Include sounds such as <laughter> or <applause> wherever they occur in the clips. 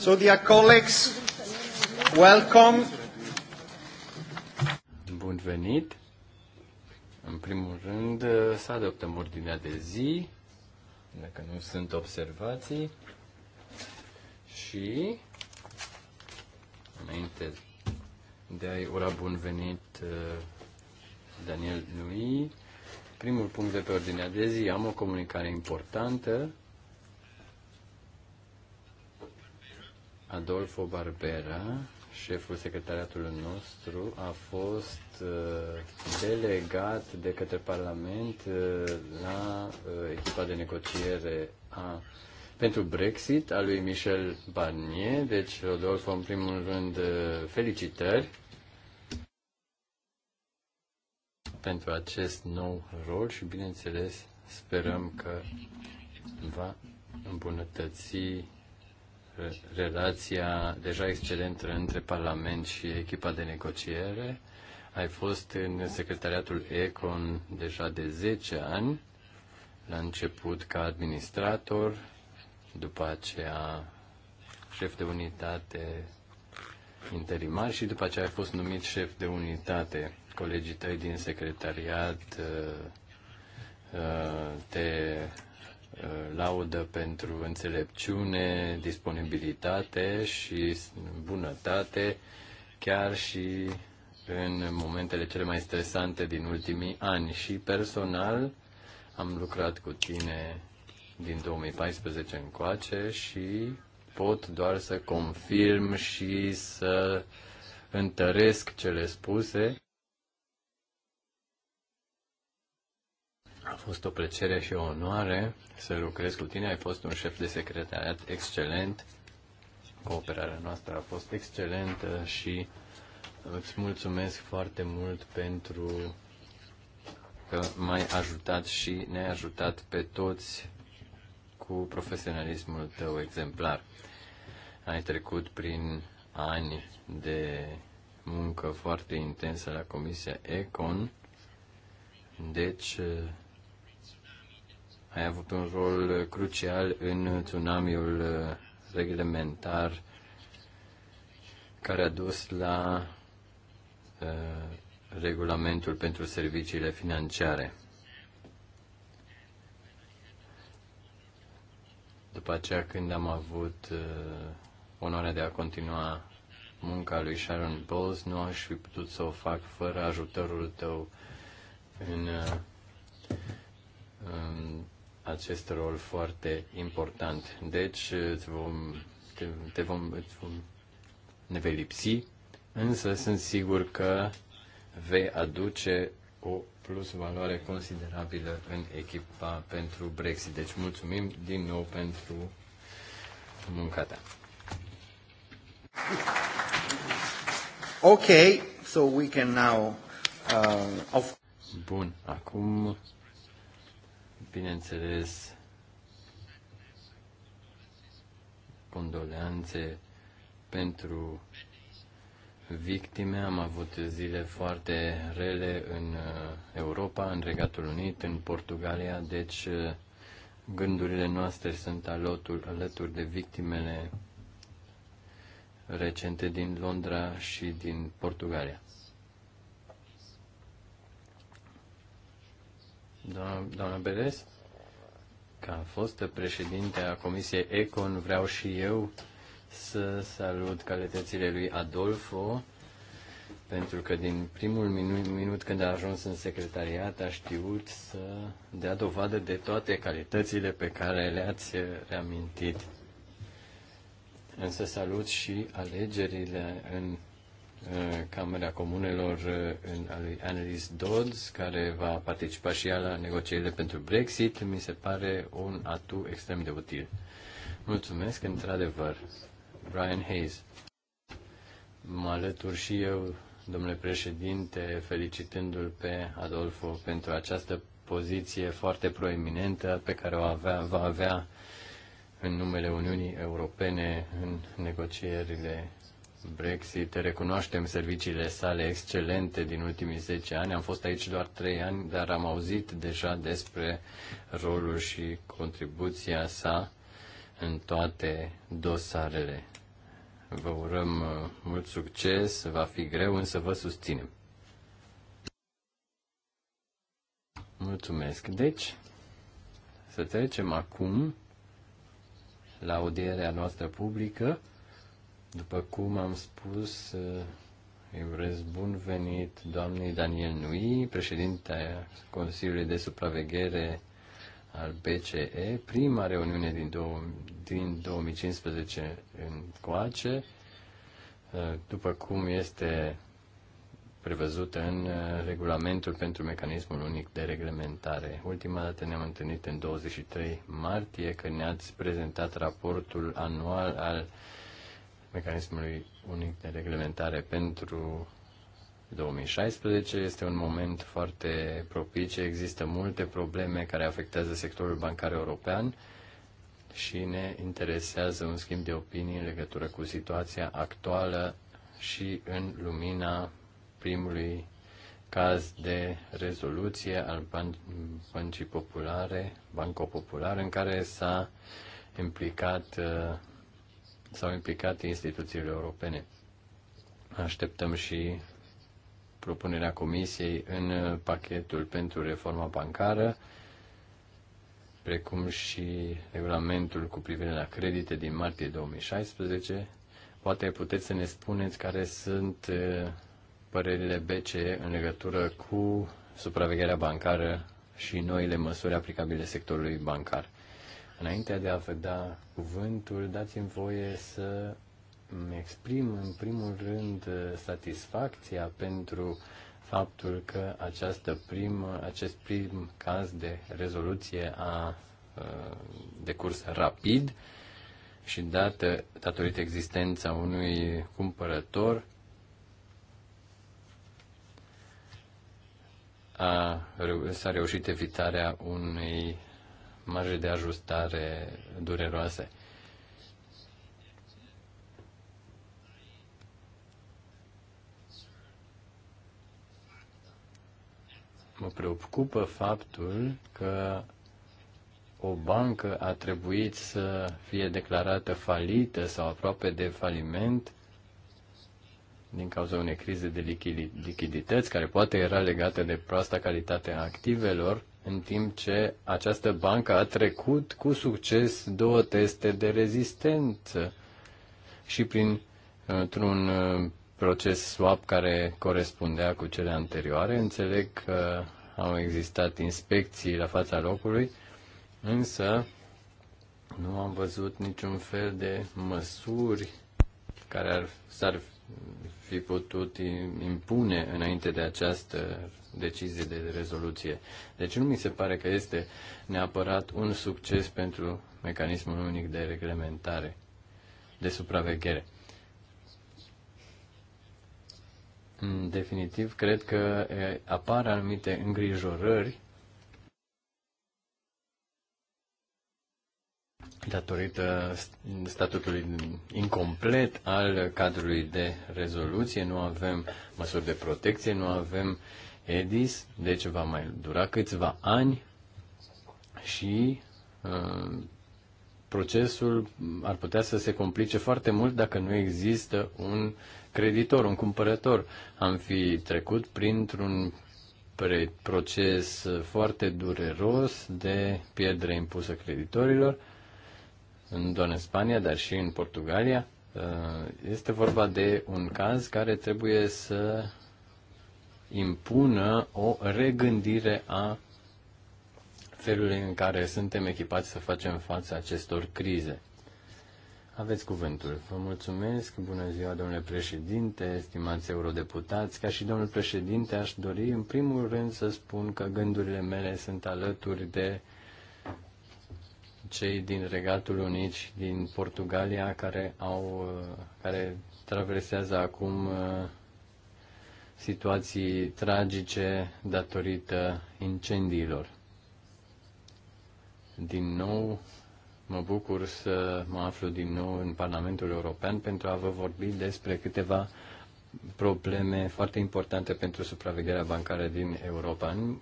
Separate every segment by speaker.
Speaker 1: So, dear colleagues, welcome. Bun venit. În primul rând, să adoptăm ordinea de zi, dacă nu sunt observații. Și, înainte de a-i ura bun venit uh, Daniel Nui, primul punct de pe ordinea de zi, am o comunicare importantă Adolfo Barbera, șeful secretariatului nostru, a fost uh, delegat de către Parlament uh, la uh, echipa de negociere a, pentru Brexit a lui Michel Barnier. Deci, Rodolfo, în primul rând, felicitări pentru acest nou rol și, bineînțeles, sperăm că va îmbunătăți relația deja excelentă între Parlament și echipa de negociere. Ai fost în secretariatul Econ deja de 10 ani, la început ca administrator, după aceea șef de unitate interimar și după aceea ai fost numit șef de unitate. Colegii tăi din secretariat uh, uh, te Uh, laudă pentru înțelepciune, disponibilitate și bunătate, chiar și în momentele cele mai stresante din ultimii ani. Și personal am lucrat cu tine din 2014 încoace și pot doar să confirm și să întăresc cele spuse A fost o plăcere și o onoare să lucrez cu tine. Ai fost un șef de secretariat excelent. Cooperarea noastră a fost excelentă și îți mulțumesc foarte mult pentru că m-ai ajutat și ne-ai ajutat pe toți cu profesionalismul tău exemplar. Ai trecut prin ani de muncă foarte intensă la Comisia Econ, deci ai avut un rol crucial în tsunamiul uh, reglementar care a dus la uh, regulamentul pentru serviciile financiare. După aceea, când am avut uh, onoarea de a continua munca lui Sharon Bowles, nu aș fi putut să o fac fără ajutorul tău în uh, în acest rol foarte important. Deci îți vom, te, te vom, îți vom, ne vei lipsi, însă sunt sigur că vei aduce o plus valoare considerabilă în echipa pentru Brexit. Deci mulțumim din nou pentru munca ta. Ok, so we can now... Uh, of... Bun, acum bineînțeles, condoleanțe pentru victime. Am avut zile foarte rele în uh, Europa, în Regatul Unit, în Portugalia, deci uh, gândurile noastre sunt alături, alături de victimele recente din Londra și din Portugalia. Doamna, doamna Beres, ca fost președinte a Comisiei Econ, vreau și eu să salut calitățile lui Adolfo, pentru că din primul minut, minut când a ajuns în secretariat a știut să dea dovadă de toate calitățile pe care le-ați reamintit. Însă salut și alegerile în Uh, Camera Comunelor uh, în Annelies Dodds, care va participa și ea la negocierile pentru Brexit, mi se pare un atu extrem de util. Mulțumesc, într-adevăr. Brian Hayes. Mă alătur și eu, domnule președinte, felicitându-l pe Adolfo pentru această poziție foarte proeminentă pe care o avea, va avea în numele Uniunii Europene în negocierile Brexit, recunoaștem serviciile sale excelente din ultimii 10 ani. Am fost aici doar 3 ani, dar am auzit deja despre rolul și contribuția sa în toate dosarele. Vă urăm uh, mult succes, va fi greu, însă vă susținem. Mulțumesc. Deci, să trecem acum la audierea noastră publică după cum am spus, îi urez bun venit doamnei Daniel Nui, președintea Consiliului de Supraveghere al BCE, prima reuniune din, dou- din 2015 în coace, după cum este prevăzută în regulamentul pentru mecanismul unic de reglementare. Ultima dată ne-am întâlnit în 23 martie, când ne-ați prezentat raportul anual al mecanismului unic de reglementare pentru 2016 este un moment foarte propice. Există multe probleme care afectează sectorul bancar european și ne interesează un schimb de opinii în legătură cu situația actuală și în lumina primului caz de rezoluție al Băncii Populare, Banco Popular, în care s-a implicat uh, s-au implicat instituțiile europene. Așteptăm și propunerea Comisiei în pachetul pentru reforma bancară, precum și regulamentul cu privire la credite din martie 2016. Poate puteți să ne spuneți care sunt uh, părerile BCE în legătură cu supravegherea bancară și noile măsuri aplicabile sectorului bancar. Înainte de a vă da cuvântul, dați-mi voie să îmi exprim în primul rând uh, satisfacția pentru faptul că această prim, acest prim caz de rezoluție a uh, decurs rapid și dată, datorită existența unui cumpărător a, s-a reușit evitarea unei marje de ajustare dureroase. Mă preocupă faptul că o bancă a trebuit să fie declarată falită sau aproape de faliment din cauza unei crize de lichidități, care poate era legată de proasta calitate a activelor, în timp ce această bancă a trecut cu succes două teste de rezistență și prin un uh, proces swap care corespundea cu cele anterioare. Înțeleg că au existat inspecții la fața locului, însă nu am văzut niciun fel de măsuri care ar, s-ar fi putut impune înainte de această decizie de rezoluție. Deci nu mi se pare că este neapărat un succes pentru mecanismul unic de reglementare, de supraveghere. În definitiv, cred că apar anumite îngrijorări datorită statutului incomplet al cadrului de rezoluție, nu avem măsuri de protecție, nu avem EDIS, deci va mai dura câțiva ani și uh, procesul ar putea să se complice foarte mult dacă nu există un creditor, un cumpărător. Am fi trecut printr-un proces foarte dureros de pierdere impusă creditorilor în doar în Spania, dar și în Portugalia. Uh, este vorba de un caz care trebuie să impună o regândire a felului în care suntem echipați să facem față acestor crize. Aveți cuvântul. Vă mulțumesc. Bună ziua, domnule președinte, stimați eurodeputați. Ca și domnul președinte, aș dori în primul rând să spun că gândurile mele sunt alături de cei din Regatul Unit și din Portugalia care au uh, care traversează acum uh, situații tragice datorită incendiilor. Din nou, mă bucur să mă aflu din nou în Parlamentul European pentru a vă vorbi despre câteva probleme foarte importante pentru supravegherea bancară din Europa. În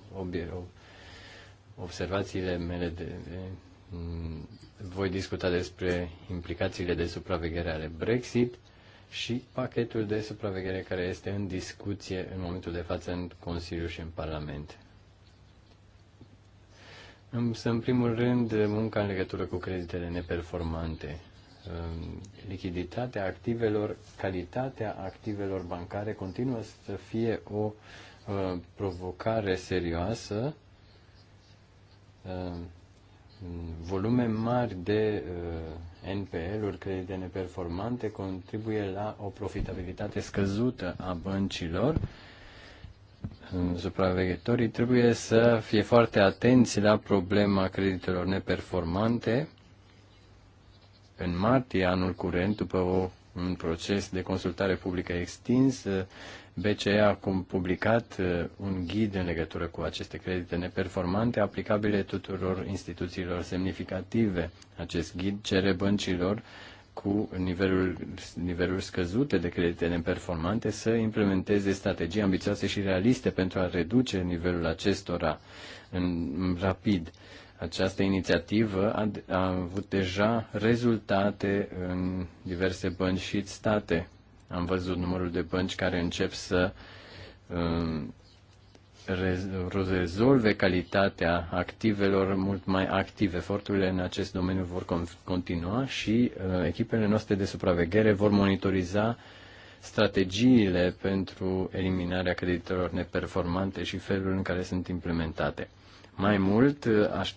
Speaker 1: observațiile mele de, Mm, voi discuta despre implicațiile de supraveghere ale Brexit și pachetul de supraveghere care este în discuție în momentul de față în Consiliu și în Parlament. Însă, în primul rând, munca în legătură cu creditele neperformante, mm, lichiditatea activelor, calitatea activelor bancare continuă să fie o mm, provocare serioasă volume mari de uh, NPL-uri, credite neperformante, contribuie la o profitabilitate scăzută a băncilor. Supraveghetorii trebuie să fie foarte atenți la problema creditelor neperformante. În martie anul curent, după o, un proces de consultare publică extins, uh, BCE a publicat uh, un ghid în legătură cu aceste credite neperformante aplicabile tuturor instituțiilor semnificative. Acest ghid cere băncilor cu nivelul, niveluri scăzute de credite neperformante să implementeze strategii ambițioase și realiste pentru a reduce nivelul acestora în, rapid. Această inițiativă a, a avut deja rezultate în diverse bănci și state, am văzut numărul de bănci care încep să um, rezolve calitatea activelor mult mai active. Eforturile în acest domeniu vor continua și uh, echipele noastre de supraveghere vor monitoriza strategiile pentru eliminarea creditelor neperformante și felul în care sunt implementate. Mai mult, aș,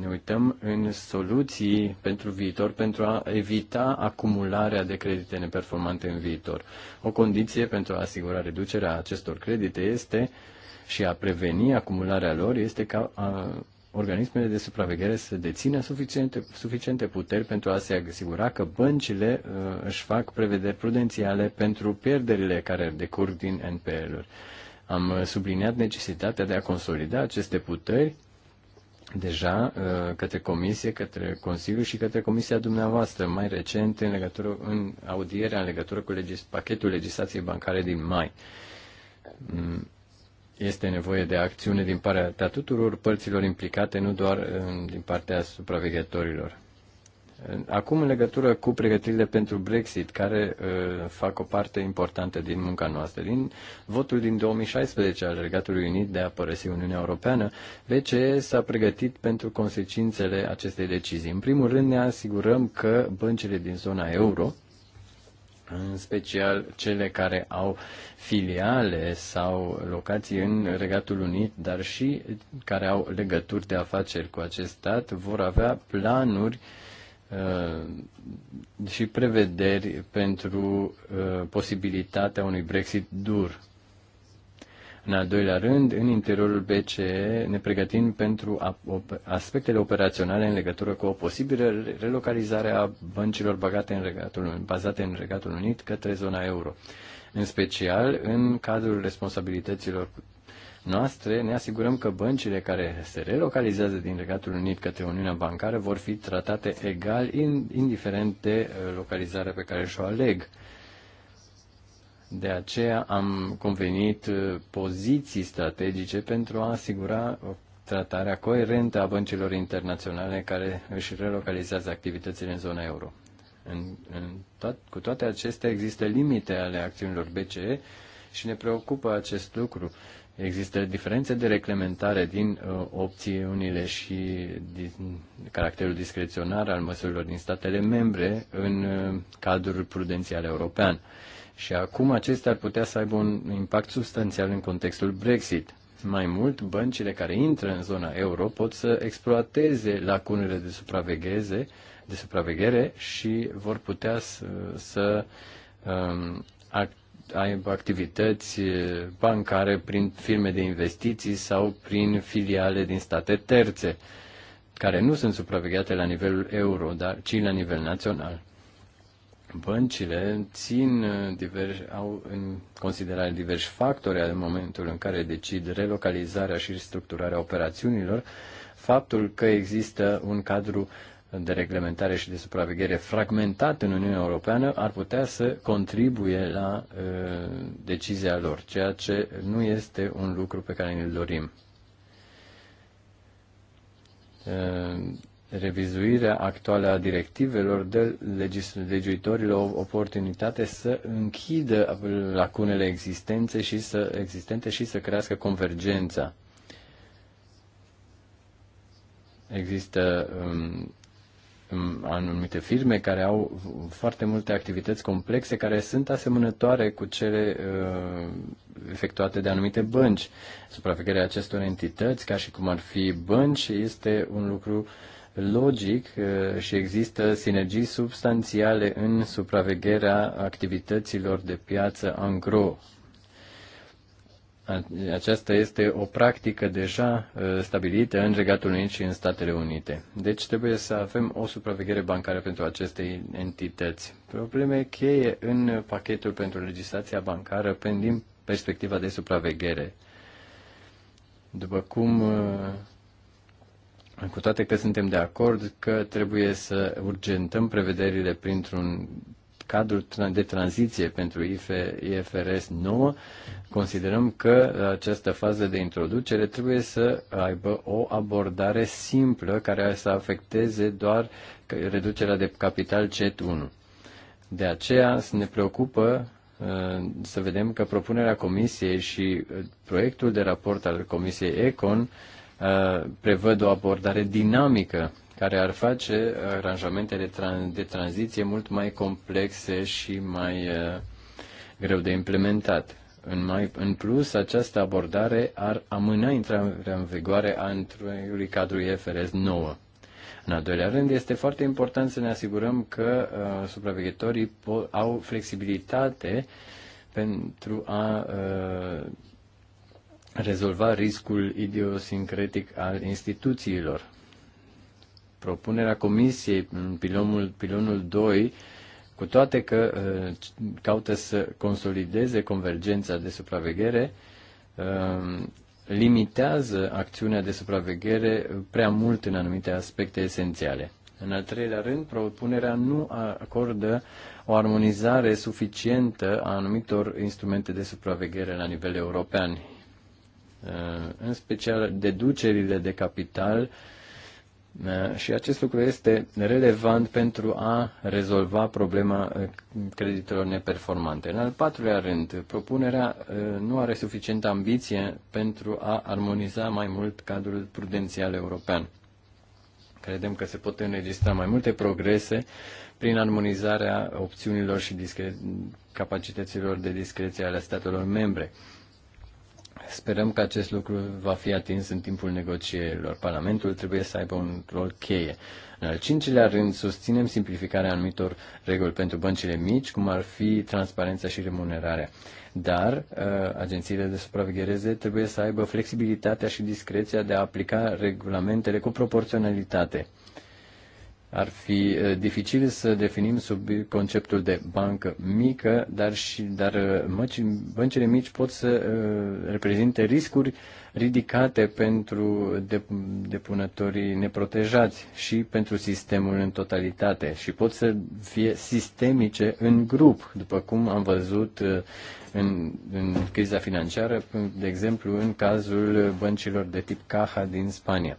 Speaker 1: ne uităm în soluții pentru viitor pentru a evita acumularea de credite neperformante în viitor. O condiție pentru a asigura reducerea acestor credite este și a preveni acumularea lor este ca a, organismele de supraveghere să dețină suficiente, suficiente puteri pentru a se asigura că băncile uh, își fac prevederi prudențiale pentru pierderile care decurg din NPL-uri. Uh, am uh, subliniat necesitatea de a consolida aceste puteri deja uh, către Comisie, către Consiliu și către Comisia dumneavoastră, mai recent în, legătură, în audierea în legătură cu legis, pachetul legislației bancare din mai. Mm, este nevoie de acțiune din partea tuturor părților implicate, nu doar uh, din partea supraveghetorilor. Acum, în legătură cu pregătirile pentru Brexit, care uh, fac o parte importantă din munca noastră, din votul din 2016 al Regatului Unit de a părăsi Uniunea Europeană, BCE s-a pregătit pentru consecințele acestei decizii. În primul rând, ne asigurăm că băncile din zona euro, în special cele care au filiale sau locații în Regatul Unit, dar și care au legături de afaceri cu acest stat, vor avea planuri uh, Uh, și prevederi pentru uh, posibilitatea unui Brexit dur. În al doilea rând, în interiorul BCE ne pregătim pentru aspectele operaționale în legătură cu o posibilă relocalizare a băncilor bagate în regatul, bazate în Regatul Unit către zona euro, în special în cadrul responsabilităților noastre, ne asigurăm că băncile care se relocalizează din Regatul Unit către Uniunea Bancară vor fi tratate egal, indiferent de uh, localizarea pe care și-o aleg. De aceea am convenit uh, poziții strategice pentru a asigura tratarea coerentă a băncilor internaționale care își relocalizează activitățile în zona euro. În, în tot, cu toate acestea există limite ale acțiunilor BCE și ne preocupă acest lucru. Există diferențe de reclementare din uh, opțiunile și din caracterul discreționar al măsurilor din statele membre în uh, cadrul prudențial european. Și acum acestea ar putea să aibă un impact substanțial în contextul Brexit. Mai mult, băncile care intră în zona euro pot să exploateze lacunele de supravegheze, de supraveghere și vor putea să, să um, act, aibă activități bancare prin firme de investiții sau prin filiale din state terțe, care nu sunt supravegheate la nivelul euro, dar ci la nivel național. Băncile țin uh, divers, au în considerare diversi factori al momentul în care decid relocalizarea și restructurarea operațiunilor, faptul că există un cadru uh, de reglementare și de supraveghere fragmentat în Uniunea Europeană ar putea să contribuie la uh, decizia lor, ceea ce nu este un lucru pe care ne-l dorim. Uh, revizuirea actuală a directivelor de legiuitorilor o oportunitate să închidă lacunele existențe și să, existente și să crească convergența. Există um, anumite firme care au foarte multe activități complexe care sunt asemănătoare cu cele uh, efectuate de anumite bănci. Supravegherea acestor entități, ca și cum ar fi bănci, este un lucru logic uh, și există sinergii substanțiale în supravegherea activităților de piață angro aceasta este o practică deja uh, stabilită în Regatul Unit și în Statele Unite. Deci trebuie să avem o supraveghere bancară pentru aceste entități. Probleme cheie în pachetul pentru legislația bancară din perspectiva de supraveghere. După cum, uh, cu toate că suntem de acord că trebuie să urgentăm prevederile printr-un cadru de tranziție pentru IFRS 9, Considerăm că această fază de introducere trebuie să aibă o abordare simplă care să afecteze doar reducerea de capital CET1. De aceea ne preocupă uh, să vedem că propunerea Comisiei și uh, proiectul de raport al Comisiei Econ uh, prevăd o abordare dinamică care ar face aranjamentele de, de tranziție mult mai complexe și mai greu de implementat. În, mai, în plus, această abordare ar amâna intrarea în vigoare a întregului cadru IFRS 9. În al doilea rând, este foarte important să ne asigurăm că uh, supraveghetorii au flexibilitate pentru a uh, rezolva riscul idiosincretic al instituțiilor. Propunerea Comisiei în pilonul, pilonul 2 cu toate că uh, caută să consolideze convergența de supraveghere, um, limitează acțiunea de supraveghere prea mult în anumite aspecte esențiale. În al treilea rând, propunerea nu acordă o armonizare suficientă a anumitor instrumente de supraveghere la nivel european. Uh, în special, deducerile de capital Uh, și acest lucru este relevant pentru a rezolva problema uh, creditelor neperformante. În al patrulea rând, propunerea uh, nu are suficientă ambiție pentru a armoniza mai mult cadrul prudențial european. Credem că se pot înregistra mai multe progrese prin armonizarea opțiunilor și capacităților de discreție ale statelor membre Sperăm că acest lucru va fi atins în timpul negocierilor. Parlamentul trebuie să aibă un rol cheie. În al cincilea rând, susținem simplificarea anumitor reguli pentru băncile mici, cum ar fi transparența și remunerarea. Dar uh, agențiile de supraveghereze trebuie să aibă flexibilitatea și discreția de a aplica regulamentele cu proporționalitate. Ar fi dificil să definim sub conceptul de bancă mică, dar, și, dar băncile mici pot să reprezinte riscuri ridicate pentru depunătorii neprotejați și pentru sistemul în totalitate și pot să fie sistemice în grup, după cum am văzut în, în criza financiară, de exemplu în cazul băncilor de tip Caja din Spania.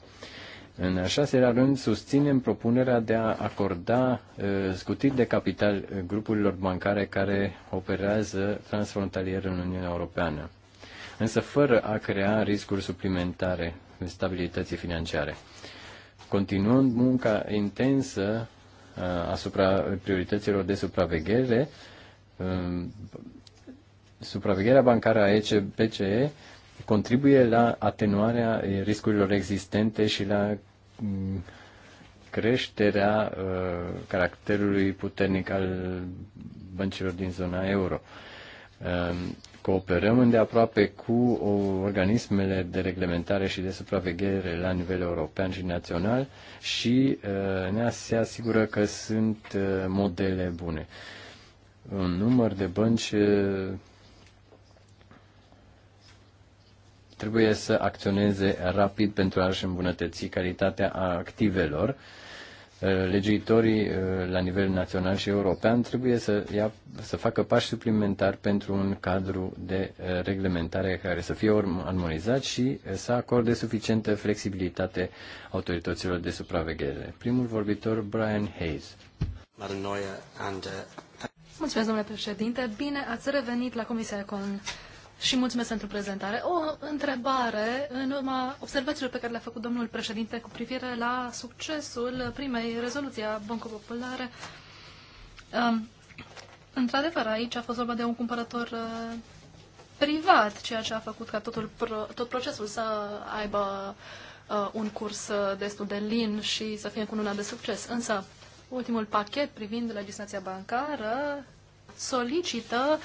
Speaker 1: În al șaselea rând, susținem propunerea de a acorda uh, scutiri de capital uh, grupurilor bancare care operează transfrontalier în Uniunea Europeană, însă fără a crea riscuri suplimentare stabilității financiare. Continuând munca intensă uh, asupra priorităților de supraveghere, um, supravegherea bancară a ECBCE contribuie la atenuarea eh, riscurilor existente și la creșterea uh, caracterului puternic al băncilor din zona euro. Uh, cooperăm îndeaproape cu organismele de reglementare și de supraveghere la nivel european și național și uh, ne se asigură că sunt modele bune. Un număr de bănci trebuie să acționeze rapid pentru a-și îmbunătăți calitatea activelor. Uh, legiuitorii uh, la nivel național și european trebuie să, ia, să facă pași suplimentari pentru un cadru de uh, reglementare care să fie armonizat și să acorde suficientă flexibilitate autorităților de supraveghere. Primul vorbitor, Brian Hayes.
Speaker 2: Mulțumesc, domnule președinte. Bine ați revenit la Comisia Econ și mulțumesc pentru prezentare. O întrebare în urma observațiilor pe care le-a făcut domnul președinte cu privire la succesul primei rezoluții a Banco Populare. Um, într-adevăr, aici a fost vorba de un cumpărător uh, privat, ceea ce a făcut ca totul pro, tot procesul să aibă uh, un curs uh, destul de lin și să fie cu una de succes. Însă, ultimul pachet privind legislația bancară solicită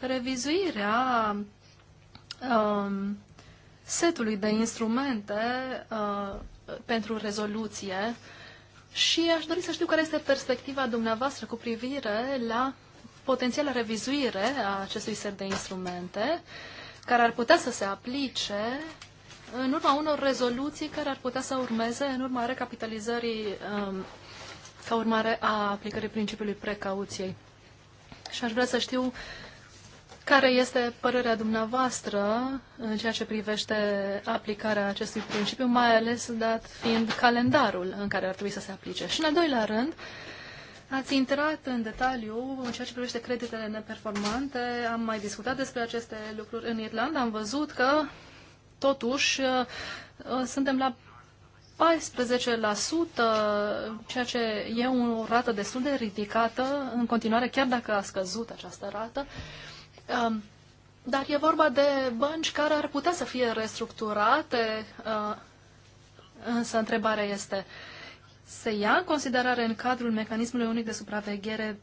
Speaker 2: revizuirea um, setului de instrumente uh, pentru rezoluție și aș dori să știu care este perspectiva dumneavoastră cu privire la potențială revizuire a acestui set de instrumente care ar putea să se aplice în urma unor rezoluții care ar putea să urmeze în urma recapitalizării um, ca urmare a aplicării principiului precauției. Și aș vrea să știu care este părerea dumneavoastră în ceea ce privește aplicarea acestui principiu, mai ales dat fiind calendarul în care ar trebui să se aplice? Și în al doilea rând, ați intrat în detaliu în ceea ce privește creditele neperformante. Am mai discutat despre aceste lucruri în Irlanda. Am văzut că, totuși, uh, suntem la 14%, ceea ce e o rată destul de ridicată în continuare, chiar dacă a scăzut această rată. Dar e vorba de bănci care ar putea să fie restructurate, uh, însă întrebarea este, se ia în considerare în cadrul mecanismului unic de supraveghere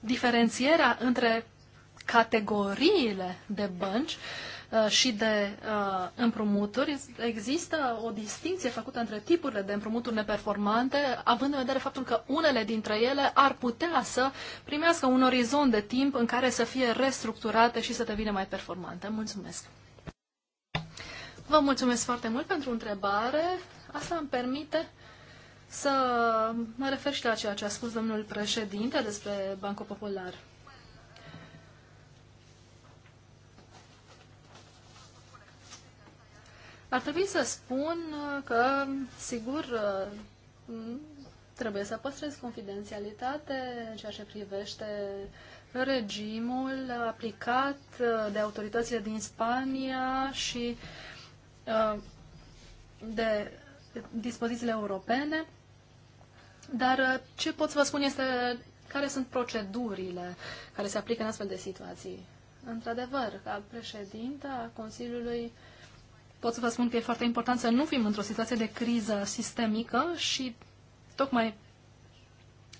Speaker 2: diferențierea între categoriile de bănci Uh, și de uh, împrumuturi. Există o distinție făcută între tipurile de împrumuturi neperformante, având în vedere faptul că unele dintre ele ar putea să primească un orizont de timp în care să fie restructurate și să devină mai performante. Mulțumesc! Vă mulțumesc foarte mult pentru întrebare. Asta îmi permite să mă refer și la ceea ce a spus domnul președinte despre Banco Popular. Ar trebui să spun uh, că, sigur, uh, trebuie să păstrez confidențialitate în ceea ce privește regimul aplicat uh, de autoritățile din Spania și de dispozițiile europene. Dar ce pot să vă spun este care sunt procedurile care se aplică în astfel de situații. Într-adevăr, ca a Consiliului uh, pot să vă spun că e foarte important să nu fim într-o situație de criză sistemică și tocmai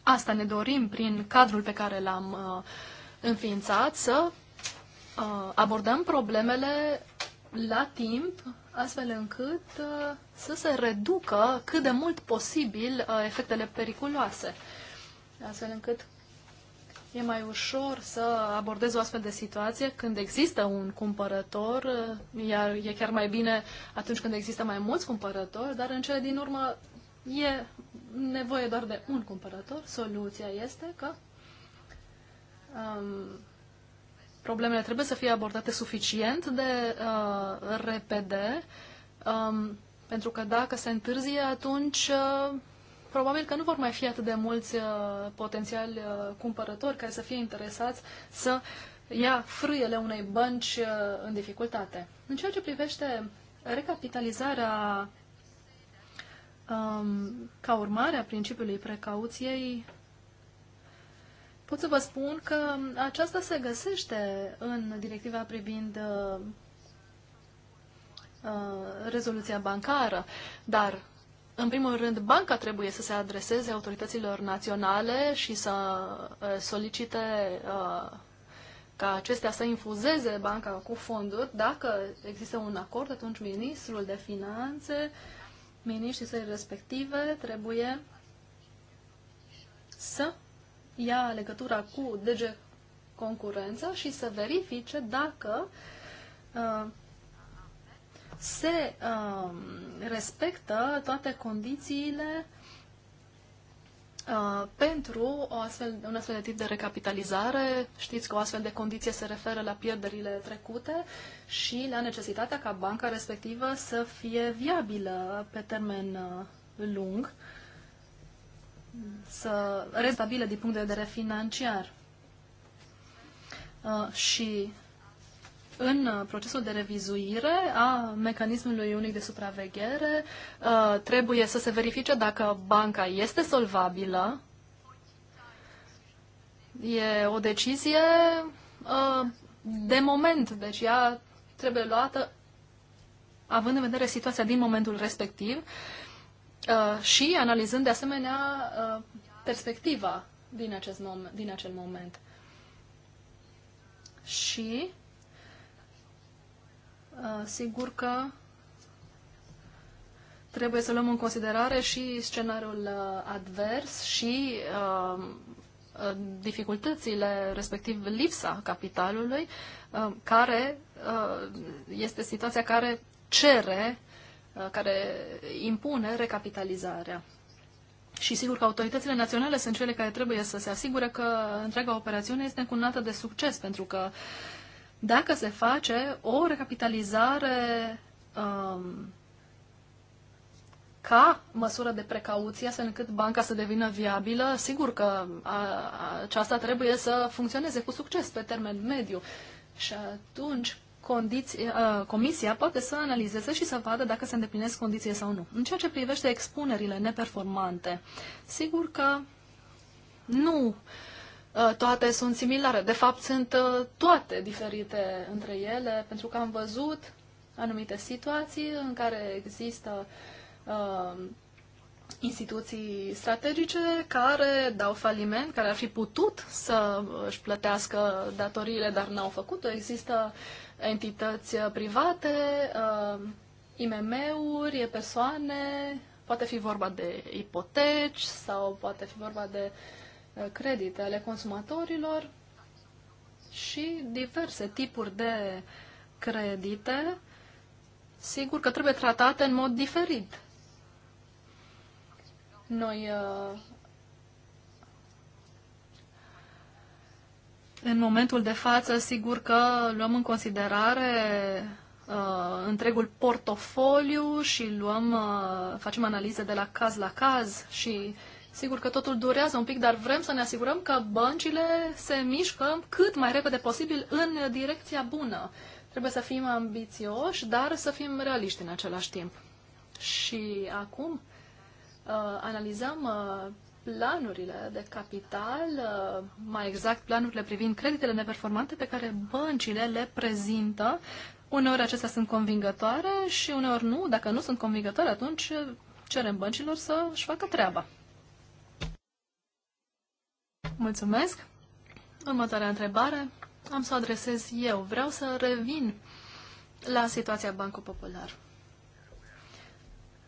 Speaker 2: asta ne dorim prin cadrul pe care l-am uh, înființat, să uh, abordăm problemele la timp, astfel încât uh, să se reducă cât de mult posibil uh, efectele periculoase, astfel încât e mai ușor să abordezi o astfel de situație când există un cumpărător, iar e chiar mai bine atunci când există mai mulți cumpărători, dar în cele din urmă e nevoie doar de un cumpărător. Soluția este că um, problemele trebuie să fie abordate suficient de uh, repede, um, pentru că dacă se întârzie, atunci uh, probabil că nu vor mai fi atât de mulți uh, potențiali uh, cumpărători care să fie interesați să ia frâiele unei bănci uh, în dificultate. În ceea ce privește recapitalizarea um, ca urmare a principiului precauției, pot să vă spun că aceasta se găsește în directiva privind uh, uh rezoluția bancară, dar în primul rând, banca trebuie să se adreseze autorităților naționale și să uh, solicite uh, ca acestea să infuzeze banca cu fonduri. Dacă există un acord, atunci ministrul de finanțe, miniștrii săi respective trebuie să ia legătura cu DG Concurență și să verifice dacă uh, se uh, respectă toate condițiile uh, pentru o astfel, un astfel de tip de recapitalizare. Știți că o astfel de condiție se referă la pierderile trecute și la necesitatea ca banca respectivă să fie viabilă pe termen uh, lung, să restabilă din punct de vedere financiar. Uh, și în uh, procesul de revizuire a mecanismului unic de supraveghere uh, trebuie să se verifice dacă banca este solvabilă. E o decizie uh, de moment, deci ea trebuie luată având în vedere situația din momentul respectiv și analizând de asemenea perspectiva din, acest moment, din acel moment. Și Uh, sigur că trebuie să luăm în considerare și scenariul uh, advers și uh, dificultățile, respectiv lipsa capitalului, care este situația care cere, care impune recapitalizarea. Și sigur că autoritățile naționale sunt cele care trebuie să se asigure că întreaga operațiune este încunată de succes, pentru că uh, dacă se face o recapitalizare um, ca măsură de precauție, astfel încât banca să devină viabilă, sigur că a, a, aceasta trebuie să funcționeze cu succes pe termen mediu. Și atunci condiții, a, uh, comisia poate să analizeze și să vadă dacă se îndeplinesc condiții sau nu. În ceea ce privește expunerile neperformante, sigur că nu uh, Uh, toate sunt similare. De fapt, sunt uh, toate diferite între ele, pentru că am văzut anumite situații în care există uh, instituții strategice care dau faliment, care ar fi putut să își plătească datoriile, dar n-au făcut-o. Există entități private, uh, IMM-uri, persoane, poate fi vorba de ipoteci sau poate fi vorba de uh, Uh, creditele consumatorilor și diverse tipuri de credite, sigur că trebuie tratate în mod diferit. Noi uh, În momentul de față, sigur că luăm în considerare uh, întregul portofoliu și luăm, uh, facem analize de la caz la caz și Sigur că totul durează un pic, dar vrem să ne asigurăm că băncile se mișcă cât mai repede posibil în direcția bună. Trebuie să fim ambițioși, dar să fim realiști în același timp. Și acum uh, analizăm uh, planurile de capital, uh, mai exact planurile privind creditele neperformante pe care băncile le prezintă. Uneori acestea sunt convingătoare și uneori nu. Dacă nu sunt convingătoare, atunci uh, cerem băncilor să-și facă treaba. Mulțumesc. Următoarea întrebare am să o adresez eu. Vreau să revin la situația Bancul Popular.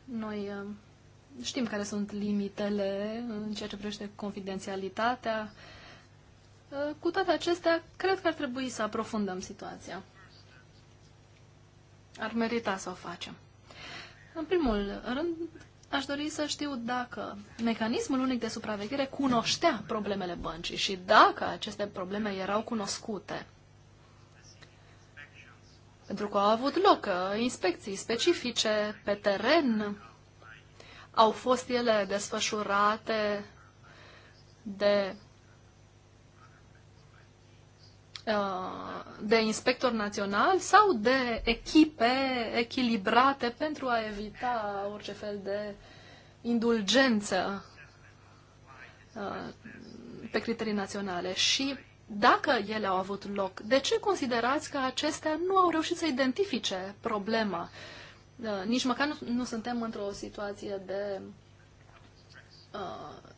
Speaker 2: Noi uh, știm care sunt limitele în ceea ce privește confidențialitatea. Uh, cu toate acestea, cred că ar trebui să aprofundăm situația. Ar merita să o facem. În primul rând, aș dori să știu dacă mecanismul unic de supraveghere cunoștea problemele băncii și dacă aceste probleme erau cunoscute. Pentru că au avut loc uh, inspecții specifice pe teren, au fost ele desfășurate de Uh, de inspector național sau de echipe echilibrate pentru a evita orice fel de indulgență uh, pe criterii naționale și dacă ele au avut loc, de ce considerați că acestea nu au reușit să identifice problema? Uh, nici măcar nu, nu suntem într-o situație de,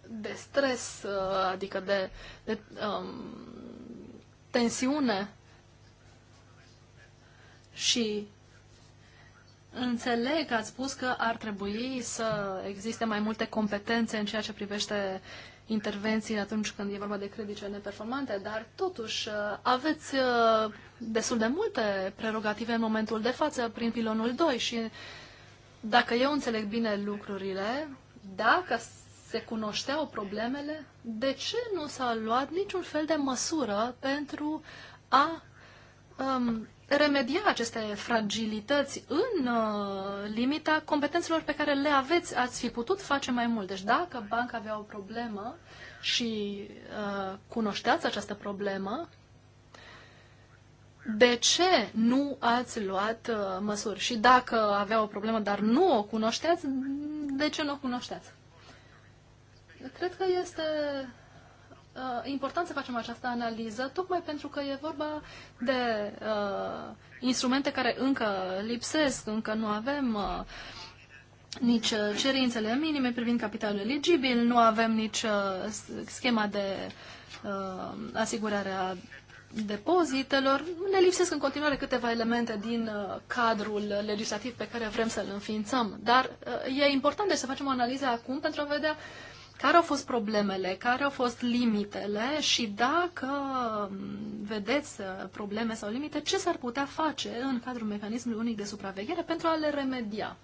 Speaker 2: de stres, adică de, de um, tensiune și Înțeleg că ați spus că ar trebui să existe mai multe competențe în ceea ce privește intervenții atunci când e vorba de critice neperformante, dar totuși uh, aveți uh, destul de multe prerogative în momentul de față prin pilonul 2 și dacă eu înțeleg bine lucrurile, dacă se cunoșteau problemele, de ce nu s-a luat niciun fel de măsură pentru a um, remedia aceste fragilități în uh, limita competențelor pe care le aveți, ați fi putut face mai mult. Deci dacă banca avea o problemă și uh, cunoșteați această problemă, de ce nu ați luat uh, măsuri? Și dacă avea o problemă, dar nu o cunoșteați, de ce nu o cunoșteați? Cred că este uh, important să facem această analiză, tocmai pentru că e vorba de uh, instrumente care încă lipsesc, încă nu avem uh, nici uh, cerințele minime privind capitalul eligibil, nu avem nici uh, schema de uh, asigurare a depozitelor. Ne lipsesc în continuare câteva elemente din uh, cadrul legislativ pe care vrem să-l înființăm, dar uh, e important să facem o analiză acum pentru a vedea uh, care au fost problemele, care au fost limitele și dacă mm, vedeți uh, probleme sau limite, ce s-ar putea face în cadrul mecanismului unic de supraveghere pentru a le remedia.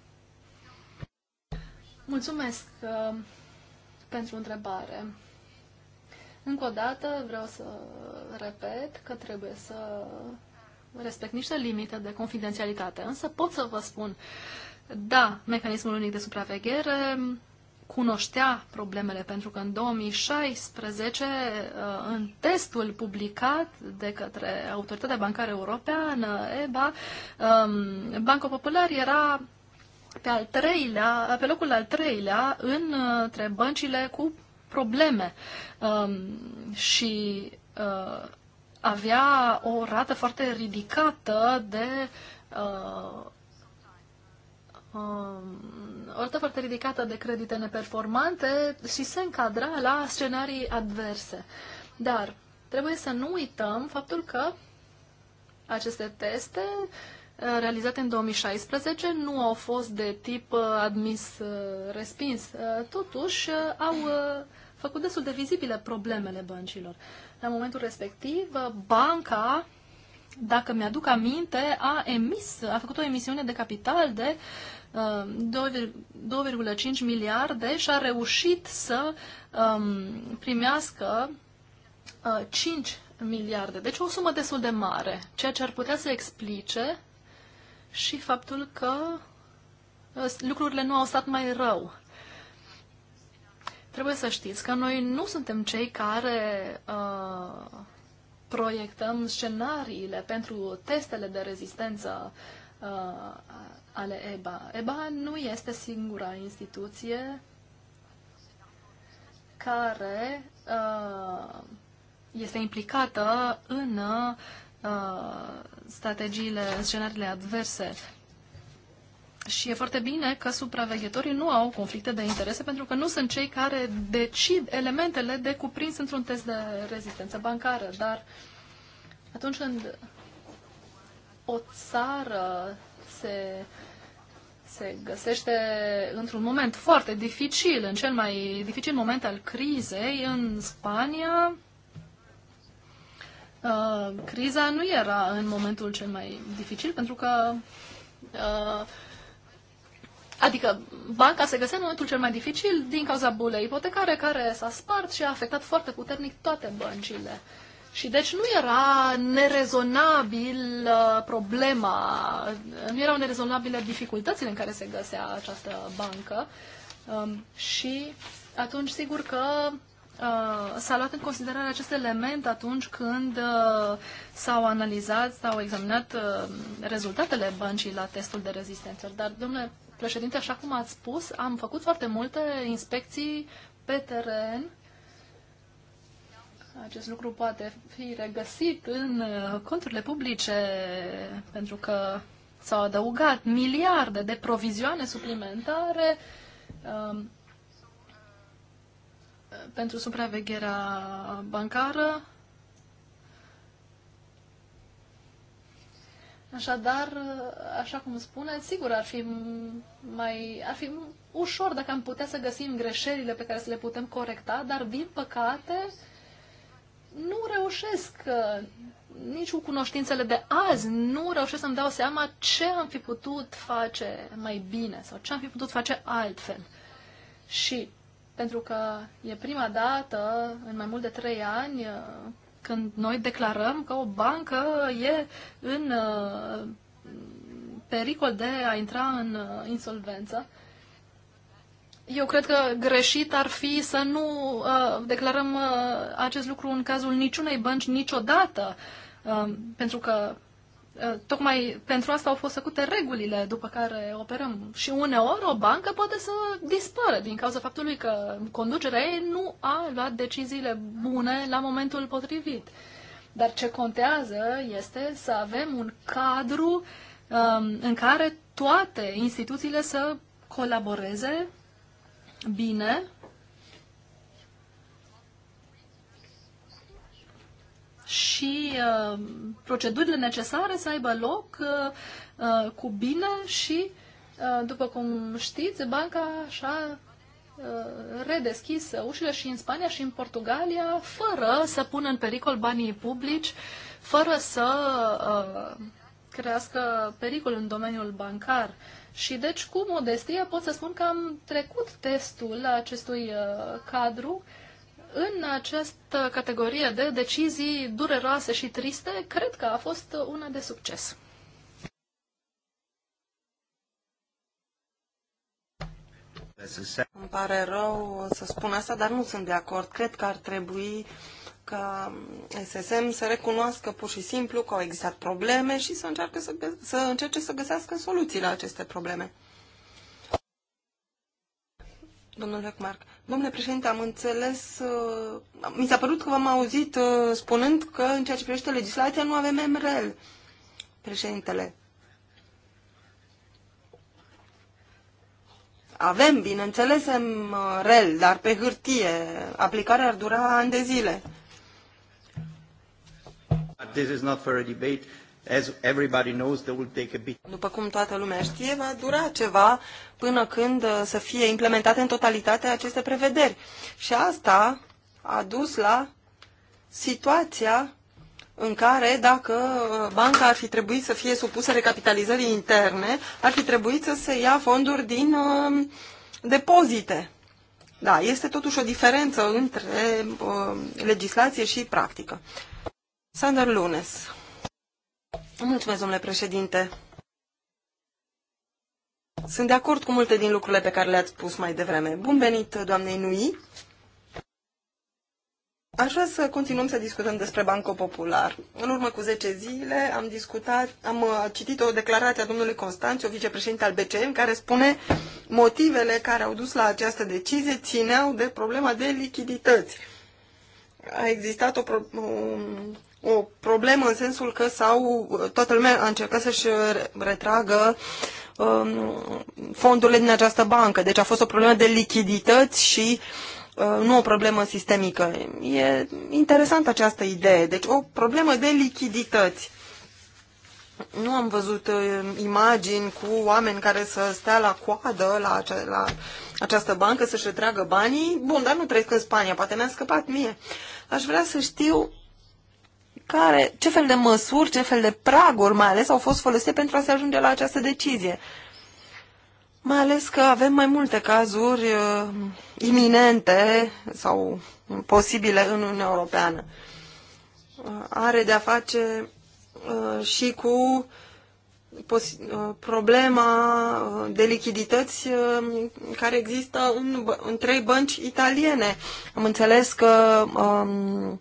Speaker 2: Mulțumesc uh, pentru întrebare. Încă o dată vreau să repet că trebuie să respect niște limite de confidențialitate, însă pot să vă spun, da, mecanismul unic de supraveghere cunoștea problemele, pentru că în 2016, uh, în testul publicat de către Autoritatea Bancară Europeană, EBA, um, Banco Popular era pe, al treilea, pe locul al treilea uh, între băncile cu probleme um, și uh, avea o rată foarte ridicată de Um, o rată foarte ridicată de credite neperformante și se încadra la scenarii adverse. Dar trebuie să nu uităm faptul că aceste teste uh, realizate în 2016 nu au fost de tip uh, admis-respins. Uh, totuși, au făcut destul de vizibile problemele băncilor. La momentul respectiv, banca dacă mi-aduc aminte, a emis, a făcut o emisiune de capital de 2,5 miliarde și a reușit să um, primească uh, 5 miliarde. Deci o sumă destul de mare, ceea ce ar putea să explice și faptul că uh, lucrurile nu au stat mai rău. Trebuie să știți că noi nu suntem cei care uh, proiectăm scenariile pentru testele de rezistență uh, ale EBA. EBA nu este singura instituție care uh, este implicată în uh, strategiile, scenariile adverse. Și e foarte bine că supraveghetorii nu au conflicte de interese pentru că nu sunt cei care decid elementele de cuprins într-un test de rezistență bancară. Dar atunci când o țară se uh, se găsește într-un moment foarte dificil, în cel mai dificil moment al crizei în Spania. Uh, criza nu era în momentul cel mai dificil pentru că uh, Adică banca se găsea în momentul cel mai dificil din cauza bulei ipotecare care s-a spart și a afectat foarte puternic toate băncile. Uh, și deci nu era nerezonabil uh, problema, nu erau nerezonabile dificultățile în care se găsea această bancă. Um, și atunci, sigur că uh, s-a luat în considerare acest element atunci când uh, s-au analizat, s-au examinat rezultatele băncii la testul de rezistență. Dar, domnule președinte, așa cum ați spus, am făcut foarte multe inspecții pe teren acest lucru poate fi regăsit în uh, conturile publice, pentru că s-au adăugat miliarde de provizioane suplimentare um, pentru supravegherea bancară. Așadar, așa cum spuneți, sigur ar fi mai ar fi ușor dacă am putea să găsim greșelile pe care să le putem corecta, dar din păcate uh, nu reușesc, nici cu cunoștințele de azi, nu reușesc să-mi dau seama ce am fi putut face mai bine sau ce am fi putut face altfel. Și pentru că e prima dată în mai mult de trei ani uh, când noi declarăm că o bancă e în uh, pericol de a intra în uh, insolvență. Eu cred că greșit ar fi să nu uh, declarăm uh, acest lucru în cazul niciunei bănci niciodată, uh, pentru că uh, tocmai pentru asta au fost făcute regulile după care operăm. Și uneori o bancă poate să dispară din cauza faptului că conducerea ei nu a luat deciziile bune la momentul potrivit. Dar ce contează este să avem un cadru um, în care toate instituțiile să colaboreze bine. Și uh, procedurile necesare să aibă loc uh, uh, cu bine și, uh, după cum știți, banca așa uh, redeschis ușile și în Spania și în Portugalia, fără să pună în pericol banii publici, fără să uh, crească pericol în domeniul bancar. Și deci, cu modestie, pot să spun că am trecut testul acestui uh, cadru în această categorie de decizii dureroase și triste, cred că a fost una de succes.
Speaker 3: Îmi pare rău să spun asta, dar nu sunt de acord. Cred că ar trebui ca SSM să recunoască pur și simplu că au existat probleme și să, încearcă să, să încerce să găsească soluții la aceste probleme. Domnul Hecmark, domnule președinte, am înțeles, uh, mi s-a părut că v-am auzit uh, spunând că în ceea ce privește legislația nu avem MRL. Președintele, Avem, bineînțeles, MRL, dar pe hârtie. Aplicarea ar dura ani de zile.
Speaker 1: This is not for a debate. As everybody knows, they will take a bit.
Speaker 3: După cum toată lumea știe, va dura ceva până când uh, să fie implementate în totalitate aceste prevederi. Și asta a dus la situația în care, dacă uh, banca ar fi trebuit să fie supusă recapitalizării interne, ar fi trebuit să se ia fonduri din uh, depozite. Da, este totuși o diferență între uh, legislație și practică. Sander Lunes. Mulțumesc, domnule președinte. Sunt de acord cu multe din lucrurile pe care le-ați spus mai devreme. Bun venit, doamnei Nui. Aș vrea să continuăm să discutăm despre Banco Popular. În urmă cu 10 zile am discutat, am uh, citit o declarație a domnului Constanțiu, vicepreședinte al BCM, care spune motivele care au dus la această decizie țineau de problema de lichidități. A existat o, pro- o problemă în sensul că sau toată lumea a încercat să-și retragă um, fondurile din această bancă. Deci a fost o problemă de lichidități și uh, nu o problemă sistemică. E interesantă această idee. Deci o problemă de lichidități. Nu am văzut uh, imagini cu oameni care să stea la coadă la, ace- la această bancă să-și retragă banii. Bun, dar nu trăiesc în Spania, poate mi-a scăpat mie. Aș vrea să știu care, ce fel de măsuri, ce fel de praguri mai ales au fost folosite pentru a se ajunge la această decizie. Mai ales că avem mai multe cazuri uh, iminente sau posibile în Uniunea Europeană. Uh, are de-a face uh, și cu pos- uh, problema uh, de lichidități uh, care există în, în trei bănci italiene. Am înțeles că uh,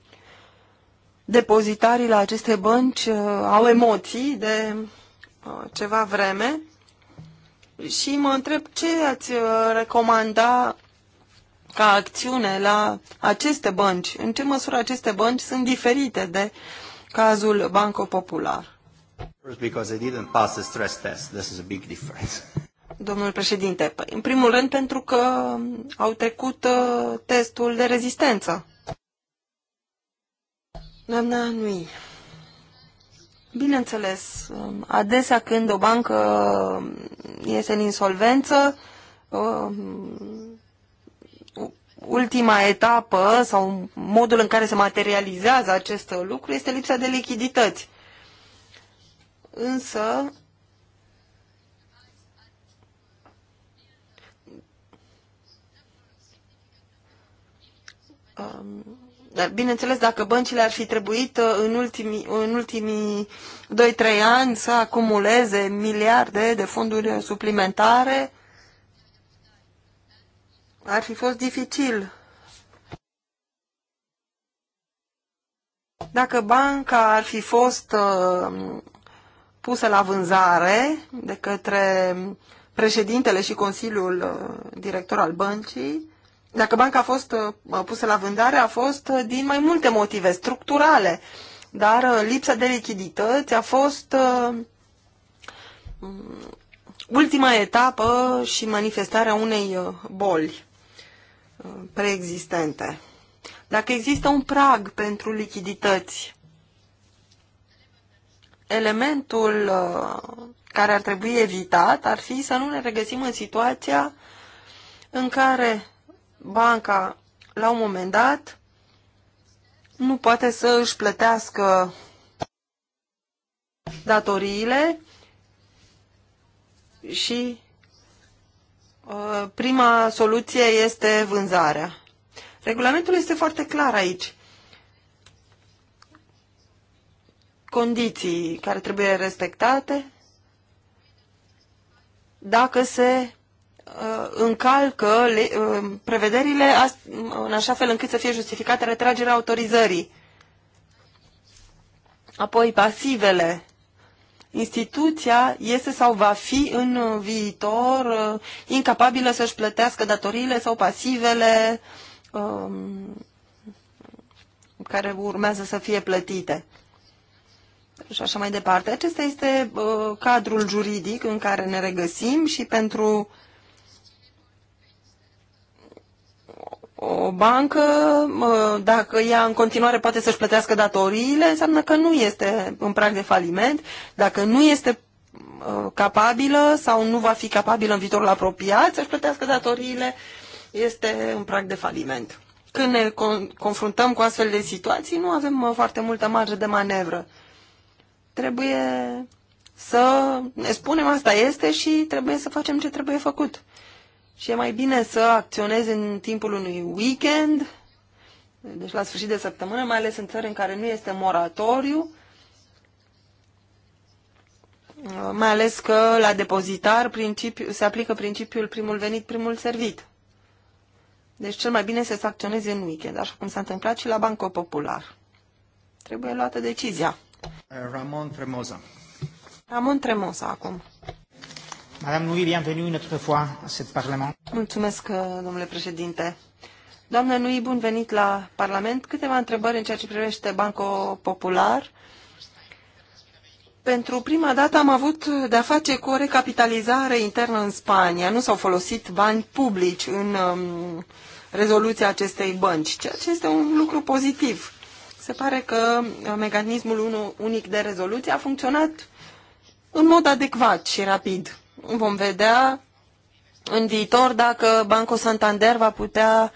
Speaker 3: depozitarii la aceste bănci uh, au emoții de uh, ceva vreme și mă întreb ce ați uh, recomanda ca acțiune la aceste bănci, în ce măsură aceste bănci sunt diferite de cazul Banco Popular. Domnul președinte, păi, în primul rând pentru că au trecut testul de rezistență. Doamna Nui, bineînțeles, um, adesea când o bancă um, este în insolvență, um, ultima etapă sau modul în care se materializează acest lucru este lipsa de lichidități. Însă, um, dar, bineînțeles, dacă băncile ar fi trebuit uh, în ultimii, în ultimii 2-3 ani să acumuleze miliarde de fonduri suplimentare, ar fi fost dificil. Dacă banca ar fi fost uh, pusă la vânzare de către președintele și Consiliul uh, Director al băncii, dacă banca a fost uh, pusă la vândare, a fost uh, din mai multe motive structurale, dar uh, lipsa de lichidități a fost ultima etapă și manifestarea unei boli preexistente. Dacă există un prag pentru lichidități, elementul care ar trebui evitat ar fi să nu ne regăsim în situația în care banca, la un moment dat, nu poate să își plătească datoriile și uh, prima soluție este vânzarea. Regulamentul este foarte clar aici. Condiții care trebuie respectate dacă se Uh, încalcă le, uh, prevederile în așa fel încât să fie justificată retragerea autorizării. Apoi, pasivele. Instituția este sau va fi în viitor uh, incapabilă să-și plătească datoriile sau pasivele um, care urmează să fie plătite și așa mai departe. Acesta este uh, cadrul juridic în care ne regăsim și pentru o bancă, dacă ea în continuare poate să-și plătească datoriile, înseamnă că nu este în prag de faliment. Dacă nu este capabilă sau nu va fi capabilă în viitorul apropiat să-și plătească datoriile, este în prag de faliment. Când ne confruntăm cu astfel de situații, nu avem foarte multă marjă de manevră. Trebuie să ne spunem asta este și trebuie să facem ce trebuie făcut și e mai bine să acționezi în timpul unui weekend, deci la sfârșit de săptămână, mai ales în țări în care nu este moratoriu, mai ales că la depozitar principiu, se aplică principiul primul venit, primul servit. Deci cel mai bine este să acționeze în weekend, așa cum s-a întâmplat și la Banco Popular. Trebuie luată decizia. Ramon Tremosa. Ramon Tremosa acum. Madame Nouy, bienvenue une autre fois à cet Parlement. Mulțumesc, uh, domnule președinte. Doamnă Nui, bun venit la Parlament. Câteva întrebări în ceea ce privește Banco Popular. Pentru prima dată am avut de-a face cu o recapitalizare internă în Spania. Nu s-au folosit bani publici în um, rezoluția acestei bănci, ceea ce este un lucru pozitiv. Se pare că uh, mecanismul unic de rezoluție a funcționat în mod adecvat și rapid. Vom vedea în viitor dacă Banco Santander va putea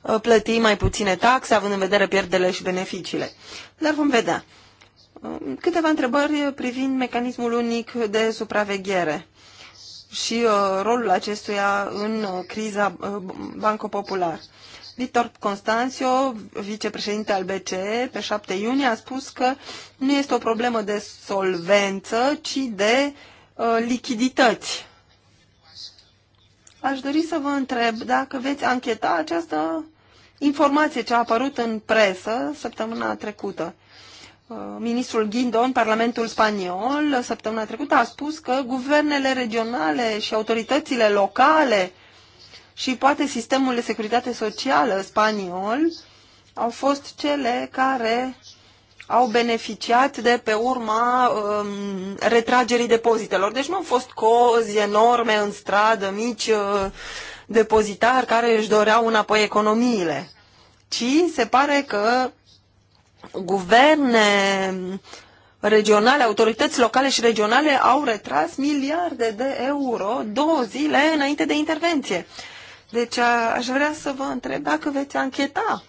Speaker 3: uh, plăti mai puține taxe, având în vedere pierderile și beneficiile. Dar vom vedea. Um, câteva întrebări privind mecanismul unic de supraveghere și uh, rolul acestuia în uh, criza Banco Popular. Victor Constanțio, vicepreședinte al BCE, pe 7 iunie a spus că nu este o problemă de solvență, ci de Uh, lichidități. Aș dori să vă întreb dacă veți ancheta această informație ce a apărut în presă săptămâna trecută. Uh, ministrul Ghindon, Parlamentul Spaniol săptămâna trecută a spus că guvernele regionale și autoritățile locale și poate sistemul de securitate socială spaniol au fost cele care au beneficiat de pe urma um, retragerii depozitelor. Deci nu au fost cozi enorme în stradă, mici uh, depozitari care își doreau înapoi economiile, ci se pare că guverne regionale, autorități locale și regionale au retras miliarde de euro două zile înainte de intervenție. Deci aș vrea să vă întreb dacă veți ancheta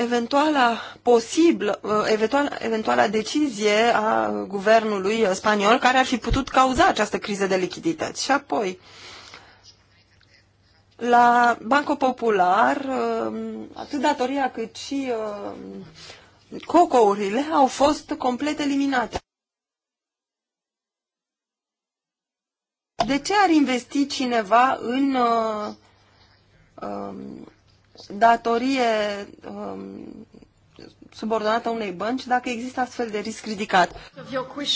Speaker 3: eventuala posibilă, uh, eventuala decizie a guvernului spaniol care ar fi putut cauza această criză de lichidități. Și apoi, la Banco Popular, uh, atât datoria cât și uh, cocourile au fost complet eliminate. De ce ar investi cineva în uh, um, datorie um, subordonată unei bănci dacă există astfel de risc ridicat.
Speaker 2: Uh,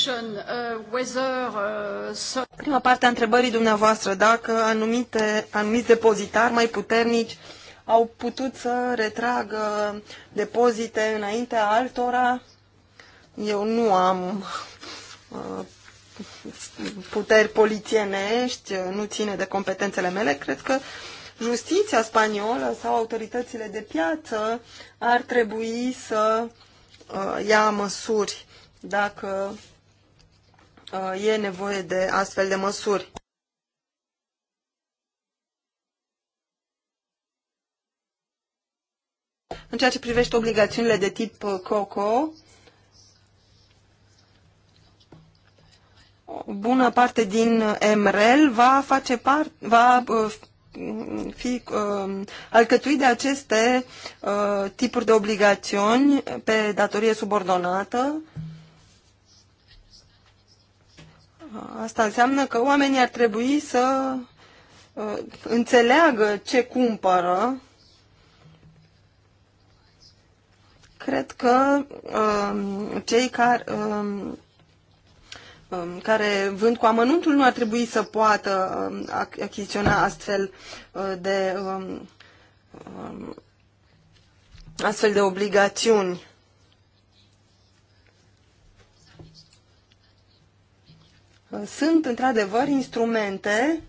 Speaker 2: uh,
Speaker 3: Prima parte a întrebării dumneavoastră, dacă anumite, anumiți depozitari mai puternici au putut să retragă depozite înaintea altora, eu nu am uh, puteri polițienești, nu ține de competențele mele, cred că justiția spaniolă sau autoritățile de piață ar trebui să uh, ia măsuri dacă uh, e nevoie de astfel de măsuri. În ceea ce privește obligațiunile de tip uh, COCO, o bună parte din MREL va face parte, va fi uh, alcătuit de aceste uh, tipuri de obligațiuni pe datorie subordonată. Asta înseamnă că oamenii ar trebui să uh, înțeleagă ce cumpără. Cred că uh, cei care uh, Um, care vând cu amănuntul nu ar trebui să poată um, achiziționa astfel uh, de um, astfel de obligațiuni. Uh, sunt într-adevăr instrumente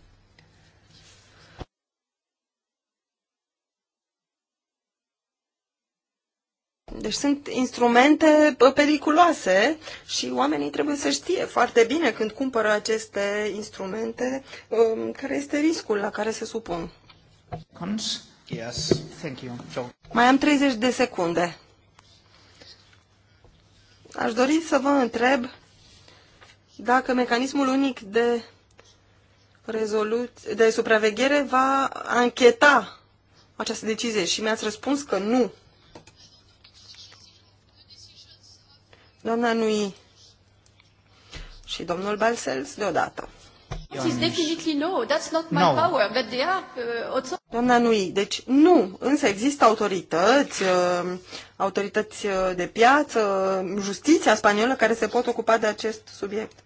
Speaker 3: Deci sunt instrumente periculoase și oamenii trebuie să știe foarte bine când cumpără aceste instrumente um, care este riscul la care se supun.
Speaker 2: Cons? Yes. Thank you.
Speaker 3: Mai am 30 de secunde. Aș dori să vă întreb dacă mecanismul unic de, rezolu- de supraveghere va ancheta această decizie și mi-ați răspuns că nu. Doamna Nui și domnul Balsels deodată.
Speaker 2: No, that's not my no. power, but they are, uh,
Speaker 3: Doamna Nui, deci nu, însă există autorități, uh, autorități uh, de piață, justiția spaniolă care se pot ocupa de acest subiect.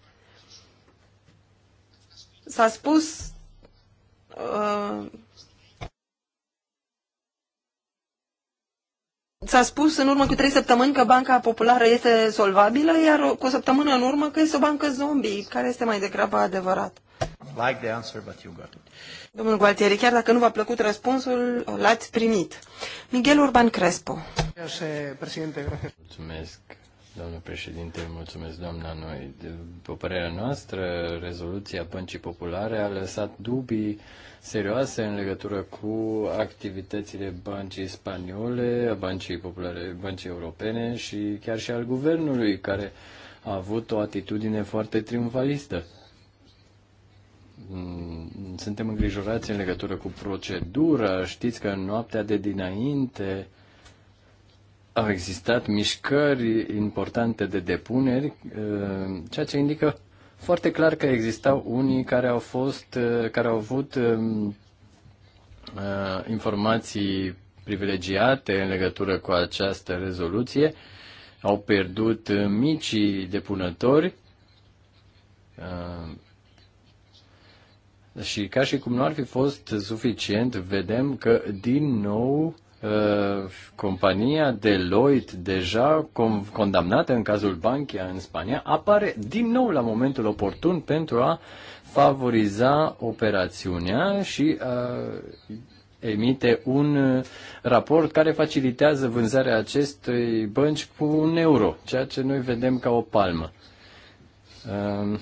Speaker 3: S-a spus uh, S-a spus în urmă cu trei săptămâni că Banca Populară este solvabilă, iar cu o săptămână în urmă că este o bancă zombie, care este mai degrabă adevărat. Like the answer, but you got it. Domnul Gualtieri, chiar dacă nu v-a plăcut răspunsul, l-ați primit. Miguel Urban Crespo.
Speaker 1: Mulțumesc, domnule președinte, mulțumesc, doamna Noi. După părerea noastră, rezoluția Păncii Populare a lăsat dubii serioase în legătură cu activitățile băncii spaniole, băncii populare, băncii europene și chiar și al guvernului, care a avut o atitudine foarte triumfalistă. Mm, suntem îngrijorați în legătură cu procedura. Știți că în noaptea de dinainte, au existat mișcări importante de depuneri, uh, ceea ce indică foarte clar că existau unii care au fost, uh, care au avut um, uh, informații privilegiate în legătură cu această rezoluție, au pierdut micii depunători și ca și cum nu ar fi fost suficient, vedem că din nou uh, Uh, compania Deloitte, deja condamnată în cazul Bankia în Spania, apare din nou la momentul oportun pentru a favoriza operațiunea și uh, emite un uh, raport care facilitează vânzarea acestei bănci cu un euro, ceea ce noi vedem ca o palmă. Uh,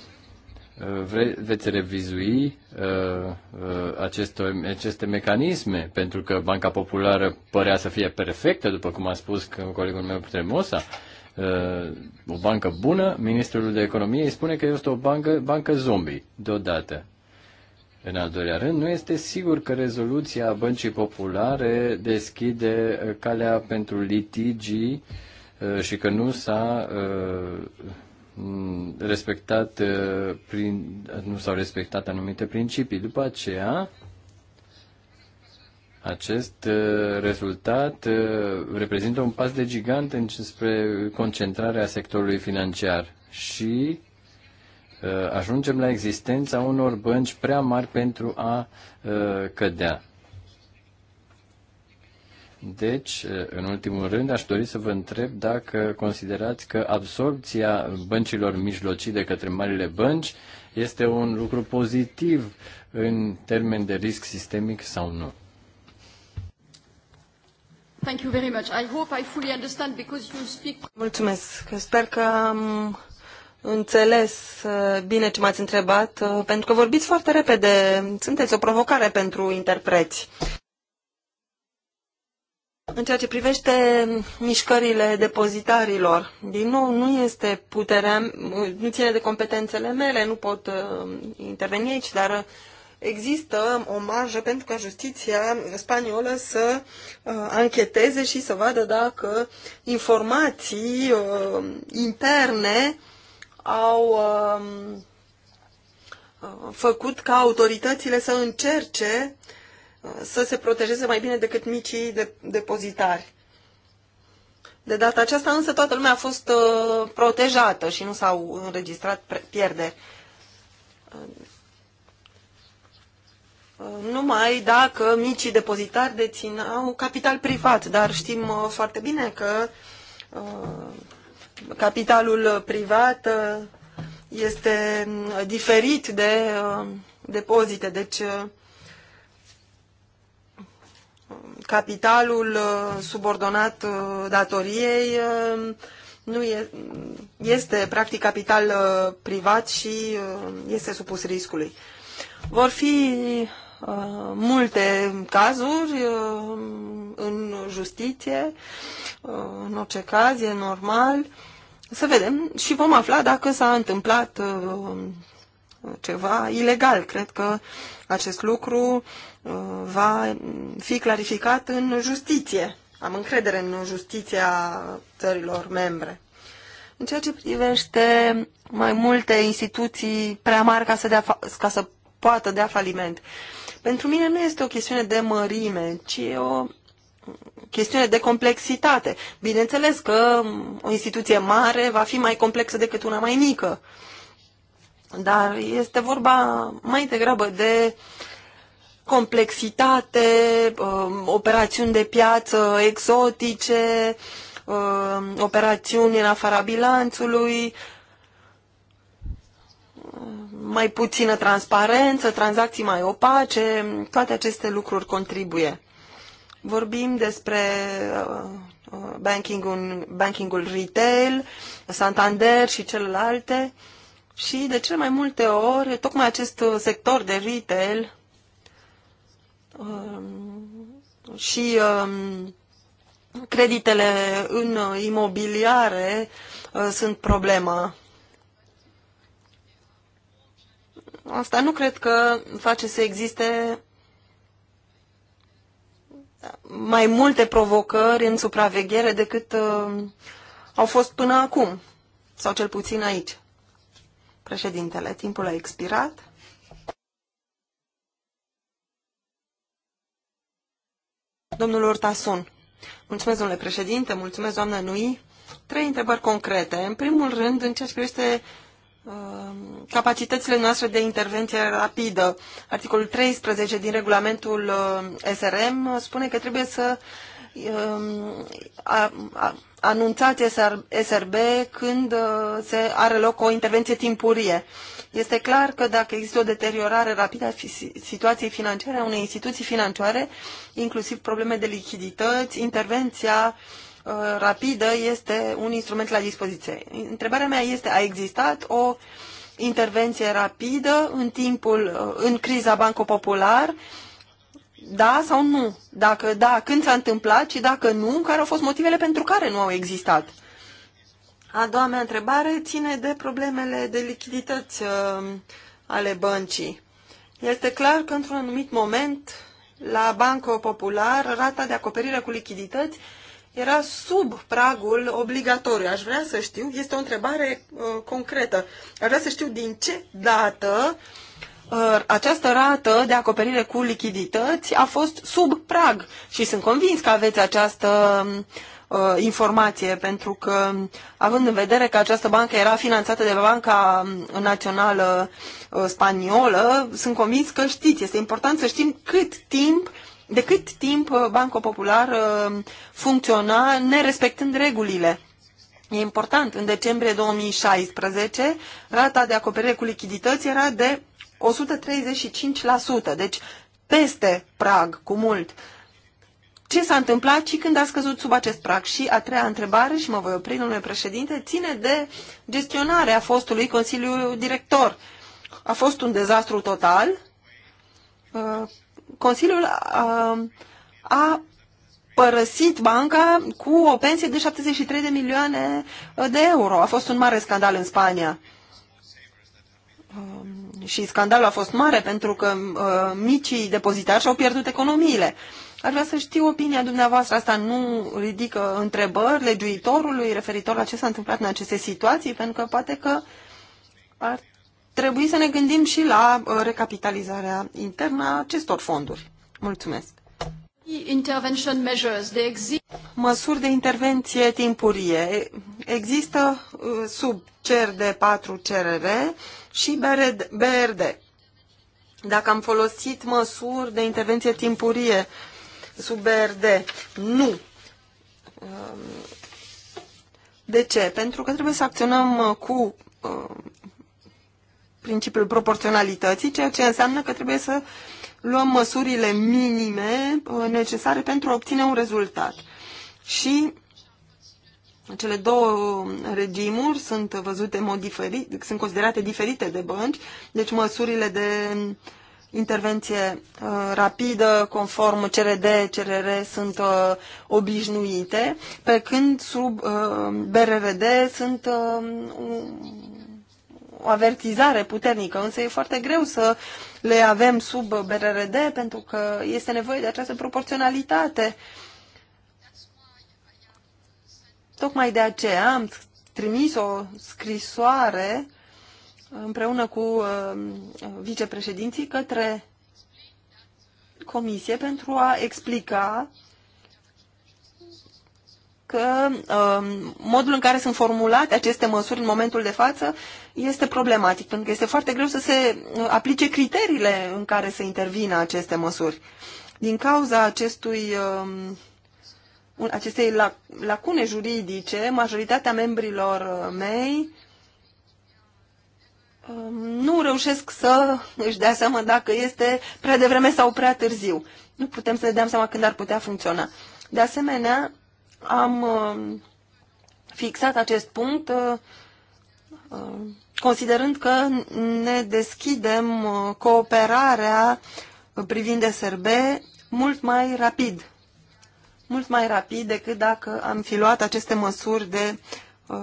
Speaker 1: Vre, veți revizui uh, uh, aceste, aceste mecanisme, pentru că Banca Populară părea să fie perfectă, după cum a spus că colegul meu Tremosa, uh, o bancă bună, ministrul de economie îi spune că este o bancă, bancă zombie, deodată. În al doilea rând, nu este sigur că rezoluția băncii populare deschide uh, calea pentru litigii uh, și că nu s-a uh, Mm, respectat uh, prin, nu s-au respectat anumite principii. După aceea, acest uh, rezultat uh, reprezintă un pas de gigant înspre concentrarea sectorului financiar și ajungem la existența unor bănci prea mari pentru a cădea. Deci, în ultimul rând, aș dori să vă întreb dacă considerați că absorpția băncilor mijlocii de către marile bănci este un lucru pozitiv în termen de risc sistemic sau nu.
Speaker 2: Thank you very much. I hope I fully understand because you speak...
Speaker 3: Mulțumesc. Sper că am înțeles uh, bine ce m-ați întrebat, uh, pentru că vorbiți foarte repede. Sunteți o provocare pentru interpreți. În ceea ce privește mișcările depozitarilor, din nou, nu este puterea, nu ține de competențele mele, nu pot uh, interveni aici, dar există o marjă pentru ca justiția spaniolă să uh, ancheteze și să vadă dacă informații uh, interne au um, uh, făcut ca autoritățile să încerce să se protejeze mai bine decât micii de, depozitari. De data aceasta însă toată lumea a fost uh, protejată și nu s-au înregistrat pierderi. Uh, numai dacă micii depozitari dețineau capital privat, dar știm uh, foarte bine că uh, capitalul privat este diferit de depozite, deci capitalul uh, subordonat uh, datoriei uh, nu e, este practic capital privat și este supus riscului. Vor fi multe cazuri în justiție, în orice caz e normal. Să vedem și vom afla dacă s-a întâmplat ceva ilegal. Cred că acest lucru Uh, va fi clarificat în justiție. Am încredere în justiția țărilor membre. În ceea ce privește mai multe instituții prea mari ca să, dea ca să poată dea faliment, pentru mine nu este o chestiune de mărime, ci o chestiune de complexitate. Bineînțeles că o instituție mare va fi mai complexă decât una mai mică, dar este vorba mai degrabă de uh, complexitate, um, operațiuni de piață exotice, um, operațiuni în afara bilanțului, mai puțină transparență, tranzacții mai opace, toate aceste lucruri contribuie. Vorbim despre uh, uh, bankingul, bankingul retail, Santander și celelalte și de cele mai multe ori, tocmai acest sector de retail Um, și um, creditele în imobiliare uh, sunt problema. Asta nu cred că face să existe mai multe provocări în supraveghere decât um, au fost până acum, sau cel puțin aici. Președintele, timpul a expirat. Domnul Urtasun. Mulțumesc, domnule președinte, mulțumesc, doamnă Nui. Trei întrebări concrete. În primul rând, în ceea ce privește uh, capacitățile noastre de intervenție rapidă. Articolul 13 din regulamentul uh, SRM spune că trebuie să Um, anunțați SRB când uh, se are loc o intervenție timpurie. Este clar că dacă există o deteriorare rapidă a situației financiare a unei instituții financiare, inclusiv probleme de lichidități, intervenția uh, rapidă este un instrument la dispoziție. Întrebarea mea este, a existat o intervenție rapidă în timpul, uh, în criza Banco Popular, da sau nu, dacă da, când s-a întâmplat și dacă nu, care au fost motivele pentru care nu au existat. A doua mea întrebare ține de problemele de lichidități uh, ale băncii. Este clar că într-un anumit moment la Banco Popular rata de acoperire cu lichidități era sub pragul obligatoriu. Aș vrea să știu, este o întrebare uh, concretă, aș vrea să știu din ce dată uh, Uh, această rată de acoperire cu lichidități a fost sub prag și sunt convins că aveți această uh, informație, pentru că având în vedere că această bancă era finanțată de Banca Națională uh, Spaniolă, sunt convins că știți. Este important să știm cât timp de cât timp Banco Popular funcționa nerespectând regulile. E important, în decembrie 2016, rata de acoperire cu lichidități era de 135%, deci peste prag cu mult. Ce s-a întâmplat și când a scăzut sub acest prag? Și a treia întrebare, și mă voi opri, domnule președinte, ține de gestionarea fostului Consiliu Director. A fost un dezastru total. Uh, Consiliul a, uh, a părăsit banca cu o pensie de 73 de milioane uh, de euro. A fost un mare scandal în Spania și scandalul a fost mare pentru că uh, micii depozitari și-au pierdut economiile. Ar vrea să știu opinia dumneavoastră. Asta nu ridică întrebări legiuitorului referitor la ce s-a întâmplat în aceste situații, pentru că poate că ar trebui să ne gândim și la uh, recapitalizarea internă a acestor fonduri. Mulțumesc. Măsuri de intervenție timpurie Există uh, sub cer de 4 CRR și BRD. Dacă am folosit măsuri de intervenție timpurie sub BRD, nu. Um, de ce? Pentru că trebuie să acționăm uh, cu uh, principiul proporționalității, ceea ce înseamnă că trebuie să luăm măsurile minime necesare pentru a obține un rezultat. Și cele două regimuri sunt văzute mod diferit, sunt considerate diferite de bănci, deci măsurile de intervenție uh, rapidă conform CRD, CRR sunt uh, obișnuite, pe când sub uh, BRRD sunt o avertizare puternică, însă e foarte greu să le avem sub BRRD pentru că este nevoie de această proporționalitate uh, Tocmai de aceea am trimis o scrisoare împreună cu um, vicepreședinții către comisie pentru a explica că uh, modul în care sunt formulate aceste măsuri în momentul de față este problematic, pentru că este foarte greu să se uh, aplice criteriile în care să intervină aceste măsuri. Din cauza acestui uh, acestei lacune juridice, majoritatea membrilor uh, mei um, nu reușesc să își dea seama dacă este prea devreme sau prea târziu. Nu putem să ne dăm seama când ar putea funcționa. De asemenea, am um, fixat acest punct uh, uh, considerând că ne deschidem cooperarea privind SRB mult mai rapid mult mai rapid decât dacă am fi luat aceste măsuri de uh,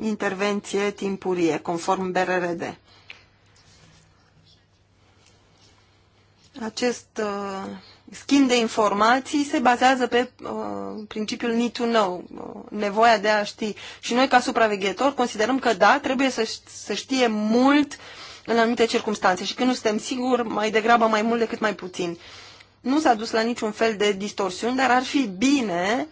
Speaker 3: intervenție timpurie, conform BRRD. Acest uh, schimb de informații se bazează pe uh, principiul need to know, uh, nevoia de a ști. Și noi, ca supraveghetori, considerăm că da, trebuie să, să știe mult în anumite circunstanțe și când nu suntem siguri, mai degrabă mai mult decât mai puțin. Uh, nu s-a dus la niciun fel de distorsiuni, dar ar fi bine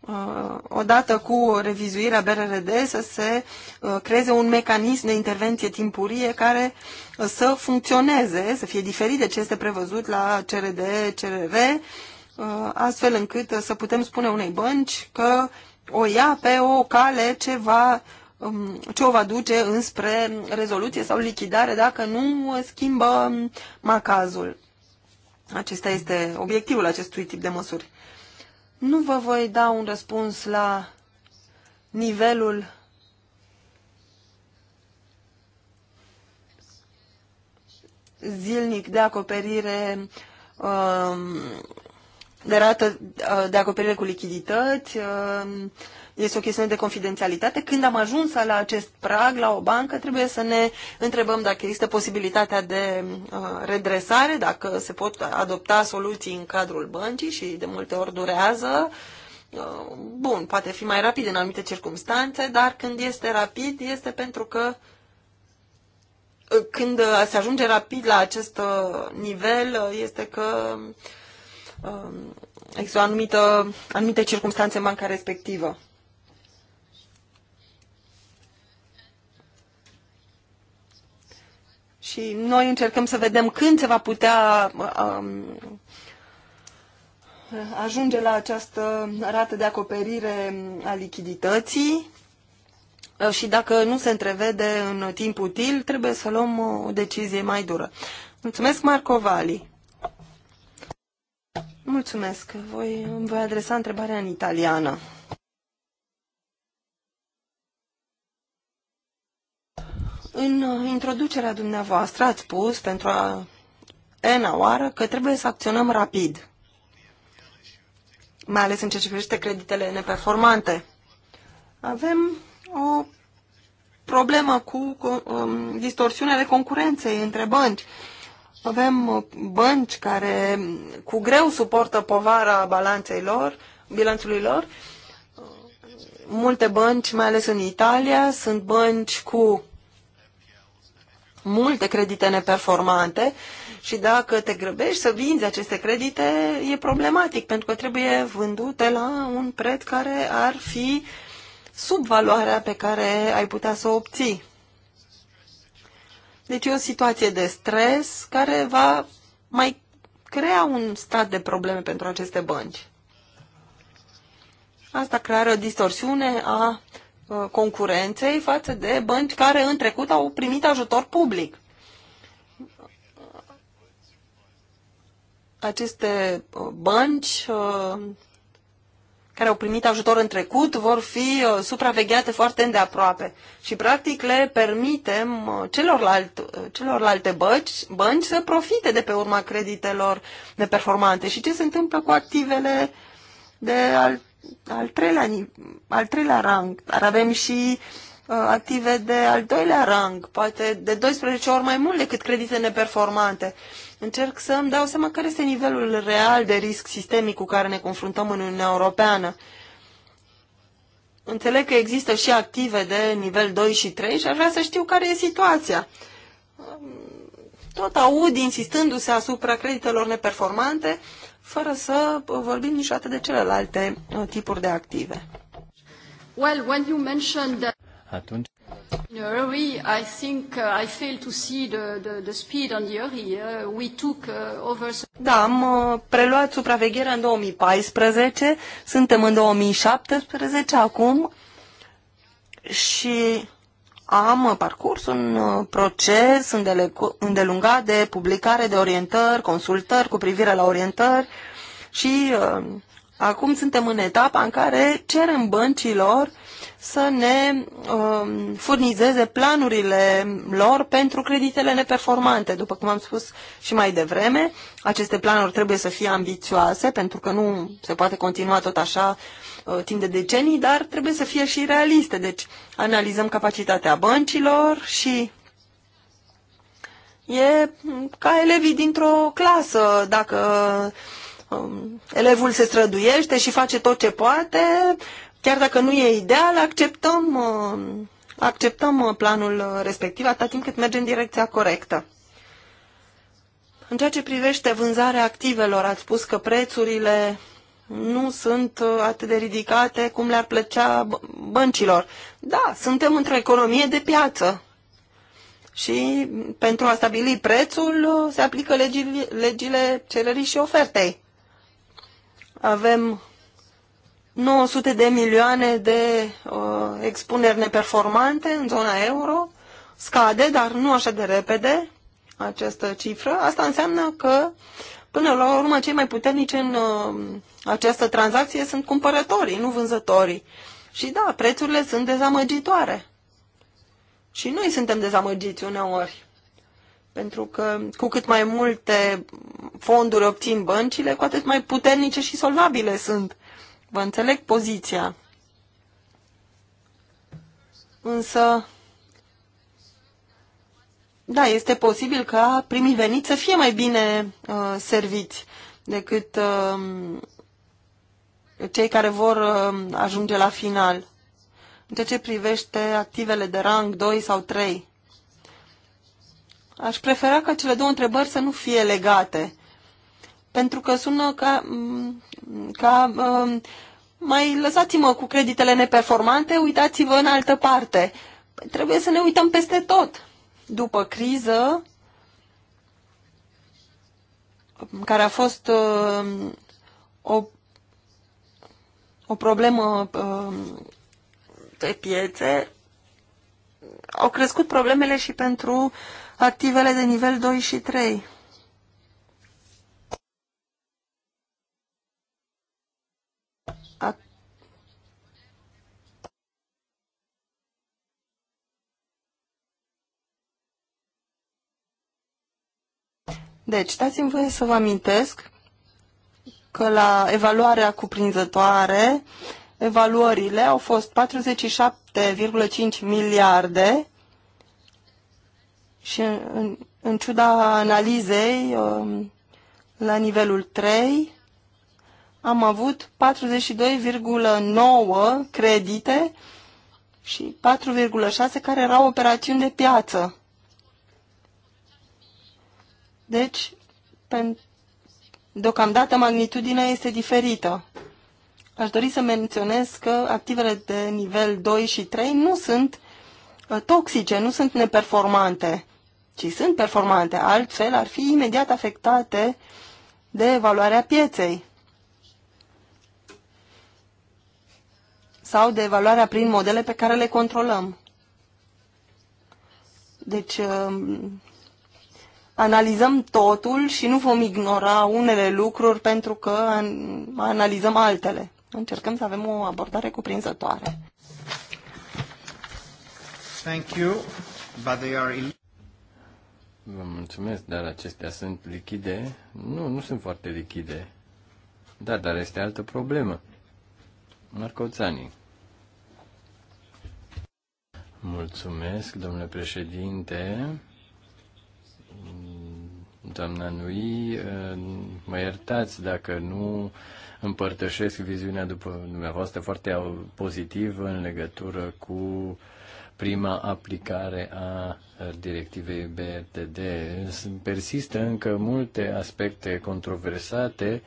Speaker 3: uh, odată cu revizuirea BRRD să se uh, creeze un mecanism de intervenție timpurie care uh, să funcționeze, să fie diferit de ce este prevăzut la CRD, CRR, astfel încât să putem spune unei bănci că o ia pe o cale ce, va, um, ce o va duce înspre rezoluție sau lichidare dacă nu schimbă um, macazul. Acesta este obiectivul acestui tip de măsuri. Nu vă voi da un răspuns la nivelul zilnic de acoperire um, de rată uh, de acoperire cu lichidități, um, este o chestiune de confidențialitate. Când am ajuns la acest prag, la o bancă, trebuie să ne întrebăm dacă există posibilitatea de uh, redresare, dacă se pot adopta soluții în cadrul băncii și de multe ori durează. Uh, bun, poate fi mai rapid în anumite circunstanțe, dar când este rapid, este pentru că uh, când se ajunge rapid la acest nivel, este că există anumite circunstanțe în banca respectivă. și noi încercăm să vedem când se va putea um, ajunge la această rată de acoperire a lichidității uh, și dacă nu se întrevede în timp util, trebuie să luăm o decizie mai dură. Mulțumesc, Marco Vali. Mulțumesc. Voi, îmi voi adresa întrebarea în italiană. În introducerea dumneavoastră ați spus pentru a ena oară că trebuie să acționăm rapid, mai ales în ceea ce privește creditele neperformante. Avem o problemă cu um, distorsiunea de concurenței între bănci. Avem uh, bănci care cu greu suportă povara balanței lor, bilanțului lor. Multe bănci, mai ales în Italia, sunt bănci cu multe credite neperformante și dacă te grăbești să vinzi aceste credite, e problematic, pentru că trebuie vândute la un preț care ar fi sub valoarea pe care ai putea să o obții. Deci e o situație de stres care va mai crea un stat de probleme pentru aceste bănci. Asta creează o distorsiune a Uh, concurenței față de bănci care în trecut au primit ajutor public. Aceste uh, bănci uh, care au primit ajutor în trecut vor fi supravegheate foarte îndeaproape și practic le permitem celorlalt, celorlalte bănci, bănci să profite de pe urma creditelor neperformante. Și ce se întâmplă cu activele de alt al treilea, al treilea rang, dar avem și uh, active de al doilea rang, poate de 12 ori mai mult decât credite neperformante. Încerc să îmi dau seama care este nivelul real de risc sistemic cu care ne confruntăm în Uniunea Europeană. Înțeleg că există și active de nivel 2 și 3 și aș vrea să știu care e situația. Tot aud insistându-se asupra creditelor neperformante, fără să vorbim niciodată de celelalte uh, tipuri de active.
Speaker 2: Well, when you mentioned that atunci Hurry, I think uh, I fail to see the, the, the speed on the hurry. Uh, we took uh, over... Da, am
Speaker 3: preluat supravegherea în 2014, suntem în 2017 acum și am parcurs un uh, proces îndelungat de publicare de orientări, consultări cu privire la orientări și uh, acum suntem în etapa în care cerem băncilor să ne um, furnizeze planurile lor pentru creditele neperformante. După cum am spus și mai devreme, aceste planuri trebuie să fie ambițioase pentru că nu se poate continua tot așa uh, Uh, timp de decenii, dar trebuie să fie și realiste. Deci analizăm capacitatea băncilor și e ca elevii dintr-o clasă. Dacă um, elevul se străduiește și face tot ce poate, chiar dacă nu e ideal, acceptăm, uh, acceptăm uh, planul respectiv atât timp cât merge în direcția corectă. În ceea ce privește vânzarea activelor, ați spus că prețurile nu sunt uh, atât de ridicate cum le-ar plăcea băncilor. Da, suntem într-o economie de piață. Și pentru a stabili prețul uh, se aplică legile, legile cererii și ofertei. Avem 900 de milioane de uh, expuneri neperformante în zona euro. Scade, dar nu așa de repede, această cifră. Asta înseamnă că Până la urmă, cei mai puternici în uh, această tranzacție sunt cumpărătorii, nu vânzătorii. Și da, prețurile sunt dezamăgitoare. Și noi suntem dezamăgiți uneori. Pentru că cu cât mai multe fonduri obțin băncile, cu atât mai puternice și solvabile sunt. Vă înțeleg poziția. Însă, da, este posibil ca primii veniți să fie mai bine uh, serviți decât uh, cei care vor uh, ajunge la final. În ceea ce privește activele de rang 2 sau 3, aș prefera ca cele două întrebări să nu fie legate, pentru că sună ca, mm, ca uh, mai lăsați-mă cu creditele neperformante, uitați-vă în altă parte. Trebuie să ne uităm peste tot după criză, care a fost uh, o, o problemă uh, pe piețe, au crescut problemele și pentru activele de nivel 2 și 3. Deci, dați-mi voie să vă amintesc că la evaluarea cuprinzătoare, evaluările au fost 47,5 miliarde și în, în ciuda analizei um, la nivelul 3 am avut 42,9 credite și 4,6 care erau operațiuni de piață. Deci, deocamdată magnitudinea este diferită. Aș dori să menționez că activele de nivel 2 și 3 nu sunt uh, toxice, nu sunt neperformante, ci sunt performante. Altfel, ar fi imediat afectate de evaluarea pieței sau de evaluarea prin modele pe care le controlăm. Deci, uh, analizăm totul și nu vom ignora unele lucruri pentru că analizăm altele. Încercăm să avem o abordare cuprinzătoare.
Speaker 1: Thank you, but they are Vă mulțumesc, dar acestea sunt lichide? Nu, nu sunt foarte lichide. Da, dar este altă problemă. Marcoțanii. Mulțumesc, domnule președinte. Doamna Nui, mă iertați dacă nu împărtășesc viziunea după dumneavoastră foarte pozitivă în legătură cu prima aplicare a directivei BRTD. Persistă încă multe aspecte controversate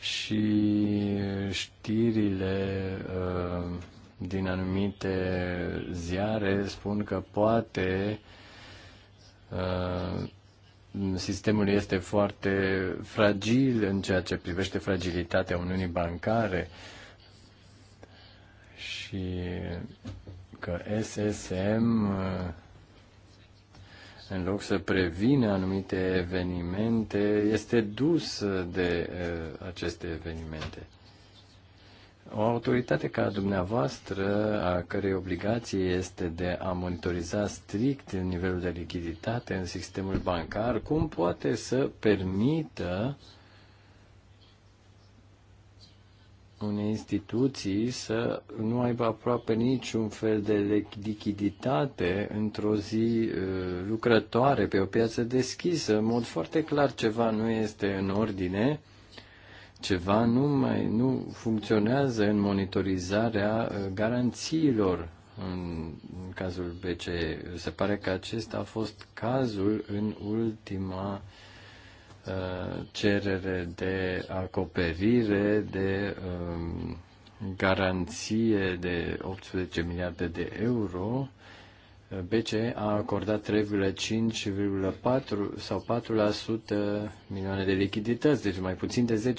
Speaker 1: și știrile uh, din anumite ziare spun că poate uh, sistemul este foarte fragil în ceea ce privește fragilitatea Uniunii Bancare și că SSM în loc să prevină anumite evenimente, este dus de eh, aceste evenimente. O autoritate ca dumneavoastră, a cărei obligație este de a monitoriza strict nivelul de lichiditate în sistemul bancar, cum poate să permită unei instituții să nu aibă aproape niciun fel de lichiditate într-o zi uh, lucrătoare pe o piață deschisă. În mod foarte clar ceva nu este în ordine ceva nu mai nu funcționează în monitorizarea uh, garanțiilor în, cazul BCE. Se pare că acesta a fost cazul în ultima uh, cerere de acoperire de um, garanție de 18 miliarde de euro BCE a acordat 3,5 sau 4% milioane de lichidități, deci mai puțin de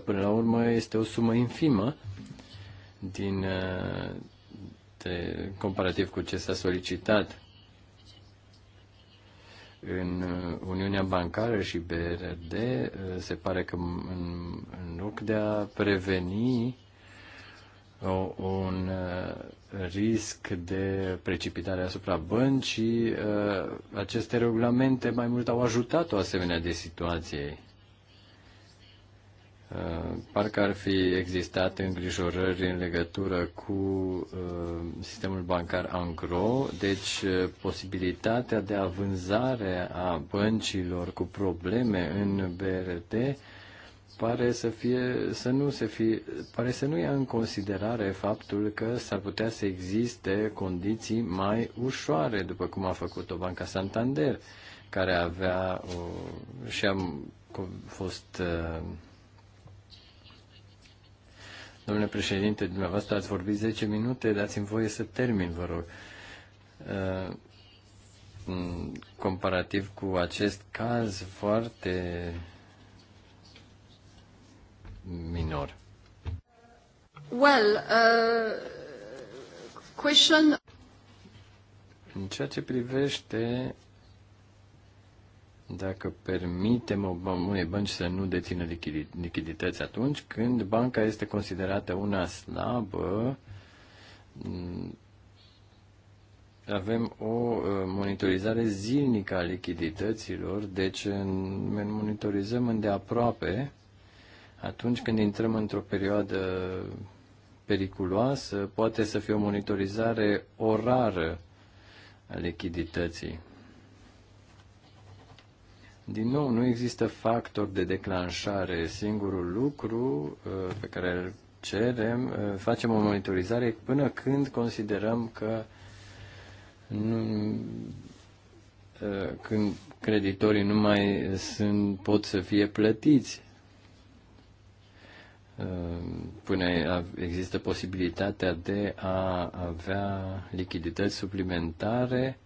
Speaker 1: 10%. Până la urmă este o sumă infimă din, uh, de, comparativ cu ce s-a solicitat în uh, Uniunea Bancară și BRD uh, se pare că în, în loc de a preveni o, un uh, risc de precipitare asupra băncii. Uh, aceste regulamente mai mult au ajutat o asemenea de situație. Uh, parcă ar fi existat îngrijorări în legătură cu sistemul bancar angro, deci posibilitatea de a vânzare a băncilor cu probleme în BRT pare să, fie, să nu se fie, pare să nu ia în considerare faptul că s-ar putea să existe condiții mai ușoare, după cum a făcut-o Banca Santander, care avea o, și am fost uh, Domnule președinte, dumneavoastră ați vorbit 10 minute, dați-mi voie să termin, vă rog. Uh, comparativ cu acest caz foarte minor.
Speaker 2: Well, uh, question...
Speaker 1: În ceea ce privește dacă permitem o, unei bănci să nu dețină lichidități atunci când banca este considerată una slabă, mm, avem o uh, monitorizare zilnică a lichidităților, deci monitorizăm îndeaproape atunci când intrăm într-o perioadă periculoasă, poate să fie o monitorizare orară a lichidității. Din nou, nu există factor de declanșare. Singurul lucru uh, pe care îl cerem, uh, facem o monitorizare până când considerăm că nu, uh, când creditorii nu mai sunt, pot să fie plătiți până există posibilitatea de a avea lichidități suplimentare.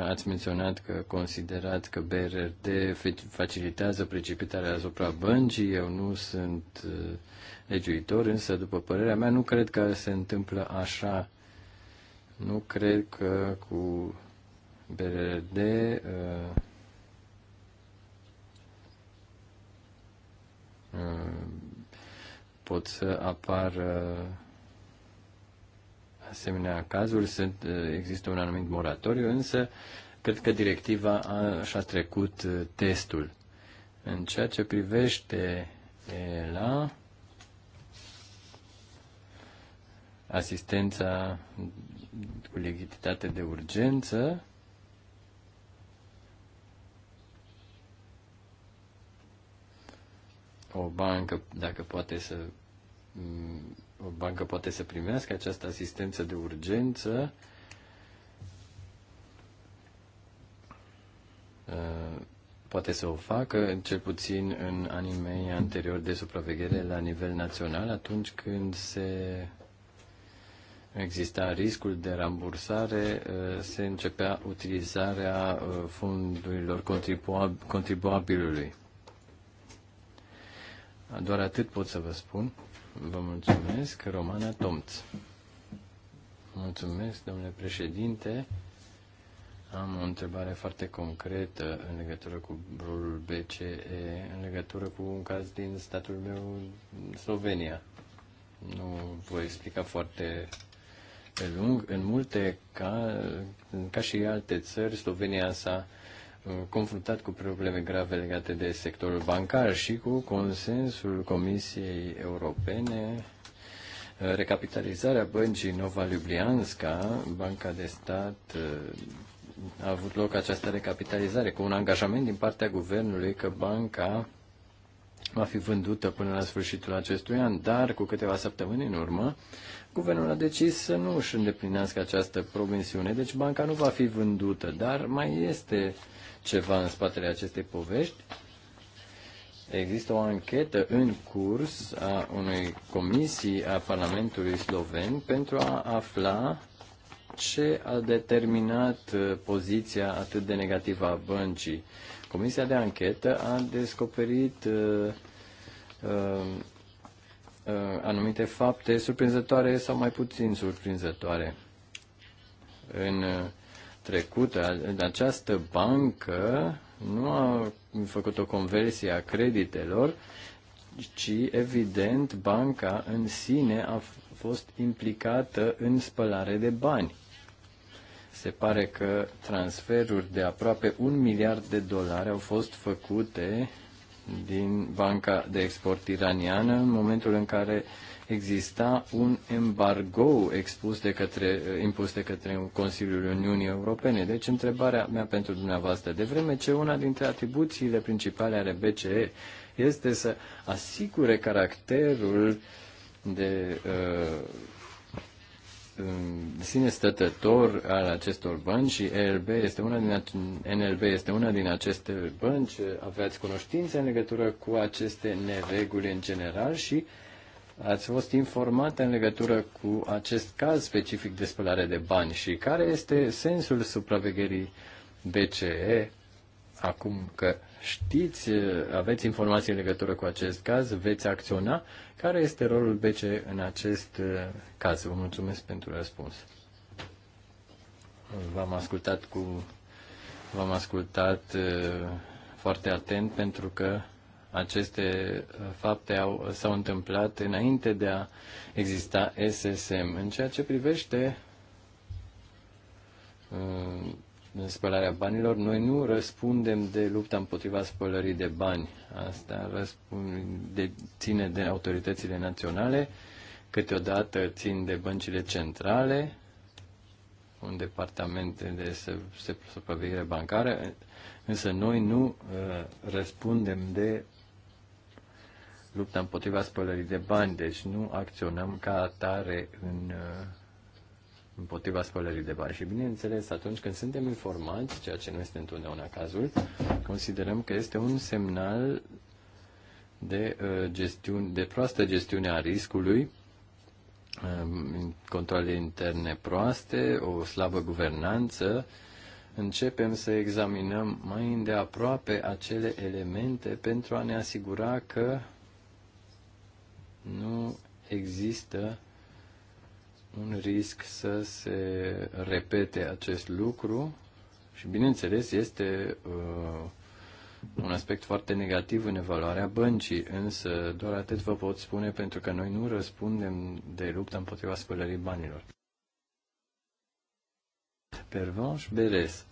Speaker 1: Ați menționat că considerați că BRD facilitează precipitarea asupra băncii. Eu nu sunt uh, legiuitor, însă, după părerea mea, nu cred că se întâmplă așa. Nu cred că cu BRD uh, Uh, pot să apară uh, asemenea cazuri, sunt, uh, există un anumit moratoriu, însă cred că directiva și-a trecut testul. În ceea ce privește la asistența cu legitimitate de urgență, o bancă, dacă poate să mm, o bancă poate să primească această asistență de urgență uh, poate să o facă, cel puțin în anii mei anterior de supraveghere la nivel național, atunci când se exista riscul de rambursare, uh, se începea utilizarea uh, fondurilor contribuabilului. Doar atât pot să vă spun. Vă mulțumesc, Romana Tomț. Mulțumesc, domnule președinte. Am o întrebare foarte concretă în legătură cu rolul BCE, în legătură cu un caz din statul meu, Slovenia. Nu voi explica foarte pe lung. În multe, ca, ca și alte țări, Slovenia s-a Uh, confruntat cu probleme grave legate de sectorul bancar și cu consensul Comisiei Europene, uh, recapitalizarea băncii Nova Ljubljanska, Banca de Stat, uh, a avut loc această recapitalizare cu un angajament din partea guvernului că banca va fi vândută până la sfârșitul acestui an, dar cu câteva săptămâni în urmă, guvernul a decis să nu își îndeplinească această promisiune, deci banca nu va fi vândută, dar mai este ceva în spatele acestei povești. Există o anchetă în curs a unei comisii a Parlamentului Sloven pentru a afla ce a determinat uh, poziția atât de negativă a băncii. Comisia de anchetă a descoperit uh, uh, uh, anumite fapte surprinzătoare sau mai puțin surprinzătoare. În uh, trecut, această bancă nu a făcut o conversie a creditelor, ci, evident, banca în sine a fost implicată în spălare de bani se pare că transferuri de aproape un miliard de dolari au fost făcute din banca de export iraniană în momentul în care exista un embargo expus de către, impus de către Consiliul Uniunii Europene. Deci întrebarea mea pentru dumneavoastră, de vreme ce una dintre atribuțiile principale ale BCE este să asigure caracterul de uh, de sine stătător al acestor bănci și ELB este una din, NLB este una din aceste bănci. Aveați cunoștințe în legătură cu aceste nereguli în general și ați fost informate în legătură cu acest caz specific de spălare de bani și care este sensul supravegherii BCE acum că știți, aveți informații în legătură cu acest caz, veți acționa. Care este rolul BC în acest uh, caz? Vă mulțumesc pentru răspuns. V-am ascultat cu v-am ascultat uh, foarte atent pentru că aceste uh, fapte au, s-au întâmplat înainte de a exista SSM. În ceea ce privește spălarea banilor, noi nu răspundem de lupta împotriva spălării de bani. Asta răspunde, ține de autoritățile naționale, câteodată țin de băncile centrale, un departament de supraveghere bancară, însă noi nu uh, răspundem de lupta împotriva spălării de bani, deci nu acționăm ca atare în uh, împotriva spălării de bani. Și bineînțeles, atunci când suntem informați, ceea ce nu este întotdeauna cazul, considerăm că este un semnal de, uh, gestiune, de proastă gestiune a riscului, um, controle interne proaste, o slabă guvernanță, începem să examinăm mai îndeaproape acele elemente pentru a ne asigura că nu există un risc să se repete acest lucru și, bineînțeles, este uh, un aspect foarte negativ în evaluarea băncii, însă doar atât vă pot spune pentru că noi nu răspundem de lupta împotriva spălării banilor. Pervanș Beres.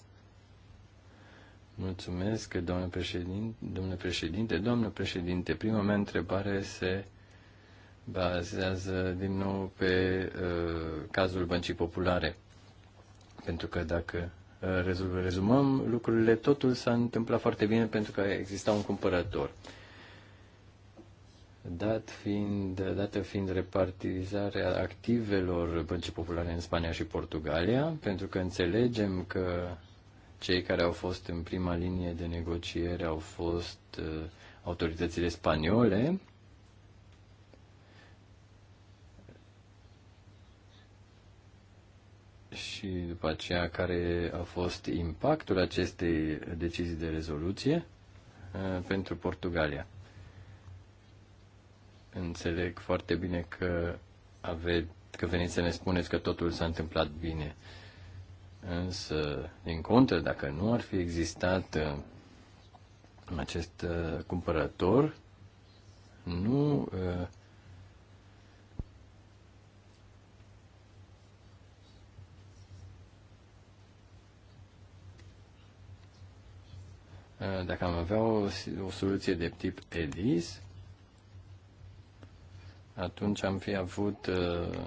Speaker 1: Mulțumesc, domnule președinte. Domnule președinte, domnule președinte, prima mea întrebare se bazează din nou pe uh, cazul băncii populare. Pentru că dacă uh, rezumăm lucrurile, totul s-a întâmplat foarte bine pentru că exista un cumpărător. Dat fiind, dată fiind repartizarea activelor băncii populare în Spania și Portugalia, pentru că înțelegem că cei care au fost în prima linie de negociere au fost uh, autoritățile spaniole, și după aceea care a fost impactul acestei decizii de rezoluție uh, pentru Portugalia. Înțeleg foarte bine că, ave, că veniți să ne spuneți că totul s-a întâmplat bine. Însă, din contră, dacă nu ar fi existat uh, acest uh, cumpărător, nu Eh, dacă am avea o, o soluție de tip EDIS, atunci am fi avut uh,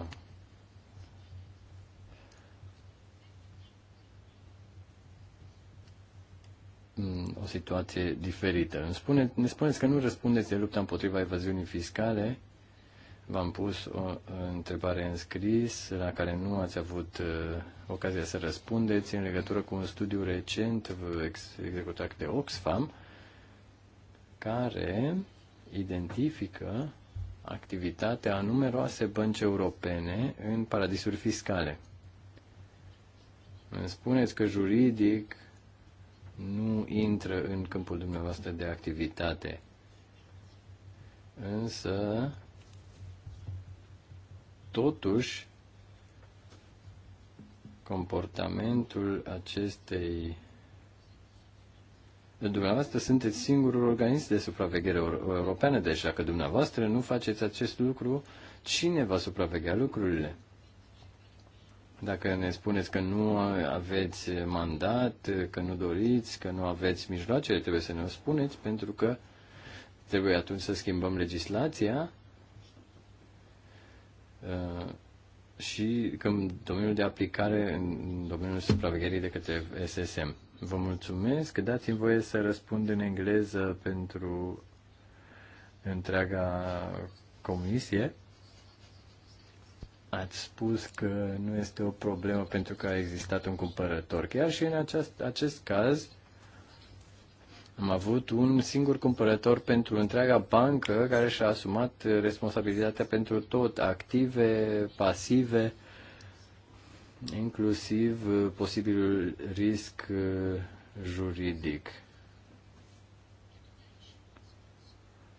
Speaker 1: o situație diferită. Îmi spune, ne spuneți că nu răspundeți de lupta împotriva evaziunii fiscale V-am pus o întrebare în scris la care nu ați avut uh, ocazia să răspundeți în legătură cu un studiu recent executat de Oxfam care identifică activitatea a numeroase bănci europene în paradisuri fiscale. Îmi spuneți că juridic nu intră în câmpul dumneavoastră de activitate. Însă, Totuși, comportamentul acestei Dumneavoastră sunteți singurul organism de supraveghere europeană, deci dacă dumneavoastră nu faceți acest lucru, cine va supraveghea lucrurile? Dacă ne spuneți că nu aveți mandat, că nu doriți, că nu aveți mijloacele, trebuie să ne o spuneți, pentru că trebuie atunci să schimbăm legislația Uh, și în domeniul de aplicare, în domeniul supravegherii de către SSM. Vă mulțumesc. Dați-mi voie să răspund în engleză pentru întreaga comisie. Ați spus că nu este o problemă pentru că a existat un cumpărător. Chiar și în acest, acest caz, am avut un singur cumpărător pentru întreaga bancă care și-a asumat responsabilitatea pentru tot, active, pasive, inclusiv uh, posibilul risc uh, juridic.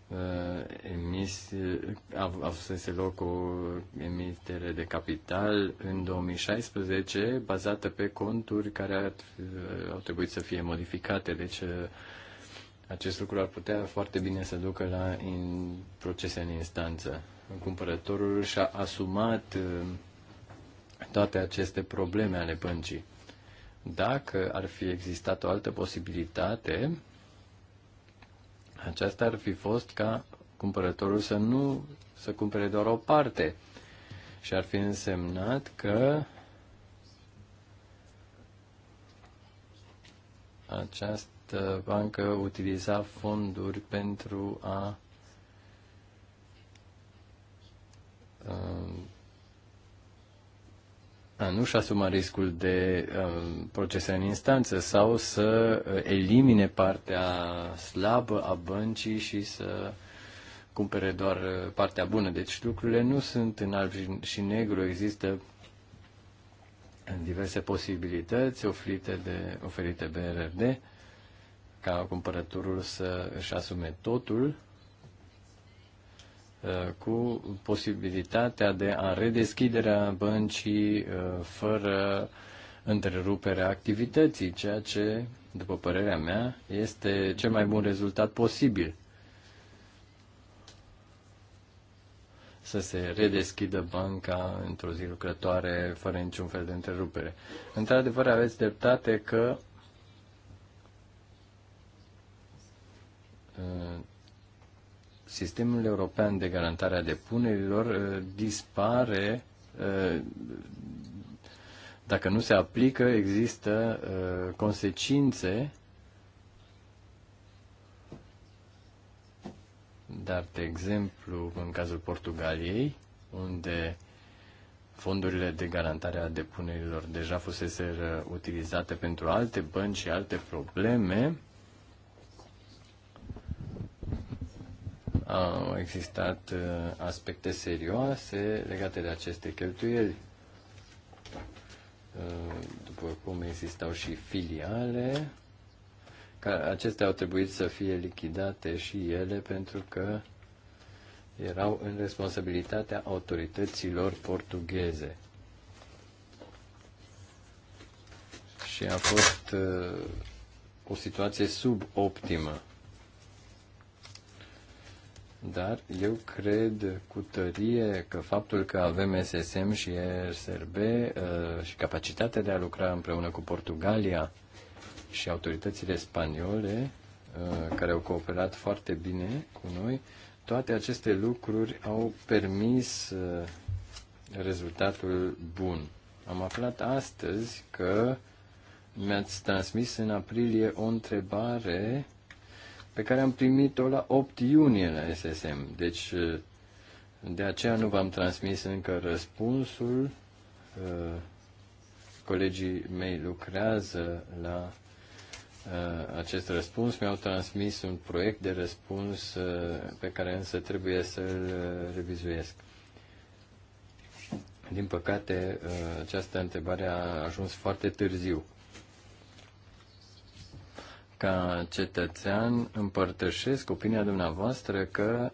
Speaker 1: Uh, emis, avusese loc o emitere de capital în 2016 bazată pe conturi care ar, au trebuit să fie modificate. Deci acest lucru ar putea foarte bine să ducă la in procese în instanță. Cumpărătorul și-a asumat uh, toate aceste probleme ale băncii. Dacă ar fi existat o altă posibilitate, aceasta ar fi fost ca cumpărătorul să nu să cumpere doar o parte și ar fi însemnat că această această uh, bancă utiliza fonduri pentru a uh, a nu-și asuma riscul de uh, procese în instanță sau să elimine partea slabă a băncii și să cumpere doar partea bună. Deci lucrurile nu sunt în alb și negru, există diverse posibilități oferite de, oferite de RRD ca cumpărătorul să își asume totul uh, cu posibilitatea de a redeschiderea băncii uh, fără întreruperea activității, ceea ce, după părerea mea, este cel mai bun rezultat posibil. Să se redeschidă banca într-o zi lucrătoare fără niciun fel de întrerupere. Într-adevăr, aveți dreptate că Uh, sistemul european de garantare a depunerilor uh, dispare uh, dacă nu se aplică, există consecințe dar, de exemplu, în cazul Portugaliei, unde fondurile de garantare a depunerilor deja fusese utilizate pentru alte bănci și alte probleme, au existat uh, aspecte serioase legate de aceste cheltuieli. Uh, după cum existau și filiale, care acestea au trebuit să fie lichidate și ele pentru că erau în responsabilitatea autorităților portugheze. Și a fost uh, o situație suboptimă. Dar eu cred cu tărie că faptul că avem SSM și SRB uh, și capacitatea de a lucra împreună cu Portugalia și autoritățile spaniole, uh, care au cooperat foarte bine cu noi, toate aceste lucruri au permis uh, rezultatul bun. Am aflat astăzi că mi-ați transmis în aprilie o întrebare pe care am primit-o la 8 iunie la SSM. Deci, uh, de aceea nu v-am transmis încă răspunsul. Uh, colegii mei lucrează la uh, acest răspuns. Mi-au transmis un proiect de răspuns pe care însă trebuie să-l revizuiesc. Din păcate, această întrebare a ajuns foarte târziu ca cetățean împărtășesc opinia dumneavoastră că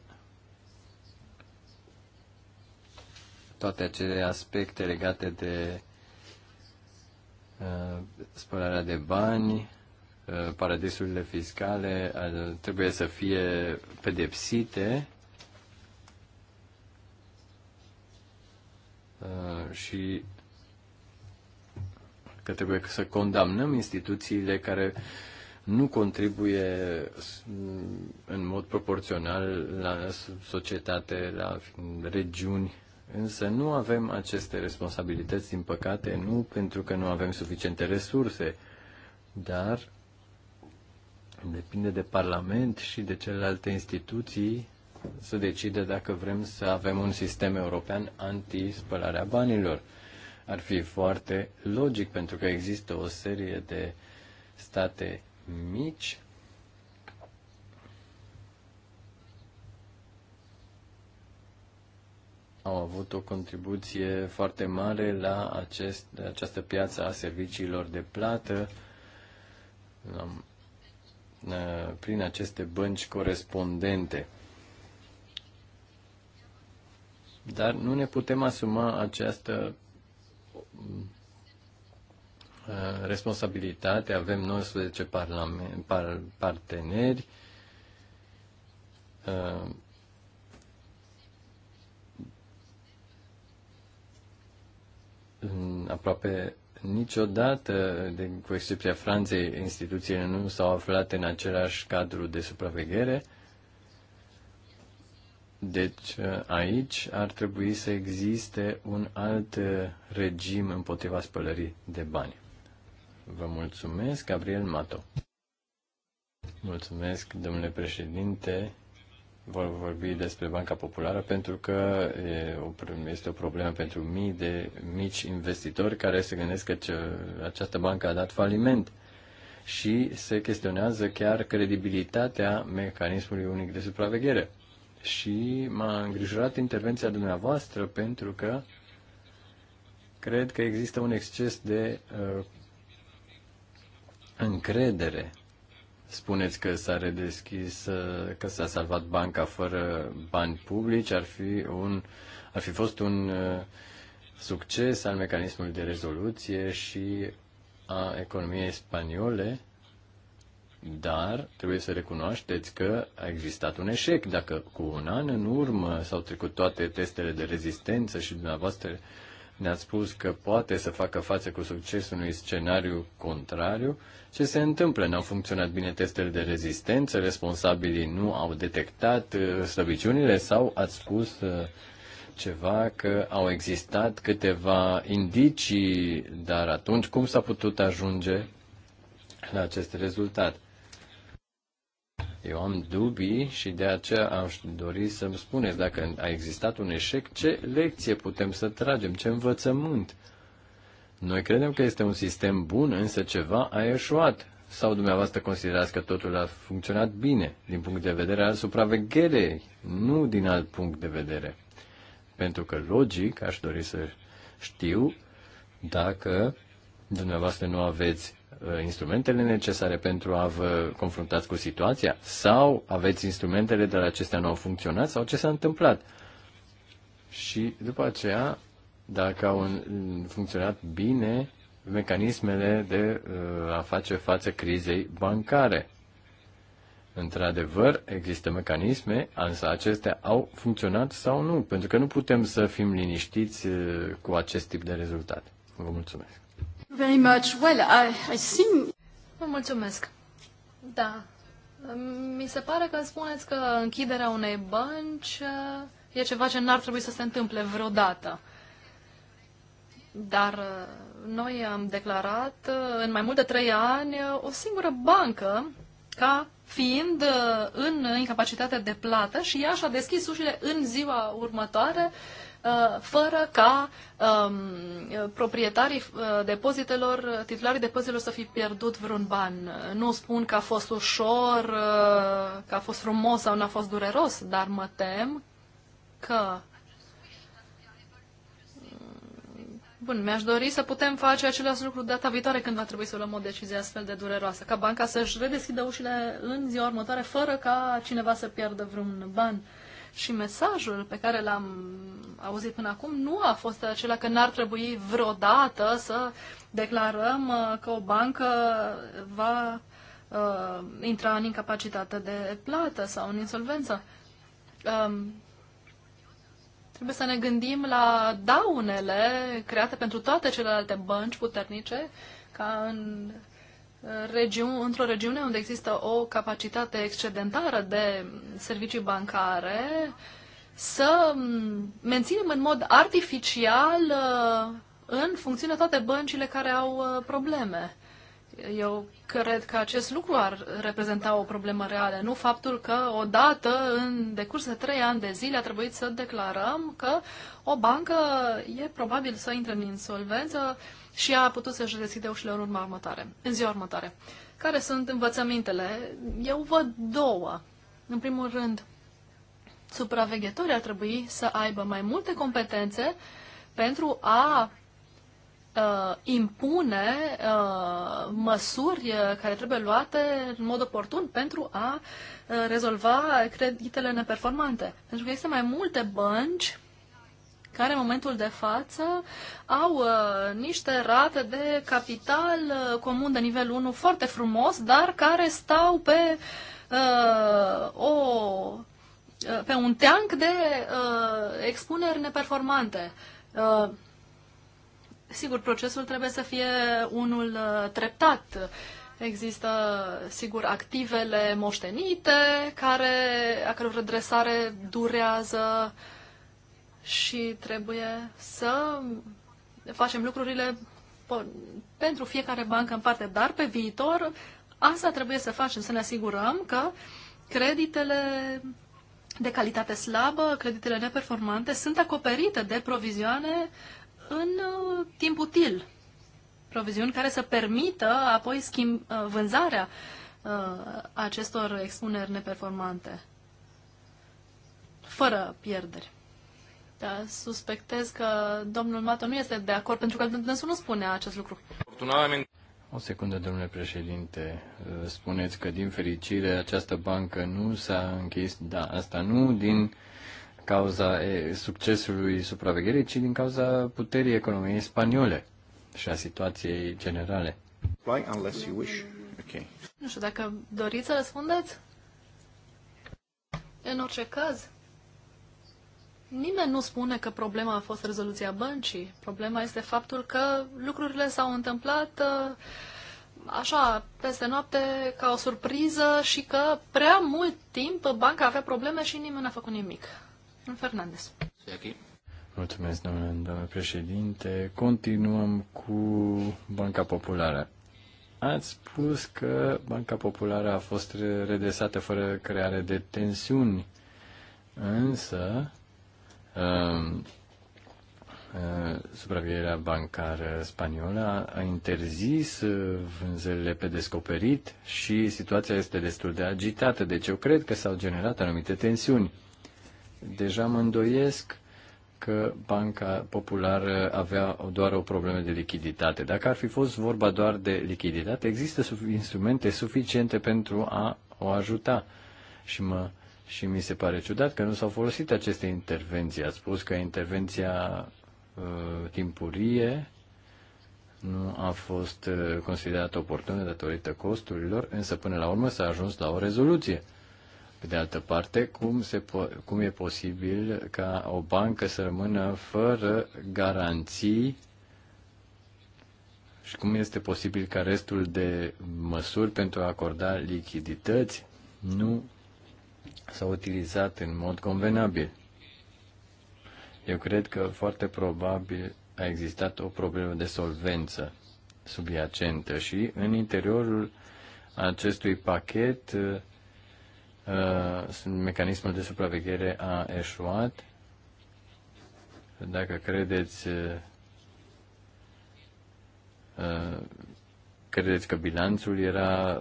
Speaker 1: toate acele aspecte legate de uh, spălarea de bani, uh, paradisurile fiscale uh, trebuie să fie pedepsite uh, și că trebuie să condamnăm instituțiile care uh, nu contribuie în mod proporțional la societate, la regiuni, însă nu avem aceste responsabilități, din păcate, nu pentru că nu avem suficiente resurse, dar depinde de Parlament și de celelalte instituții să decide dacă vrem să avem un sistem european anti-spălarea banilor. Ar fi foarte logic, pentru că există o serie de state mici. au avut o contribuție foarte mare la acest, această piață a serviciilor de plată prin aceste bănci corespondente. Dar nu ne putem asuma această Uh, responsabilitate, avem 19 parlament, par, parteneri, uh, aproape niciodată, de, cu excepția Franței, instituțiile nu s-au aflat în același cadru de supraveghere. Deci uh, aici ar trebui să existe un alt regim împotriva spălării de bani. Vă mulțumesc, Gabriel Mato. Mulțumesc, domnule președinte. Vor vorbi despre Banca Populară pentru că este o problemă pentru mii de mici investitori care se gândesc că această bancă a dat faliment și se chestionează chiar credibilitatea mecanismului unic de supraveghere. Și m-a îngrijorat intervenția dumneavoastră pentru că cred că există un exces de uh, încredere. Spuneți că s-a redeschis, că s-a salvat banca fără bani publici, ar fi, un, ar fi fost un uh, succes al mecanismului de rezoluție și a economiei spaniole, dar trebuie să recunoașteți că a existat un eșec. Dacă cu un an în urmă s-au trecut toate testele de rezistență și dumneavoastră ne a spus că poate să facă față cu succes unui scenariu contrariu. Ce se întâmplă? N-au funcționat bine testele de rezistență, responsabilii nu au detectat uh, slăbiciunile sau ați spus uh, ceva că au existat câteva indicii, dar atunci cum s-a putut ajunge la acest rezultat? Eu am dubii și de aceea aș dori să-mi spuneți dacă a existat un eșec, ce lecție putem să tragem, ce învățământ. Noi credem că este un sistem bun, însă ceva a eșuat. Sau dumneavoastră considerați că totul a funcționat bine, din punct de vedere al supravegherei, nu din alt punct de vedere. Pentru că, logic, aș dori să știu dacă dumneavoastră nu aveți Uh, instrumentele necesare pentru a vă confruntați cu situația? Sau aveți instrumentele, dar acestea nu au funcționat? Sau ce s-a întâmplat? Și după aceea, dacă au funcționat bine mecanismele de uh, a face față crizei bancare. Într-adevăr, există mecanisme, însă acestea au funcționat sau nu, pentru că nu putem să fim liniștiți uh, cu acest tip de rezultat. Vă mulțumesc.
Speaker 2: Very much. Well, I, I think... Vă mulțumesc. Da. Mi se pare că spuneți că închiderea unei bănci e ceva ce n-ar trebui să se întâmple vreodată. Dar noi am declarat în mai mult de trei ani o singură bancă ca fiind în incapacitate de plată și ea și-a deschis ușile în ziua următoare Uh, fără ca um, proprietarii uh, depozitelor, titularii depozitelor să fi pierdut vreun ban. Nu spun că a fost ușor, uh, că a fost frumos sau n-a fost dureros, dar mă tem că Bun, mi-aș dori să putem face același lucru data viitoare când va trebui să luăm o decizie astfel de dureroasă, ca banca să-și redeschidă ușile în ziua următoare fără ca cineva să pierdă vreun ban. Și mesajul pe care l-am auzit până acum nu a fost acela că n-ar trebui vreodată să declarăm uh, că o bancă va uh, intra în incapacitate de plată sau în insolvență. Um, trebuie să ne gândim la daunele create pentru toate celelalte bănci puternice, ca în regiu- într-o regiune unde există o capacitate excedentară de servicii bancare, să menținem în mod artificial uh, în funcțiune toate băncile care au uh, probleme. Eu cred că acest lucru ar reprezenta o problemă reală, nu faptul că odată, în decurs de trei ani de zile, a trebuit să declarăm că o bancă e probabil să intre în insolvență și a putut să-și deschide ușile în urma următoare, în ziua următoare. Care sunt învățămintele? Eu văd două. În primul rând, supraveghetorii ar trebui să aibă mai multe competențe pentru a uh, impune uh, măsuri uh, care trebuie luate în mod oportun pentru a uh, rezolva creditele neperformante. Pentru că există mai multe bănci care în momentul de față au uh, niște rate de capital uh, comun de nivel 1 foarte frumos, dar care stau pe uh, o uh, pe un teanc de uh, expuneri neperformante. Uh, sigur, procesul trebuie să fie unul uh, treptat. Există, sigur, activele moștenite, care, a căror redresare durează și trebuie să facem lucrurile pentru fiecare bancă în parte, dar pe viitor asta trebuie să facem, să ne asigurăm că creditele de calitate slabă, creditele neperformante sunt acoperite de provizioane în uh, timp util. Proviziuni care să permită apoi schimb, uh, vânzarea uh, acestor expuneri neperformante fără pierderi. Da, suspectez că domnul Mato nu este de acord, pentru că dânsul nu spune acest lucru.
Speaker 1: O secundă, domnule președinte. Spuneți că, din fericire, această bancă nu s-a închis. Da, asta nu din cauza succesului supravegherii, ci din cauza puterii economiei spaniole și a situației generale. Unless you wish. Okay.
Speaker 2: Nu știu, dacă doriți să răspundeți? În orice caz, Nimeni nu spune că problema a fost rezoluția băncii. Problema este faptul că lucrurile s-au întâmplat uh, așa, peste noapte, ca o surpriză și că prea mult timp banca avea probleme și nimeni n-a făcut nimic. Fernandez.
Speaker 1: Mulțumesc, domnule, domnule președinte. Continuăm cu Banca Populară. Ați spus că Banca Populară a fost redesată fără creare de tensiuni, însă Ehm, ehm, supravegherea bancară spaniolă a interzis eh, vânzările pe descoperit și situația este destul de agitată, deci eu cred că s-au generat anumite tensiuni. Deja mă îndoiesc că Banca Populară avea doar o problemă de lichiditate. Dacă ar fi fost vorba doar de lichiditate, există instrumente suficiente pentru a o ajuta. Și mă uh, și mi se pare ciudat că nu s-au folosit aceste intervenții. Ați spus că intervenția uh, timpurie nu a fost uh, considerată oportună datorită costurilor, însă până la urmă s-a ajuns la o rezoluție. Pe de altă parte, cum, se po- cum e posibil ca o bancă să rămână fără garanții și cum este posibil ca restul de măsuri pentru a acorda lichidități nu s-au utilizat în mod convenabil. Eu cred că foarte probabil a existat o problemă de solvență subiacentă și în interiorul acestui pachet uh, mecanismul de supraveghere a eșuat. Dacă credeți uh, uh, credeți că bilanțul era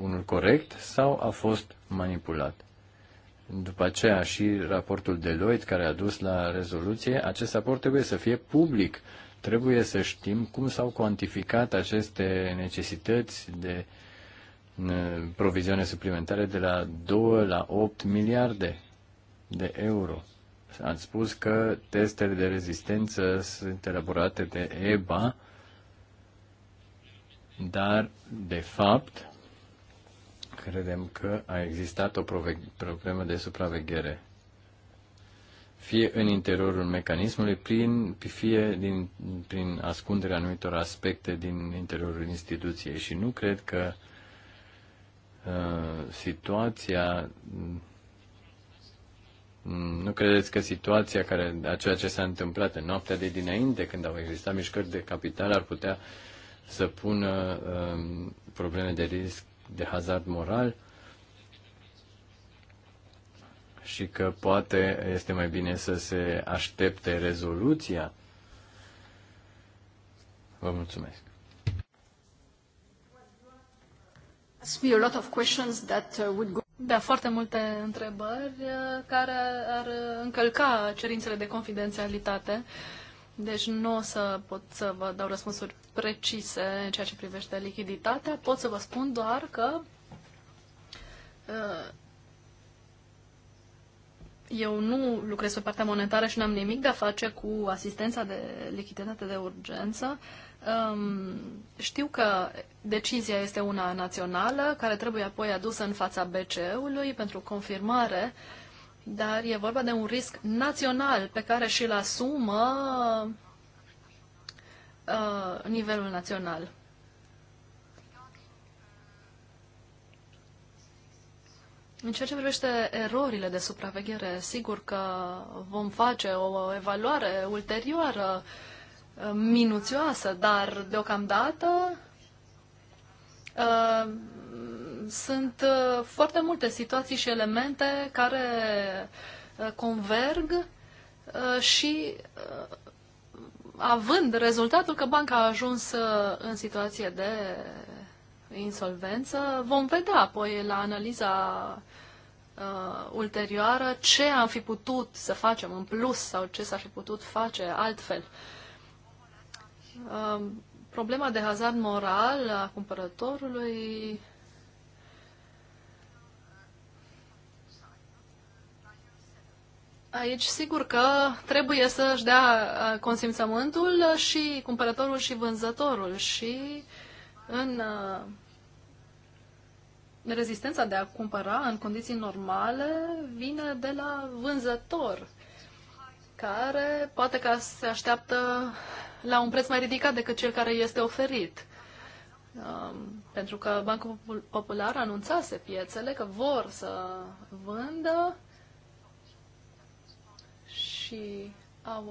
Speaker 1: unul corect sau a fost manipulat? După aceea și raportul Deloitte care a dus la rezoluție, acest raport trebuie să fie public. Trebuie să știm cum s-au cuantificat aceste necesități de uh, proviziune suplimentare de la 2 la 8 miliarde de euro. Ați spus că testele de rezistență sunt elaborate de EBA, dar, de fapt, Credem că a existat o problemă de supraveghere, fie în interiorul mecanismului, prin, fie din, prin ascunderea anumitor aspecte din interiorul instituției. Și nu cred că uh, situația nu credeți că situația care, a ceea ce s-a întâmplat în noaptea de dinainte, când au existat mișcări de capital, ar putea să pună uh, probleme de risc de hazard moral și că poate este mai bine să se aștepte rezoluția. Vă mulțumesc.
Speaker 2: Uh, da, foarte multe întrebări uh, care ar uh, încălca cerințele de confidențialitate. Uh, deci nu o să pot să vă dau răspunsuri precise în ceea ce privește lichiditatea. Pot să vă spun doar că uh, eu nu lucrez pe partea monetară și n-am nimic de a face cu asistența de lichiditate de urgență. Um, știu că decizia este una națională, care trebuie apoi adusă în fața BCE-ului pentru confirmare uh, dar e vorba de un risc național pe care și-l asumă uh, nivelul național. În ceea ce privește erorile de supraveghere, sigur că vom face o evaluare ulterioară uh, minuțioasă, dar deocamdată uh, sunt uh, foarte multe situații și elemente care uh, converg uh, și având rezultatul că banca a ajuns în situație de insolvență, vom vedea apoi la analiza uh, ulterioară ce am fi putut să facem în plus sau ce s-ar fi putut face altfel. Uh, problema de hazard moral a cumpărătorului Aici sigur că trebuie să-și dea consimțământul și cumpărătorul și vânzătorul și în rezistența de a cumpăra în condiții normale vine de la vânzător care poate că se așteaptă la un preț mai ridicat decât cel care este oferit. Um, pentru că Bancul Popular anunțase piețele că vor să vândă și au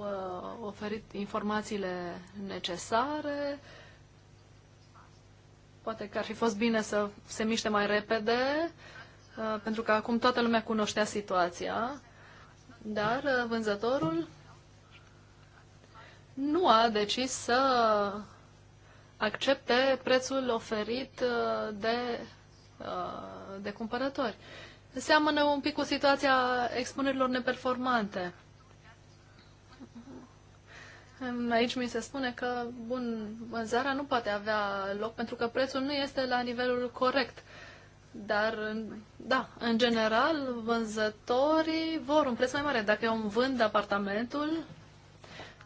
Speaker 2: uh, oferit informațiile necesare. Poate că ar fi fost bine să se miște mai repede, uh, pentru că acum toată lumea cunoștea situația, dar uh, vânzătorul nu a decis să accepte prețul oferit uh, de, uh, de cumpărători. Seamănă un pic cu situația expunerilor neperformante. Aici mi se spune că, bun, vânzarea nu poate avea loc pentru că prețul nu este la nivelul corect. Dar, da, în general, vânzătorii vor un preț mai mare. Dacă eu îmi vând apartamentul,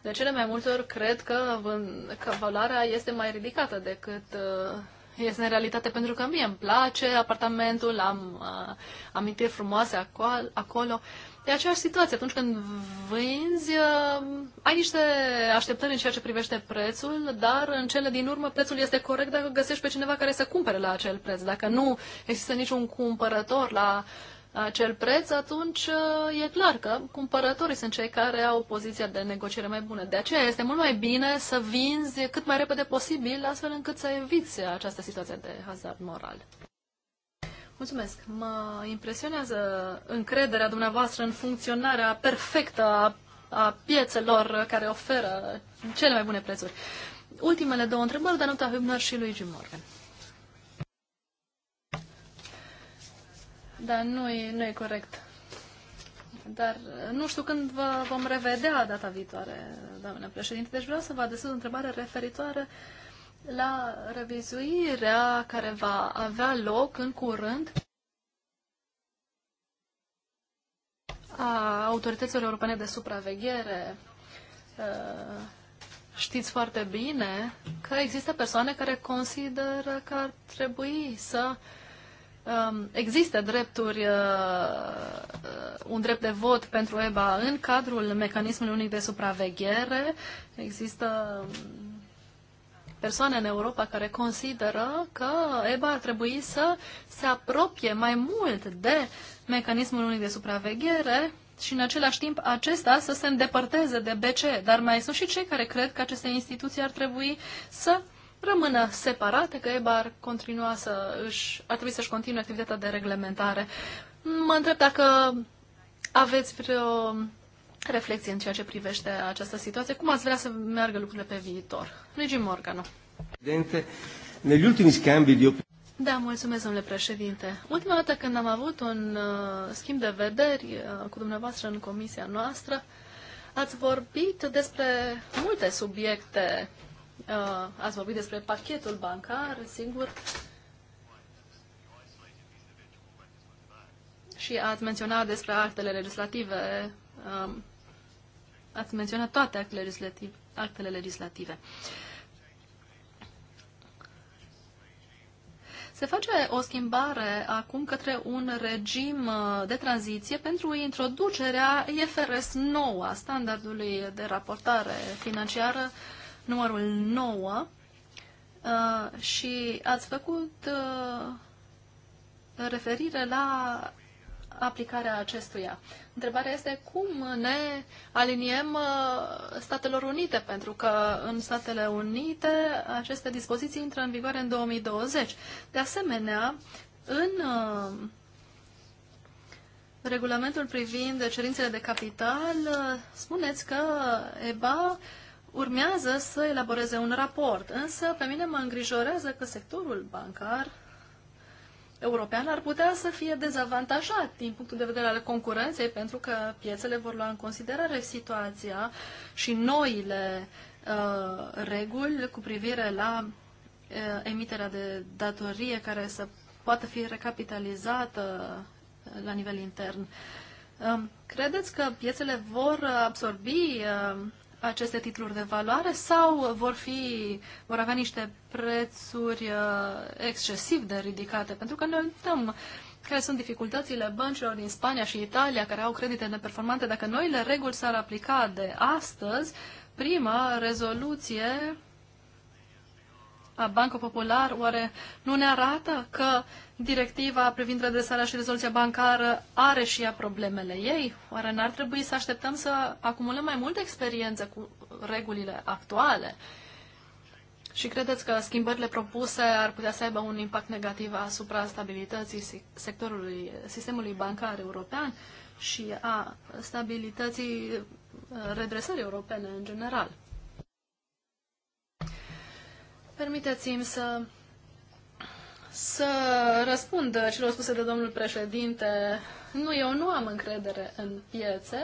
Speaker 2: de cele mai multe ori cred că, că valoarea este mai ridicată decât uh, este în realitate pentru că mie îmi place apartamentul, am uh, amintiri frumoase acolo, acolo E aceeași situație. Atunci când vinzi, uh, ai niște așteptări în ceea ce privește prețul, dar în cele din urmă prețul este corect dacă găsești pe cineva care să cumpere la acel preț. Dacă nu există niciun cumpărător la acel preț, atunci uh, e clar că cumpărătorii sunt cei care au poziția de negociere mai bună. De aceea este mult mai bine să vinzi cât mai repede posibil, astfel încât să eviți această situație de hazard moral. Mulțumesc. Mă impresionează încrederea dumneavoastră în funcționarea perfectă a, a piețelor care oferă cele mai bune prețuri. Ultimele două întrebări, Danuta Hübner și Jim Morgan. Da, nu e, nu e corect. Dar nu știu când vă vom revedea data viitoare, doamne președinte. Deci vreau să vă adresez o întrebare referitoare uh, la revizuirea care va avea loc în curând a autorităților europene de supraveghere. Ă, știți foarte bine că există persoane care consideră că ar trebui să um, existe drepturi, ă, ă, un drept de vot pentru EBA în cadrul mecanismului unic de supraveghere. Există um, persoane în Europa care consideră că EBA ar trebui să se apropie mai mult de mecanismul unic de supraveghere și în același timp acesta să se îndepărteze de BCE. Dar mai sunt și cei care cred că aceste instituții ar trebui să rămână separate, că EBA ar, continua să își, ar trebui să-și continue activitatea de reglementare. Mă întreb dacă aveți vreo reflexie în ceea ce privește această situație. Cum ați vrea să meargă lucrurile pe viitor? Luigi Morgano.
Speaker 3: Presidente, negli ultimi scambi di
Speaker 2: da, mulțumesc, domnule președinte. Ultima dată când am avut un uh, schimb de vederi uh, cu dumneavoastră în comisia noastră, ați vorbit despre multe subiecte. Uh, ați vorbit despre pachetul bancar, singur, Și ați menționat despre actele legislative. Um, ați menționat toate actele, legislative, actele legislative. Se face o schimbare acum către un regim uh, de tranziție pentru introducerea IFRS 9, standardului de raportare financiară numărul 9, uh, și ați făcut uh, referire la aplicarea acestuia. Întrebarea este cum ne aliniem uh, Statelor Unite, pentru că în Statele Unite aceste dispoziții intră în vigoare în 2020. De asemenea, în uh, regulamentul privind cerințele de capital, uh, spuneți că EBA urmează să elaboreze un raport, însă pe mine mă îngrijorează că sectorul bancar european ar putea să fie dezavantajat din punctul de vedere al concurenței, pentru că piețele vor lua în considerare situația și noile uh, reguli cu privire la uh, emiterea de datorie care să poată fi recapitalizată uh, la nivel intern. Um, credeți că piețele vor absorbi uh, aceste titluri de valoare sau vor, fi, vor avea niște prețuri uh, excesiv de ridicate? Pentru că ne uităm care sunt dificultățile băncilor din Spania și Italia care au credite neperformante. Dacă noile reguli s-ar aplica de astăzi, prima rezoluție a Banca Popular oare nu ne arată că directiva privind redresarea și rezoluția bancară are și ea problemele ei? Oare n-ar trebui să așteptăm să acumulăm mai multă experiență cu regulile actuale? Și credeți că schimbările propuse ar putea să aibă un impact negativ asupra stabilității sectorului, sistemului bancar european și a stabilității eh, redresării europene în general? Permiteți-mi să, să răspund celor spuse de domnul președinte. Nu, eu nu am încredere în piețe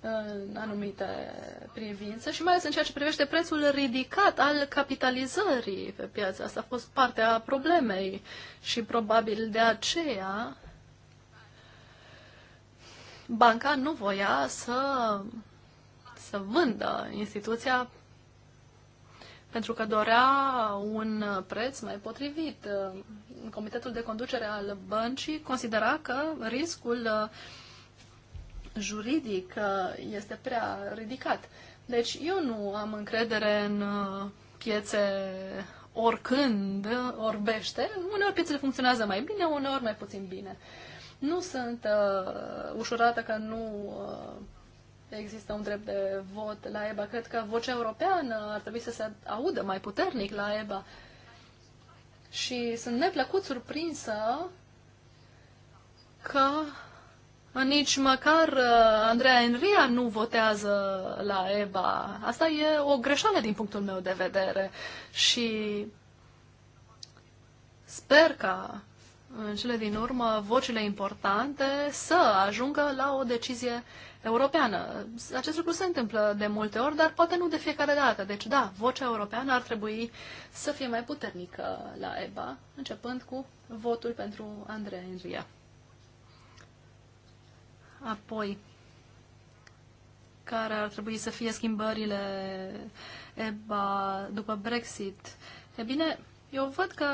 Speaker 2: în anumite privințe și mai ales în ceea ce privește prețul ridicat al capitalizării pe piață. Asta a fost partea problemei și probabil de aceea banca nu voia să, să vândă instituția pentru că dorea un preț mai potrivit. Comitetul de conducere al băncii considera că riscul uh, juridic uh, este prea ridicat. Deci eu nu am încredere în uh, piețe oricând, orbește. Uneori piețele funcționează mai bine, uneori mai puțin bine. Nu sunt uh, ușurată că nu uh, există un drept de vot la EBA. Cred că vocea europeană ar trebui să se audă mai puternic la EBA. Și sunt neplăcut surprinsă că nici măcar uh, Andreea Enria nu votează la EBA. Asta e o greșeală din punctul meu de vedere și sper ca în cele din urmă vocile importante să ajungă la o decizie europeană. Acest lucru se întâmplă de multe ori, dar poate nu de fiecare dată. Deci, da, vocea europeană ar trebui să fie mai puternică la EBA, începând cu votul pentru Andreea Enria. Apoi, care ar trebui să fie schimbările EBA după Brexit? E bine, eu văd că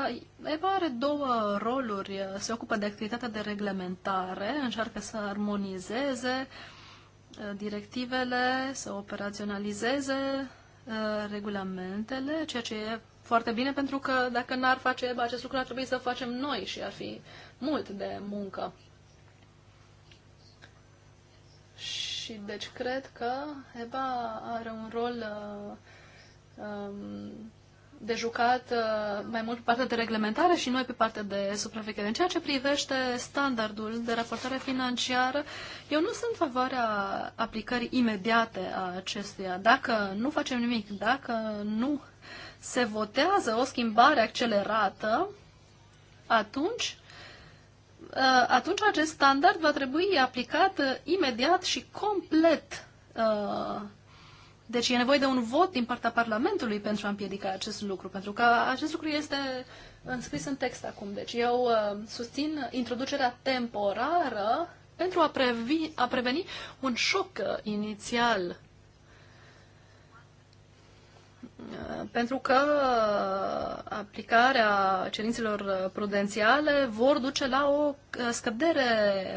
Speaker 2: EBA are două roluri. Se ocupă de activitatea de reglementare, încearcă să armonizeze uh, Uh, directivele, să operaționalizeze uh, regulamentele, ceea ce e foarte bine, pentru că dacă n-ar face EBA acest lucru, ar trebui să facem noi și ar fi mult de muncă. Și deci cred că EBA are un rol uh, um, de jucat uh, mai mult pe partea de reglementare și noi pe partea de supraveghere. În ceea ce privește standardul de raportare financiară, eu nu sunt favoarea aplicării imediate a acestuia. Dacă nu facem nimic, dacă nu se votează o schimbare accelerată, atunci uh, atunci acest standard va trebui aplicat imediat și complet uh, deci e nevoie de un vot din partea Parlamentului pentru a împiedica acest lucru, pentru că acest lucru este înscris în text acum. Deci eu uh, susțin introducerea temporară pentru a, previ, a preveni un șoc uh, inițial. Uh, pentru că uh, aplicarea cerințelor prudențiale vor duce la o scădere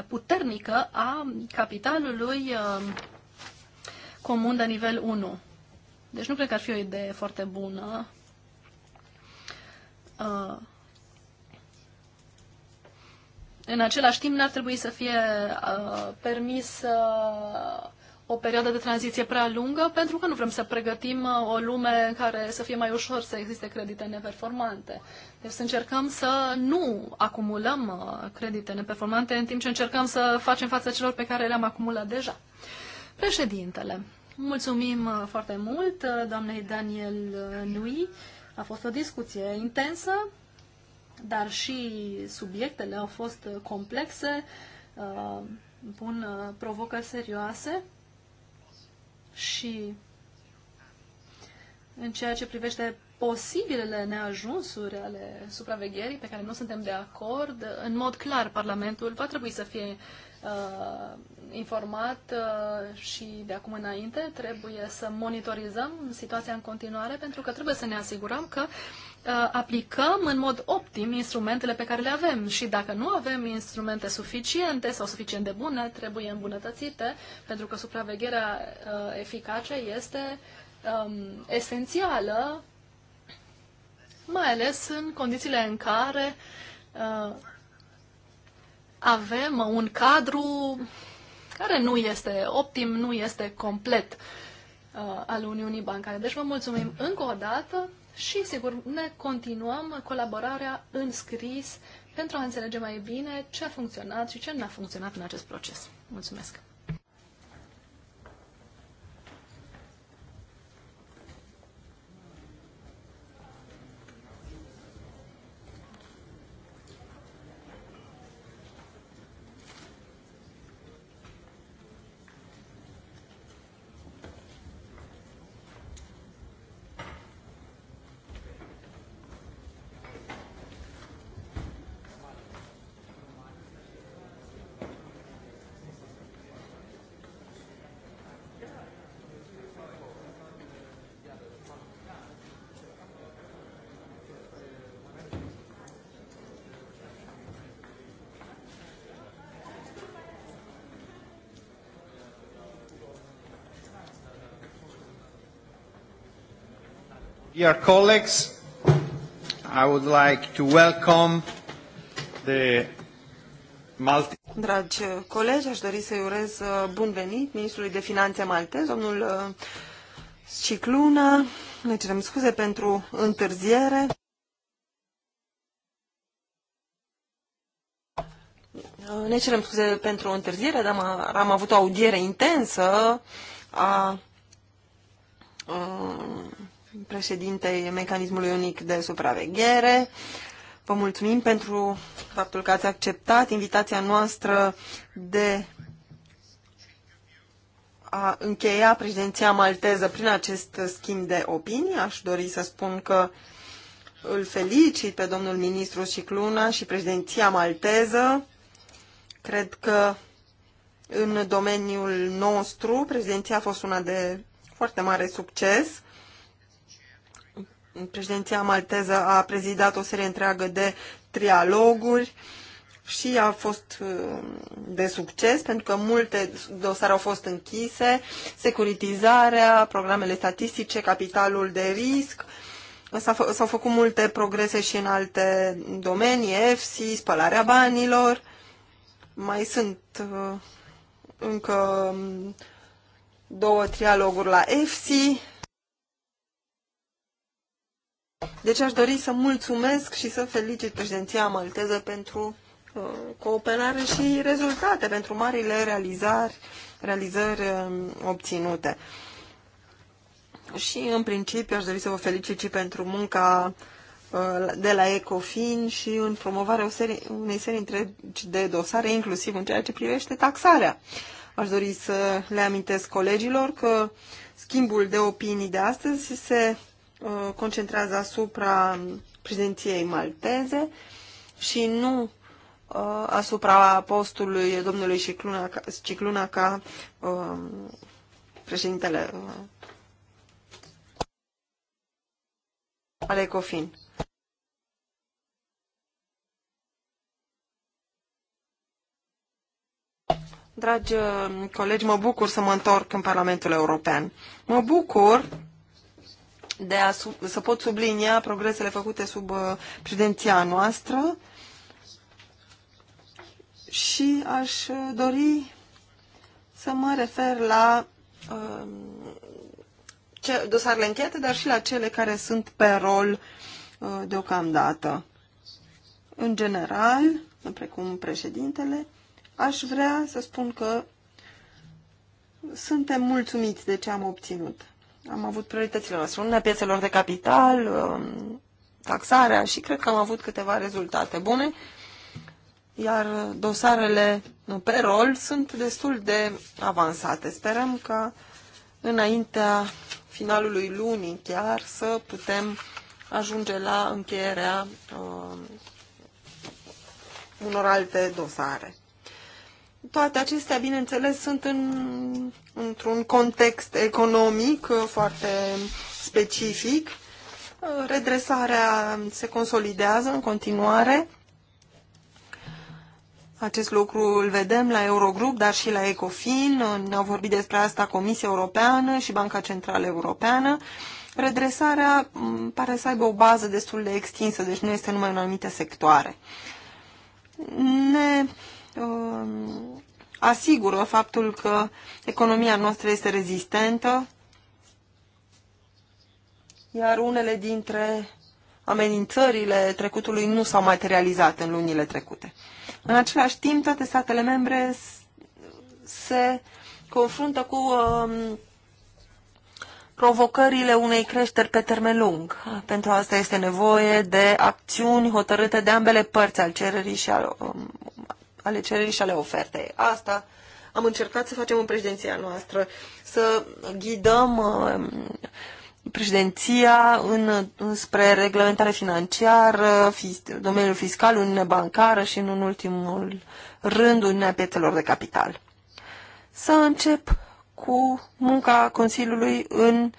Speaker 2: puternică a capitalului uh, comun de nivel 1. Deci nu cred că ar fi o idee foarte bună. Uh, în același timp, n-ar trebui să fie uh, permis uh, o perioadă de tranziție prea lungă, pentru că nu vrem să pregătim uh, o lume în care să fie mai ușor să existe credite neperformante. Deci să încercăm să nu acumulăm uh, credite neperformante în timp ce încercăm să facem față celor pe care le-am acumulat deja. Președintele, mulțumim uh, foarte mult uh, doamnei Daniel uh, Nui. A fost o discuție intensă, dar și subiectele au fost complexe, pun provocări serioase și în ceea ce privește posibilele neajunsuri ale supravegherii pe care nu suntem de acord, în mod clar Parlamentul va trebui să fie uh, informat uh, și de acum înainte trebuie să monitorizăm situația în continuare pentru că trebuie să ne asigurăm că uh, aplicăm în mod optim instrumentele pe care le avem și dacă nu avem instrumente suficiente sau suficient de bune, trebuie îmbunătățite pentru că supravegherea uh, eficace este um, esențială mai ales în condițiile în care uh, avem un cadru care nu este optim, nu este complet uh, al Uniunii Bancare. Deci vă mulțumim încă o dată și, sigur, ne continuăm colaborarea în scris pentru a înțelege mai bine ce a funcționat și ce nu a funcționat în acest proces. Mulțumesc!
Speaker 1: Dear colleagues, I would like to welcome the multi
Speaker 3: Dragi colegi, aș dori să-i urez uh, bun venit ministrului de finanțe maltez, domnul uh, Cicluna. Ne cerem scuze pentru întârziere. Uh, ne cerem scuze pentru întârziere, dar am, avut o audiere intensă a președintei Mecanismului Unic de Supraveghere. Vă mulțumim pentru faptul că ați acceptat invitația noastră de a încheia președinția malteză prin acest schimb de opinii. Aș dori să spun că îl felicit pe domnul ministru Cicluna și președinția malteză. Cred că în domeniul nostru președinția a fost una de foarte mare succes Președinția malteză a prezidat o serie întreagă de trialoguri și a fost uh, de succes pentru că multe dosare au fost închise, securitizarea, programele statistice, capitalul de risc, s-au făcut multe progrese și în alte domenii, EFSI, spălarea banilor, mai sunt uh, încă um, două trialoguri la EFSI deci aș dori să mulțumesc și să felicit președinția malteză pentru uh, cooperare și rezultate, pentru marile realizări, realizări uh, obținute. Și în principiu aș dori să vă felicit și pentru munca uh, de la Ecofin și în promovarea serie, unei serii întregi de dosare, inclusiv în ceea ce privește taxarea. Aș dori să le amintesc colegilor că schimbul de opinii de astăzi se Uh, concentrează asupra prezenției malteze și nu uh, asupra postului domnului Cicluna, Cicluna ca uh, președintele ale COFIN. Dragi colegi, mă bucur să mă întorc în Parlamentul European. Mă bucur de a sub, să pot sublinia progresele făcute sub uh, președinția noastră și aș uh, dori să mă refer la uh, ce, dosarele încheiate, dar și la cele care sunt pe rol uh, deocamdată. În general, precum președintele, aș vrea să spun că suntem mulțumiți de ce am obținut. Am avut prioritățile noastre, uniunea piețelor de capital, um, taxarea și cred că am avut câteva rezultate bune, iar dosarele pe rol sunt destul de avansate. Sperăm că înaintea finalului lunii chiar să putem ajunge la încheierea uh, unor alte dosare. Toate acestea, bineînțeles, sunt în, într-un context economic uh, foarte specific. Uh, redresarea se consolidează în continuare. Acest lucru îl vedem la Eurogrup, dar și la Ecofin. Uh, ne-au vorbit despre asta Comisia Europeană și Banca Centrală Europeană. Redresarea mm, pare să aibă o bază destul de extinsă, deci nu este numai în anumite sectoare. Ne Um, asigură faptul că economia noastră este rezistentă, iar unele dintre amenințările trecutului nu s-au materializat în lunile trecute. În același timp, toate statele membre se confruntă cu um, provocările unei creșteri pe termen lung. Pentru asta este nevoie de acțiuni hotărâte de ambele părți al cererii și al um, ale cererii și ale ofertei. Asta am încercat să facem în președinția noastră, să ghidăm uh, președinția în, spre reglementare financiară, fis, domeniul fiscal, uniunea bancară și, în ultimul rând, uniunea piețelor de capital. Să încep cu munca Consiliului în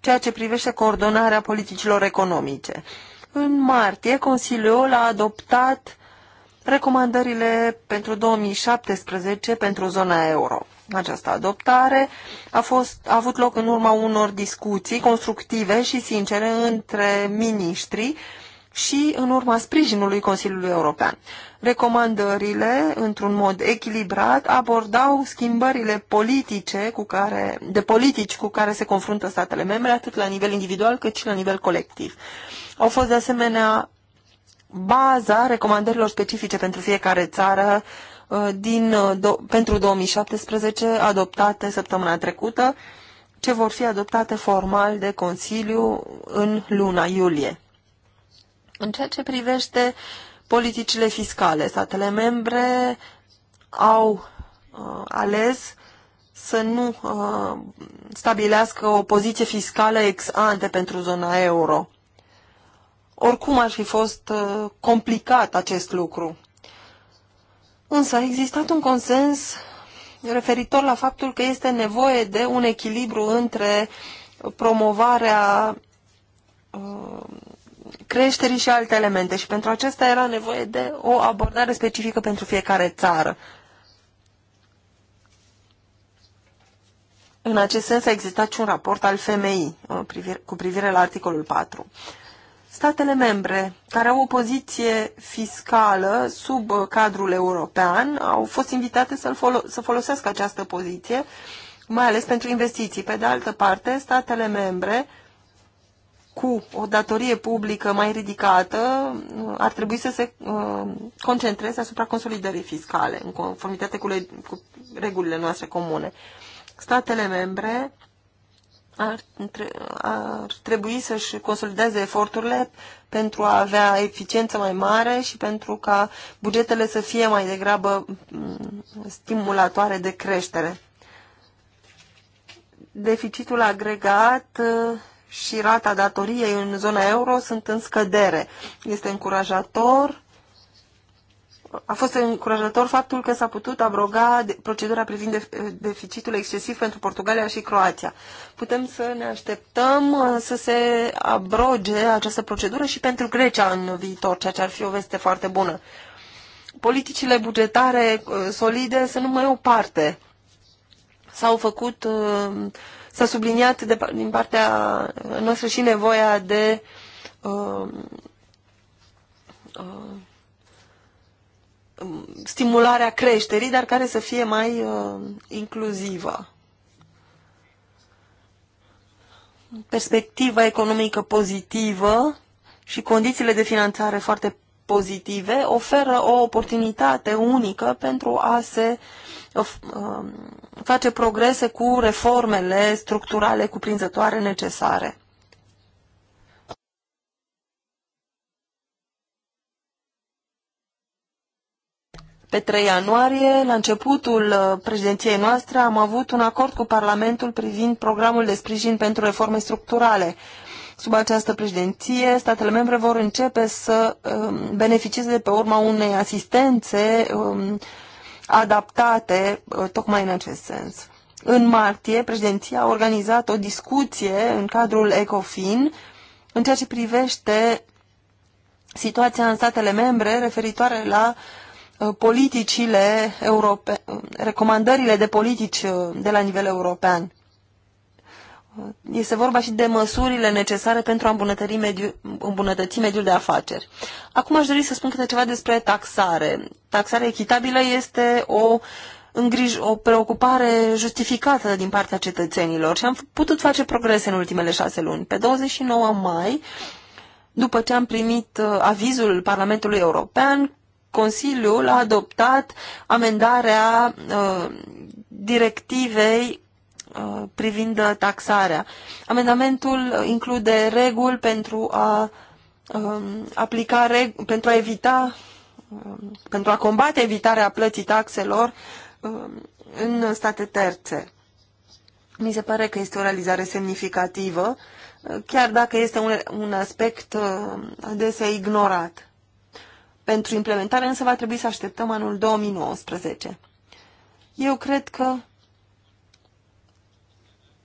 Speaker 3: ceea ce privește coordonarea politicilor economice. În martie, Consiliul a adoptat recomandările pentru 2017 pentru zona euro. Această adoptare a, fost, a avut loc în urma unor discuții constructive și sincere între miniștri și în urma sprijinului Consiliului European. Recomandările, într-un mod echilibrat, abordau schimbările politice cu care, de politici cu care se confruntă statele membre, atât la nivel individual cât și la nivel colectiv. Au fost de asemenea baza recomandărilor specifice pentru fiecare țară uh, din, uh, do, pentru 2017 adoptate săptămâna trecută, ce vor fi adoptate formal de Consiliu în luna iulie. În ceea ce privește politicile fiscale, statele membre au uh, ales să nu uh, stabilească o poziție fiscală ex ante pentru zona euro oricum ar fi fost uh, complicat acest lucru. Însă a existat un consens referitor la faptul că este nevoie de un echilibru între promovarea uh, creșterii și alte elemente și pentru acesta era nevoie de o abordare specifică pentru fiecare țară. În acest sens a existat și un raport al FMI uh, cu privire la articolul 4 statele membre care au o poziție fiscală sub uh, cadrul european au fost invitate să, folo să folosească această poziție, mai ales pentru investiții. Pe de altă parte, statele membre cu o datorie publică mai ridicată uh, ar trebui să se uh, concentreze asupra consolidării fiscale, în conformitate cu, cu regulile noastre comune. Statele membre ar, ar trebui să-și consolideze eforturile pentru a avea eficiență mai mare și pentru ca bugetele să fie mai degrabă mm, stimulatoare de creștere. Deficitul agregat uh, și rata datoriei în zona euro sunt în scădere. Este încurajator a fost încurajator faptul că s-a putut abroga procedura privind deficitul excesiv pentru Portugalia și Croația. Putem să ne așteptăm uh, să se abroge această procedură și pentru Grecia în viitor, ceea ce ar fi o veste foarte bună. Politicile bugetare uh, solide sunt numai o parte. S-au făcut, uh, s-a subliniat de, din partea noastră și nevoia de uh, uh, Um, stimularea creșterii, dar care să fie mai uh, inclusivă. Perspectiva economică pozitivă și condițiile de finanțare foarte pozitive oferă o oportunitate unică pentru a se uh, um, face progrese cu reformele structurale cuprinzătoare necesare. Pe 3 ianuarie, la începutul uh, președinției noastre, am avut un acord cu Parlamentul privind programul de sprijin pentru reforme structurale. Sub această președinție, statele membre vor începe să um, beneficieze de pe urma unei asistențe um, adaptate uh, tocmai în acest sens. În martie, președinția a organizat o discuție în cadrul ECOFIN în ceea ce privește situația în statele membre referitoare la uh, Uh, politicile europe, recomandările de politici uh, de la nivel european. Uh, este vorba și de măsurile necesare pentru a îmbunătăți, mediu, îmbunătăți mediul de afaceri. Acum aș dori să spun câte ceva despre taxare. Taxarea echitabilă este o, îngrij, o preocupare justificată din partea cetățenilor și am putut face progrese în ultimele șase luni. Pe 29 mai, după ce am primit avizul Parlamentului European, Consiliul a adoptat amendarea uh, directivei uh, privind taxarea. Amendamentul include reguli pentru a um, aplica pentru a evita um, pentru a combate evitarea plății taxelor um, în state terțe. Mi se pare că este o realizare semnificativă, chiar dacă este un, un aspect uh, adesea ignorat. Pentru implementare însă va trebui să așteptăm anul 2019. Eu cred că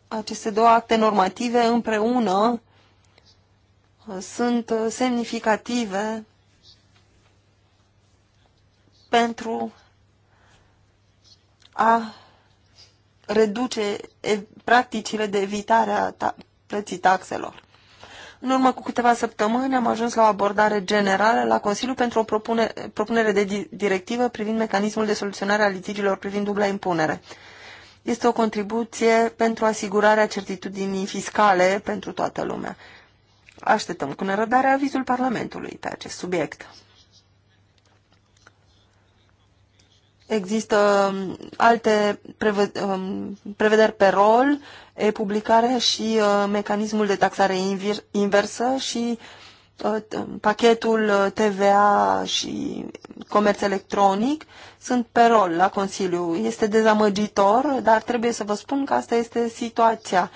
Speaker 3: aceste două acte normative împreună uh, sunt uh, semnificative pentru a reduce practicile de evitare a plății taxelor. În urmă cu câteva săptămâni am ajuns la o abordare generală la Consiliu pentru o propune, propunere de directivă privind mecanismul de soluționare a litigiilor privind dubla impunere. Este o contribuție pentru asigurarea certitudinii fiscale pentru toată lumea. Așteptăm cu nerăbdare avizul Parlamentului pe acest subiect. Există um, alte um, prevederi pe rol e publicare și uh, mecanismul de taxare inversă și uh, pachetul uh, TVA și comerț electronic sunt pe rol la Consiliu. Este dezamăgitor, dar trebuie să vă spun că asta este situația.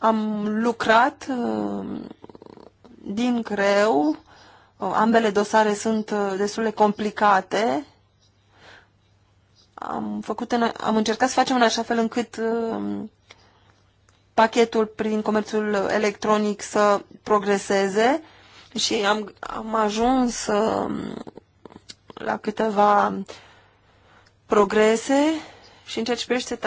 Speaker 3: Am lucrat din greu, ambele dosare sunt destul de complicate. Am, făcut în, am încercat să facem în așa fel încât pachetul prin comerțul electronic să progreseze și am, am ajuns um, la câteva progrese și în ceea ce privește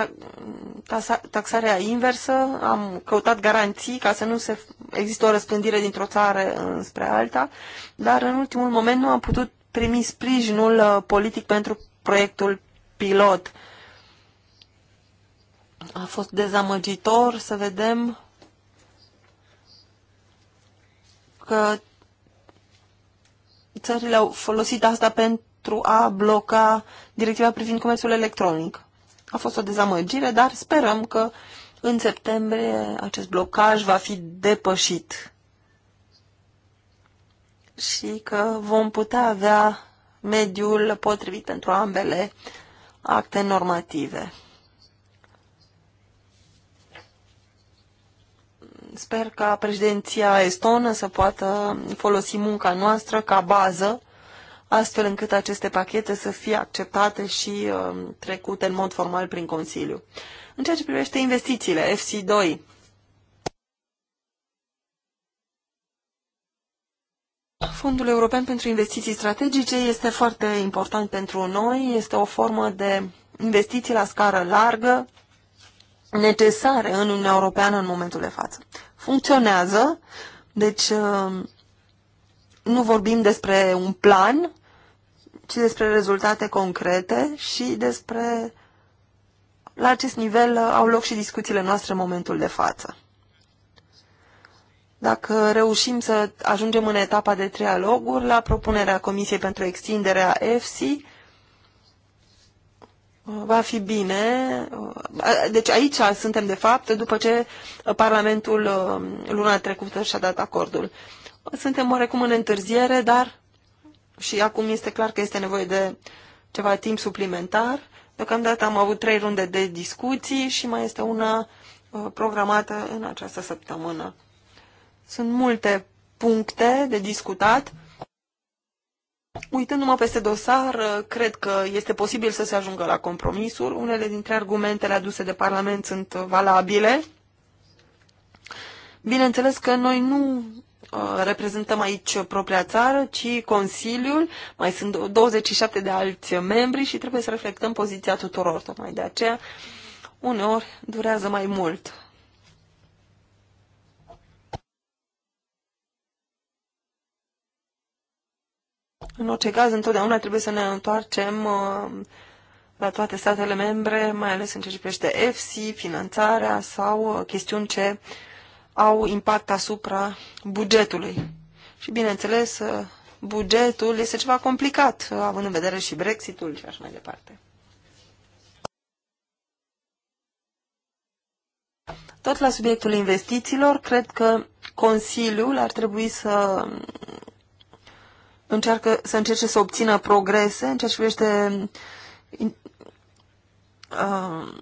Speaker 3: taxarea inversă, am căutat garanții ca să nu se există o răspândire dintr-o țară spre alta, dar în ultimul moment nu am putut primi sprijinul uh, politic pentru proiectul pilot. A fost dezamăgitor să vedem că țările au folosit asta pentru a bloca directiva privind comerțul electronic. A fost o dezamăgire, dar sperăm că în septembrie acest blocaj va fi depășit și că vom putea avea mediul potrivit pentru ambele acte normative. Sper ca președinția estonă să poată folosi munca noastră ca bază, astfel încât aceste pachete să fie acceptate și uh, trecute în mod formal prin Consiliu. În ceea ce privește investițiile, FC2, Fondul European pentru Investiții Strategice este foarte important pentru noi, este o formă de investiții la scară largă, necesare în Uniunea Europeană în momentul de față. Funcționează, deci uh, nu vorbim despre un plan, ci despre rezultate concrete și despre la acest nivel uh, au loc și discuțiile noastre în momentul de față. Dacă reușim să ajungem în etapa de trialoguri la propunerea Comisiei pentru extinderea EFSI, va fi bine. Deci aici suntem, de fapt, după ce Parlamentul uh, luna trecută și-a dat acordul. Suntem oarecum în întârziere, dar și acum este clar că este nevoie de ceva timp suplimentar. Deocamdată am avut trei runde de discuții și mai este una uh, programată în această săptămână. Sunt multe puncte de discutat Uitându-mă peste dosar, uh, cred că este posibil să se ajungă la compromisuri. Unele dintre argumentele aduse de Parlament sunt valabile. Bineînțeles că noi nu uh, reprezentăm aici propria țară, ci Consiliul, mai sunt 27 de alți membri și trebuie să reflectăm poziția tuturor. Tocmai de aceea, uneori durează mai mult. În orice caz, întotdeauna trebuie să ne întoarcem uh, la toate statele membre, mai ales în ce privește EFSI, finanțarea sau uh, chestiuni ce au impact asupra bugetului. Și, bineînțeles, uh, bugetul este ceva complicat, având în vedere și Brexitul și așa mai departe. Tot la subiectul investițiilor, cred că Consiliul ar trebui să încearcă, să încerce să obțină progrese în ceea ce privește uh,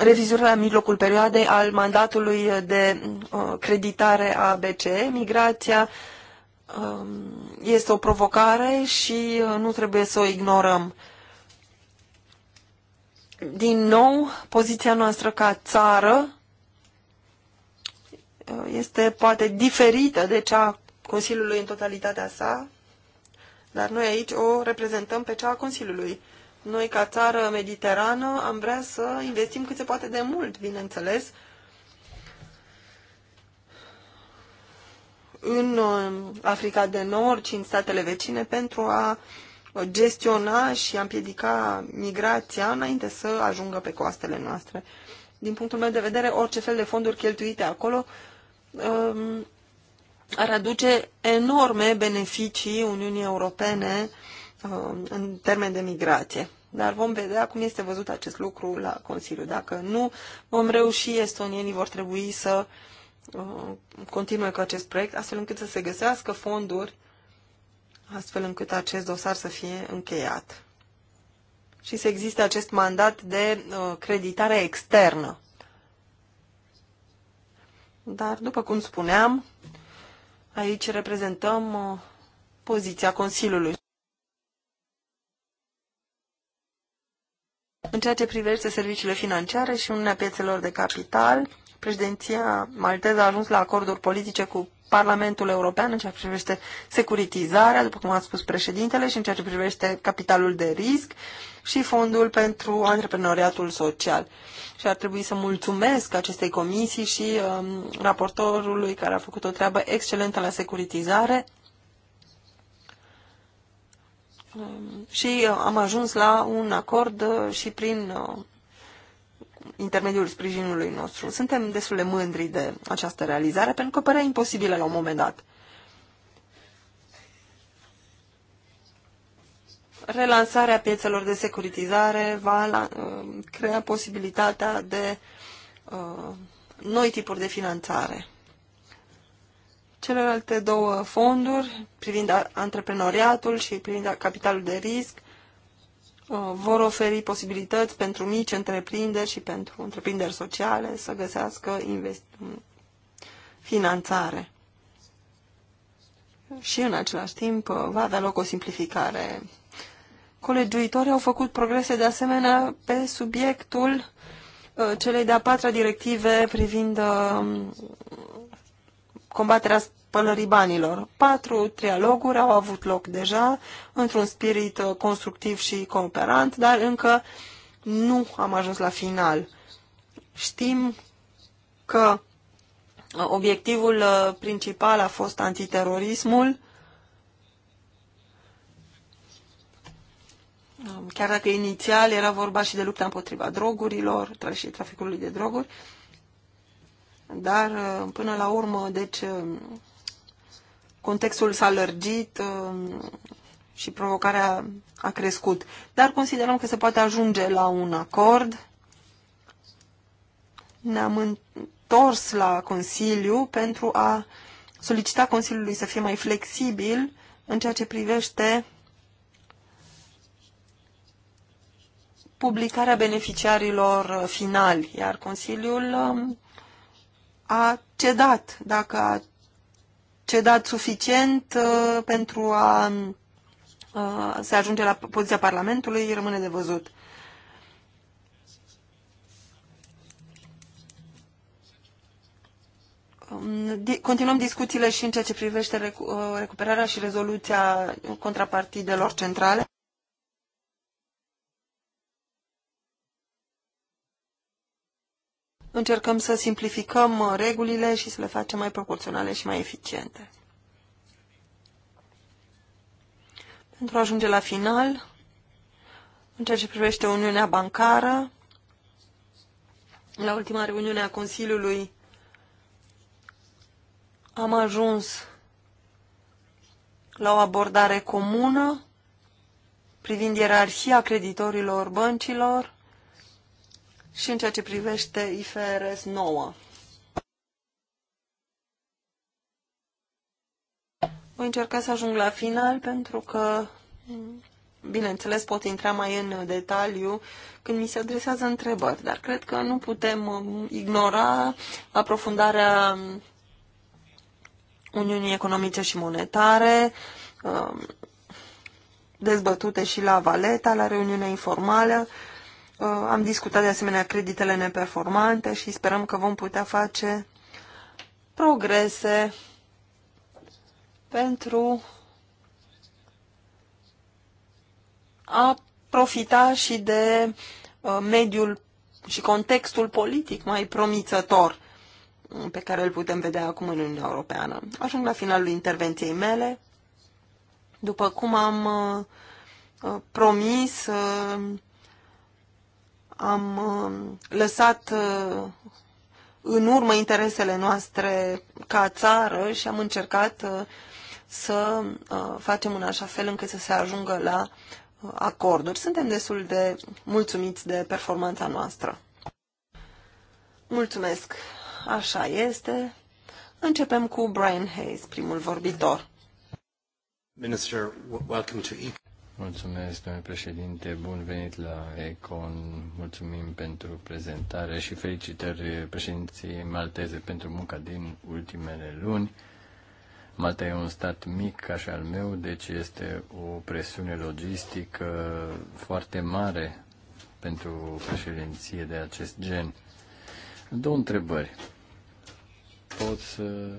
Speaker 3: revizuirea în mijlocul perioadei al mandatului de uh, creditare a BCE. Migrația um, este o provocare și uh, nu trebuie să o ignorăm. Din nou, poziția noastră ca țară este poate diferită de cea Consiliului în totalitatea sa, dar noi aici o reprezentăm pe cea a Consiliului. Noi, ca țară mediterană, am vrea să investim cât se poate de mult, bineînțeles, în uh, Africa de Nord și în statele vecine pentru a gestiona și a împiedica migrația înainte să ajungă pe coastele noastre. Din punctul meu de vedere, orice fel de fonduri cheltuite acolo um, ar aduce enorme beneficii Uniunii Europene um, în termen de migrație. Dar vom vedea cum este văzut acest lucru la Consiliu. Dacă nu vom reuși, estonienii vor trebui să um, continue cu acest proiect, astfel încât să se găsească fonduri, astfel încât acest dosar să fie încheiat. Și să existe acest mandat de uh, creditare externă. Dar, după cum spuneam, Aici reprezentăm uh, poziția Consiliului. În ceea ce privește serviciile financiare și unea Piețelor de Capital, președinția malteză a ajuns la acorduri politice cu Parlamentul European în ceea ce privește securitizarea, după cum a spus președintele, și în ceea ce privește capitalul de risc și fondul pentru antreprenoriatul social. Și ar trebui să mulțumesc acestei comisii și um, raportorului care a făcut o treabă excelentă la securitizare um, și uh, am ajuns la un acord uh, și prin uh, intermediul sprijinului nostru. Suntem destul de mândri de această realizare, pentru că părea imposibilă la un moment dat. Relansarea piețelor de securitizare va la, uh, crea posibilitatea de uh, noi tipuri de finanțare. Celelalte două fonduri, privind antreprenoriatul și privind capitalul de risc, Uh, vor oferi posibilități pentru mici întreprinderi și pentru întreprinderi sociale să găsească um, finanțare. Și în același timp uh, va avea loc o simplificare. Colegiuitorii au făcut progrese de asemenea pe subiectul uh, celei de-a patra directive privind combaterea spălării banilor. Patru trialoguri au avut loc deja, într-un spirit uh, constructiv și cooperant, dar încă nu am ajuns la final. Știm că uh, obiectivul uh, principal a fost antiterorismul, um, chiar dacă inițial era vorba și de lupta împotriva drogurilor și traficului de droguri, dar până la urmă, deci um, contextul s-a lărgit um, și provocarea a crescut. Dar considerăm că se poate ajunge la un acord. Ne-am întors la Consiliu pentru a solicita Consiliului să fie mai flexibil în ceea ce privește publicarea beneficiarilor finali, iar Consiliul um, a cedat dacă cedat suficient uh, pentru a uh, se ajunge la poziția Parlamentului, rămâne de văzut. Um, continuăm discuțiile și în ceea ce privește uh, recuperarea și rezoluția contrapartidelor centrale. încercăm să simplificăm uh, regulile și să le facem mai proporționale și mai eficiente. Pentru a ajunge la final, în ceea ce privește Uniunea Bancară, la ultima reuniune a Consiliului am ajuns la o abordare comună privind ierarhia creditorilor băncilor, și în ceea ce privește IFRS 9. Voi încerca să ajung la final pentru că, bineînțeles, pot intra mai în detaliu când mi se adresează întrebări, dar cred că nu putem um, ignora aprofundarea um, Uniunii Economice și Monetare, um, dezbătute și la Valeta, la reuniunea informală, Uh, am discutat de asemenea creditele neperformante și sperăm că vom putea face progrese pentru a profita și de uh, mediul și contextul politic mai promițător pe care îl putem vedea acum în Uniunea Europeană. Ajung la finalul intervenției mele. După cum am uh, promis, am um, lăsat uh, în urmă interesele noastre ca țară și am încercat uh, să uh, facem în așa fel încât să se ajungă la acorduri. Suntem destul de mulțumiți de performanța noastră. Mulțumesc. Așa este. Începem cu Brian Hayes, primul
Speaker 1: vorbitor. Minister, welcome to Mulțumesc, domnule președinte, bun venit la Econ, mulțumim pentru prezentare și felicitări președinției malteze pentru munca din ultimele luni. Malta e un stat mic ca și al meu, deci este o presiune logistică foarte mare pentru președinție de acest gen. Două întrebări. Pot să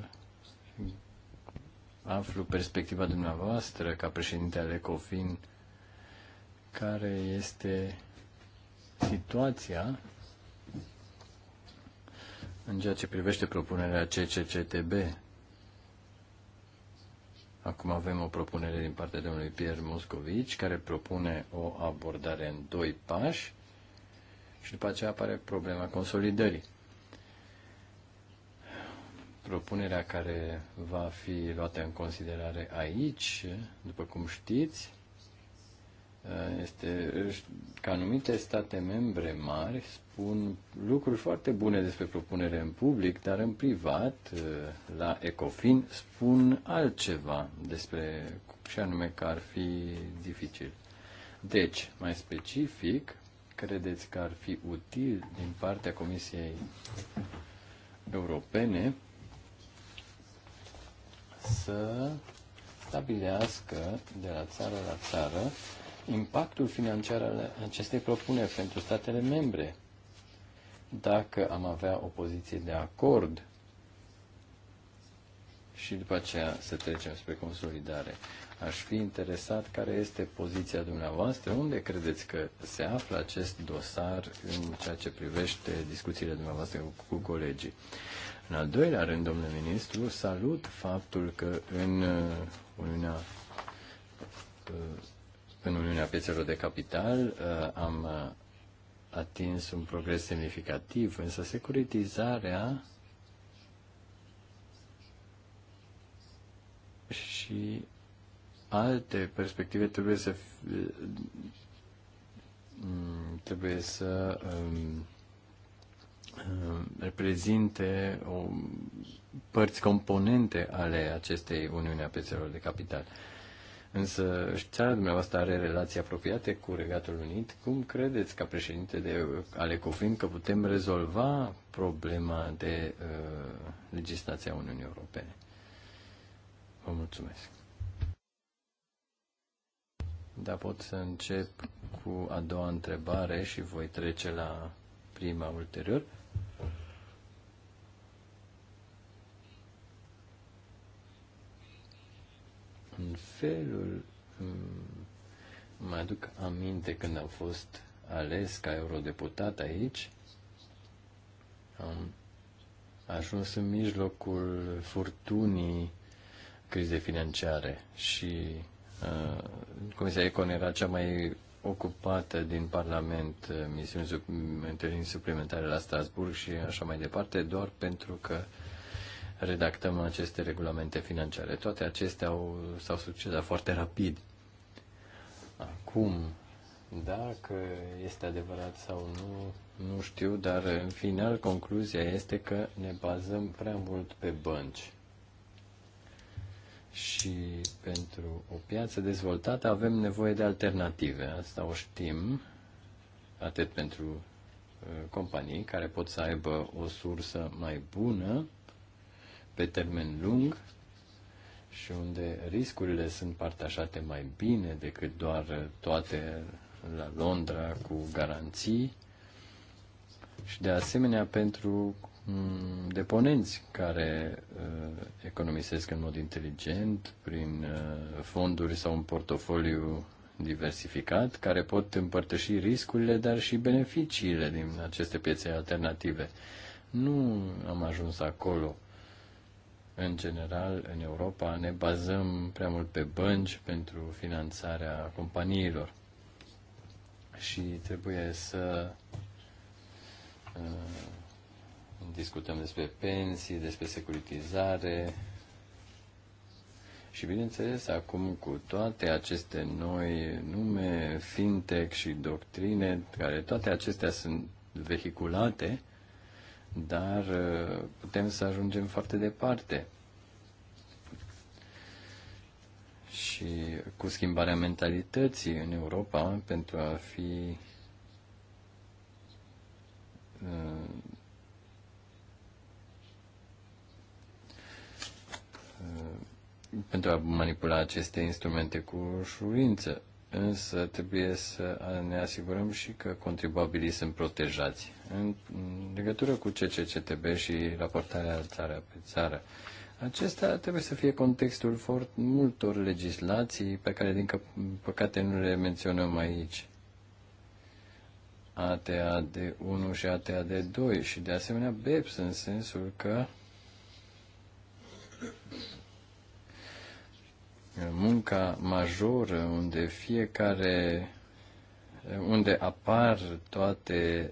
Speaker 1: aflu perspectiva dumneavoastră ca președinte al ECOFIN, care este situația în ceea ce privește propunerea CCCTB. Acum avem o propunere din partea domnului Pierre Moscovici, care propune o abordare în doi pași și după aceea apare problema consolidării. Propunerea care va fi luată în considerare aici, după cum știți, este că anumite state membre mari spun lucruri foarte bune despre propunere în public, dar în privat, la Ecofin, spun altceva despre și anume că ar fi dificil. Deci, mai specific, credeți că ar fi util din partea Comisiei Europene să stabilească de la țară la țară impactul financiar al acestei propuneri pentru statele membre. Dacă am avea o poziție de acord și după aceea să trecem spre consolidare. Aș fi interesat care este poziția dumneavoastră, unde credeți că se află acest dosar în ceea ce privește discuțiile dumneavoastră cu colegii. În al doilea rând, domnule ministru, salut faptul că în uh, Uniunea uh, în Uniunea Piețelor de Capital uh, am atins un progres semnificativ, însă securitizarea și alte perspective trebuie să mm, trebuie să um, Uh, reprezinte o, părți componente ale acestei Uniuni a Piețelor de Capital. Însă țara dumneavoastră are relații apropiate cu Regatul Unit. Cum credeți, ca președinte de, ale COFIN, că putem rezolva problema de uh, legislația Uniunii Europene? Vă mulțumesc. Da, pot să încep cu a doua întrebare și voi trece la prima ulterior. în felul mă aduc aminte când am fost ales ca eurodeputat aici, am ajuns în mijlocul furtunii crize financiare și uh, Comisia Econ era cea mai ocupată din Parlament, uh, misiuni, întâlniri suplimentare la Strasburg și așa mai departe, doar pentru că redactăm aceste regulamente financiare. Toate acestea au, s-au succedat foarte rapid. Acum, dacă este adevărat sau nu, nu știu, dar în final concluzia este că ne bazăm prea mult pe bănci. Și pentru o piață dezvoltată avem nevoie de alternative. Asta o știm, atât pentru uh, companii care pot să aibă o sursă mai bună pe termen lung și unde riscurile sunt partajate mai bine decât doar toate la Londra cu garanții și de asemenea pentru mm, deponenți care uh, economisesc în mod inteligent prin uh, fonduri sau un portofoliu diversificat care pot împărtăși riscurile, dar și beneficiile din aceste piețe alternative. Nu am ajuns acolo în general, în Europa ne bazăm prea mult pe bănci pentru finanțarea companiilor și trebuie să uh, discutăm despre pensii, despre securitizare și, bineînțeles, acum cu toate aceste noi nume, fintech și doctrine, care toate acestea sunt vehiculate, uh, dar uh, putem să ajungem foarte departe. Și cu schimbarea mentalității în Europa pentru a fi uh, uh, pentru a manipula aceste instrumente cu ușurință însă trebuie să ne asigurăm și că contribuabilii sunt protejați. În legătură cu CCCTB și raportarea țară pe țară, acesta trebuie să fie contextul fort multor legislații pe care, din păcate, nu le menționăm aici. de 1 și de 2 și, de asemenea, BEPS, în sensul că munca majoră unde fiecare unde apar toate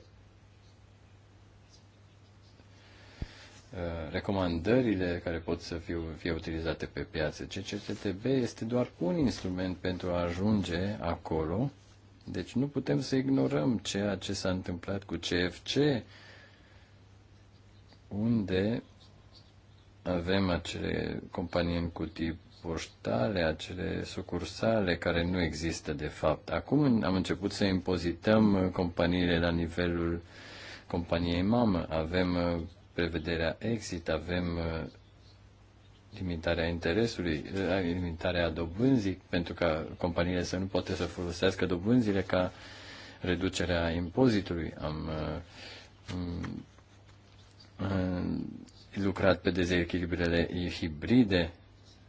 Speaker 1: uh, recomandările care pot să fie, fie utilizate pe piață. CCTB este doar un instrument pentru a ajunge acolo, deci nu putem să ignorăm ceea ce s-a întâmplat cu CFC, unde avem acele companii în cutii poștale, acele sucursale care nu există de fapt. Acum am început să impozităm uh, companiile la nivelul companiei mamă. Avem uh, prevederea exit, avem uh, limitarea interesului, limitarea dobânzii, pentru ca companiile să nu poată să folosească dobânzile ca reducerea impozitului. Am, am mm, lucrat pe dezechilibrele hibride,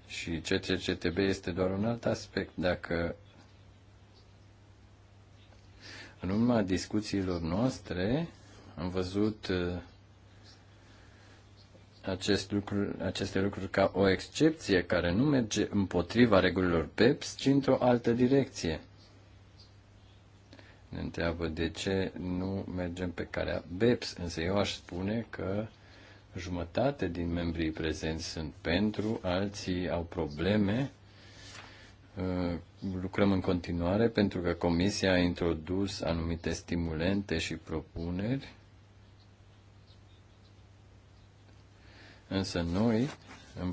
Speaker 1: și CCCTB este doar un alt aspect. Dacă în urma discuțiilor noastre am văzut uh, acest lucru, aceste lucruri ca o excepție care nu merge împotriva regulilor PEPS, ci într-o altă direcție. Ne întreabă de ce nu mergem pe calea BEPS, însă eu aș spune că jumătate din membrii prezenți sunt pentru, alții au probleme. Uh, lucrăm în continuare pentru că Comisia a introdus anumite stimulente și propuneri. Însă noi, în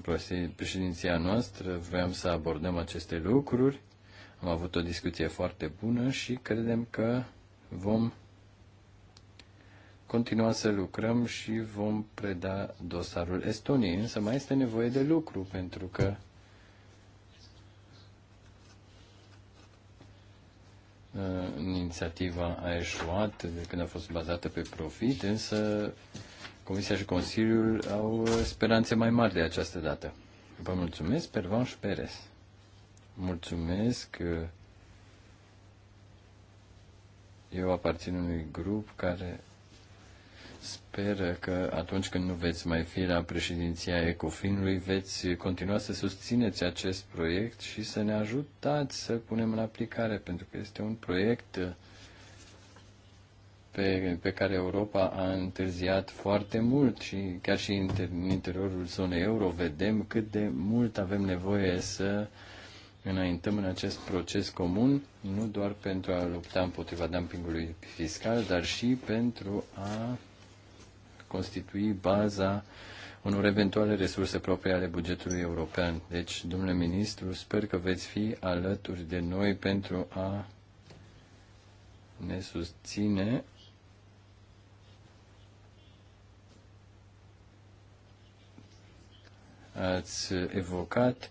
Speaker 1: președinția noastră, vrem să abordăm aceste lucruri. Am avut o discuție foarte bună și credem că vom continua să lucrăm și vom preda dosarul Estoniei, însă mai este nevoie de lucru pentru că inițiativa a eșuat de când a fost bazată pe profit, însă Comisia și Consiliul au speranțe mai mari de această dată. Vă mulțumesc, Pervan și Perez. Mulțumesc. Eu aparțin unui grup care speră că atunci când nu veți mai fi la președinția Ecofinului, veți continua să susțineți acest proiect și să ne ajutați să punem în aplicare, pentru că este un proiect uh, pe, pe care Europa a întârziat foarte mult și chiar și inter, în interiorul zonei euro vedem cât de mult avem nevoie să înaintăm în acest proces comun, nu doar pentru a lupta împotriva dumpingului fiscal, dar și pentru a constitui baza unor eventuale resurse proprii ale bugetului european. Deci, domnule ministru, sper că veți fi alături de noi pentru a ne susține ați evocat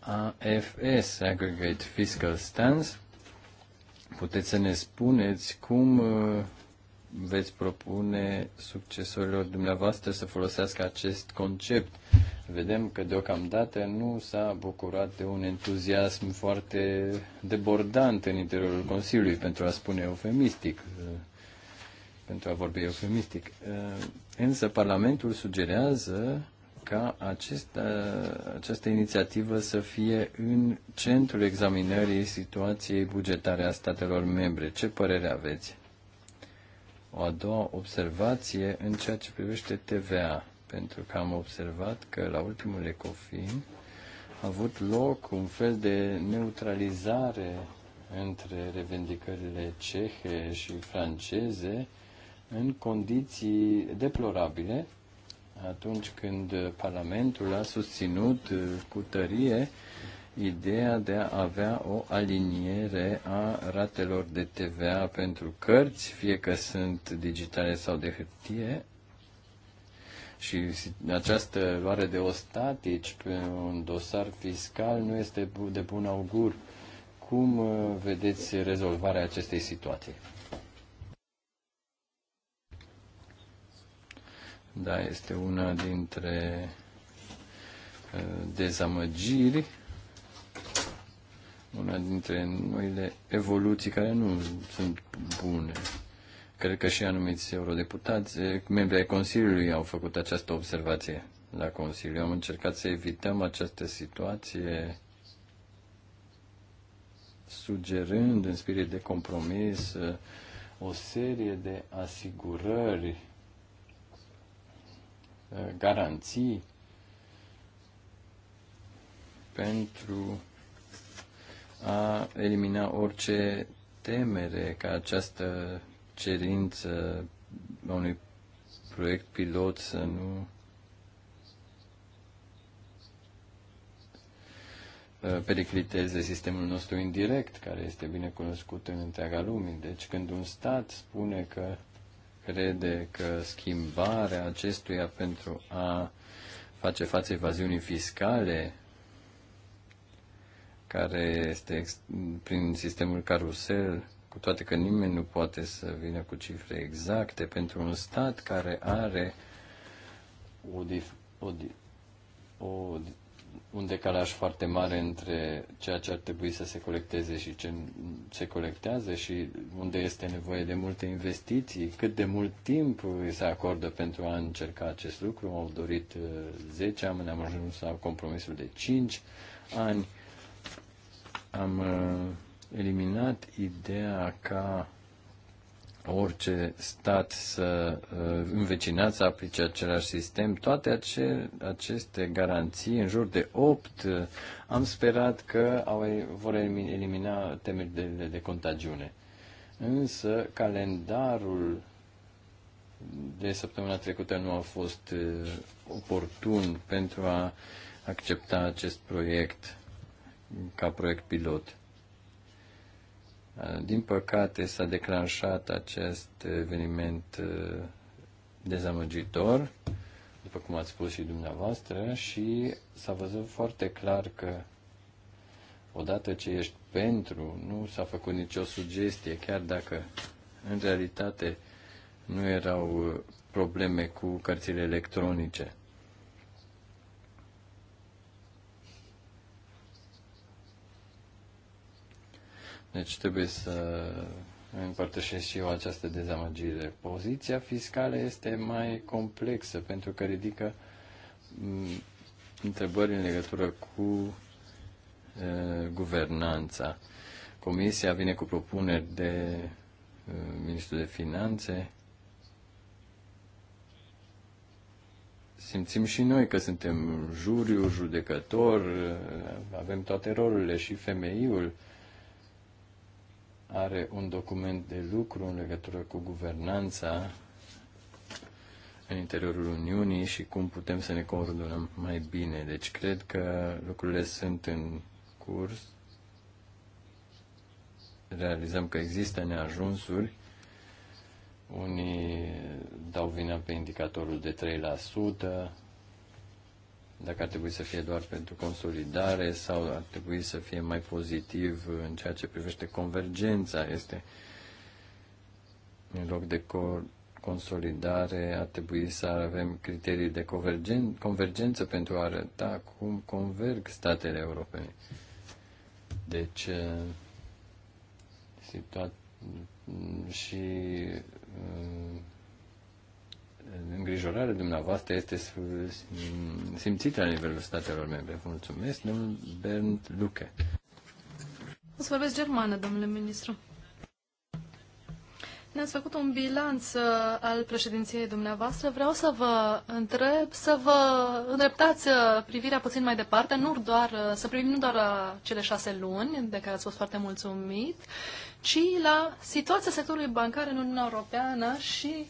Speaker 1: AFS, Aggregate Fiscal Stance. Puteți să ne spuneți cum uh, veți propune succesorilor dumneavoastră să folosească acest concept. Vedem că deocamdată nu s-a bucurat de un entuziasm foarte debordant în interiorul Consiliului, pentru a spune eufemistic, uh, pentru a vorbi eufemistic. Uh, însă Parlamentul sugerează ca acest, uh, această inițiativă să fie în centrul examinării situației bugetare a statelor membre. Ce părere aveți? o a doua observație în ceea ce privește TVA, pentru că am observat că la ultimul Ecofin a avut loc un fel de neutralizare între revendicările cehe și franceze în condiții deplorabile atunci când Parlamentul a susținut cu tărie ideea de a avea o aliniere a ratelor de TVA pentru cărți, fie că sunt digitale sau de hârtie, și această luare de ostatici pe un dosar fiscal nu este de bun augur. Cum uh, vedeți rezolvarea acestei situații? Da, este una dintre uh, dezamăgiri una dintre noile evoluții care nu sunt bune. Cred că și anumiți eurodeputați, membri ai Consiliului au făcut această observație la Consiliu. Am încercat să evităm această situație sugerând în spirit de compromis o serie de asigurări, garanții pentru a elimina orice temere ca această cerință a unui proiect pilot să nu pericliteze sistemul nostru indirect, care este bine cunoscut în întreaga lume. Deci când un stat spune că crede că schimbarea acestuia pentru a face față evaziunii fiscale care este prin sistemul carusel, cu toate că nimeni nu poate să vină cu cifre exacte, pentru un stat care are o, dif, o, o, un decalaj foarte mare între ceea ce ar trebui să se colecteze și ce se colectează și unde este nevoie de multe investiții, cât de mult timp se acordă pentru a încerca acest lucru. Au dorit 10 uh, ani, am ajuns la compromisul de 5 ani am uh, eliminat ideea ca orice stat să uh, învecinat să aplice același sistem, toate ace, aceste garanții, în jur de 8, uh, am sperat că au, vor elimina temerile de, de contagiune. Însă calendarul de săptămâna trecută nu a fost oportun pentru a accepta acest proiect ca proiect pilot. Din păcate s-a declanșat acest eveniment uh, dezamăgitor, după cum ați spus și dumneavoastră, și s-a văzut foarte clar că odată ce ești pentru, nu s-a făcut nicio sugestie, chiar dacă în realitate nu erau uh, probleme cu cărțile electronice. Deci trebuie să împărtășesc și eu această dezamăgire. Poziția fiscală este mai complexă pentru că ridică mm, întrebări în legătură cu guvernanța. Comisia vine cu propuneri de Ministrul de Finanțe. Simțim și noi că suntem juriu, judecător, avem toate rolurile și femeiul are un document de lucru în legătură cu guvernanța în interiorul Uniunii și cum putem să ne coordonăm mai bine. Deci cred că lucrurile sunt în curs. Realizăm că există neajunsuri. Unii dau vina pe indicatorul de 3%, dacă ar trebui să fie doar pentru consolidare sau ar trebui să fie mai pozitiv în ceea ce privește convergența. Este în loc de co- consolidare, ar trebui să avem criterii de convergen- convergență pentru a arăta cum converg statele europene. Deci, eh, situa- și eh, îngrijorare dumneavoastră este simțită la nivelul statelor membre. Vă mulțumesc, domnul Bernd Luke.
Speaker 2: O să vorbesc germană, domnule ministru. Ne-ați făcut un bilanț uh, al președinției dumneavoastră. Vreau să vă întreb, să vă îndreptați uh, privirea puțin mai departe, nu doar, uh, să privim nu doar la cele șase luni, de care ați fost foarte mulțumit, ci la situația sectorului bancar în Uniunea Europeană și uh,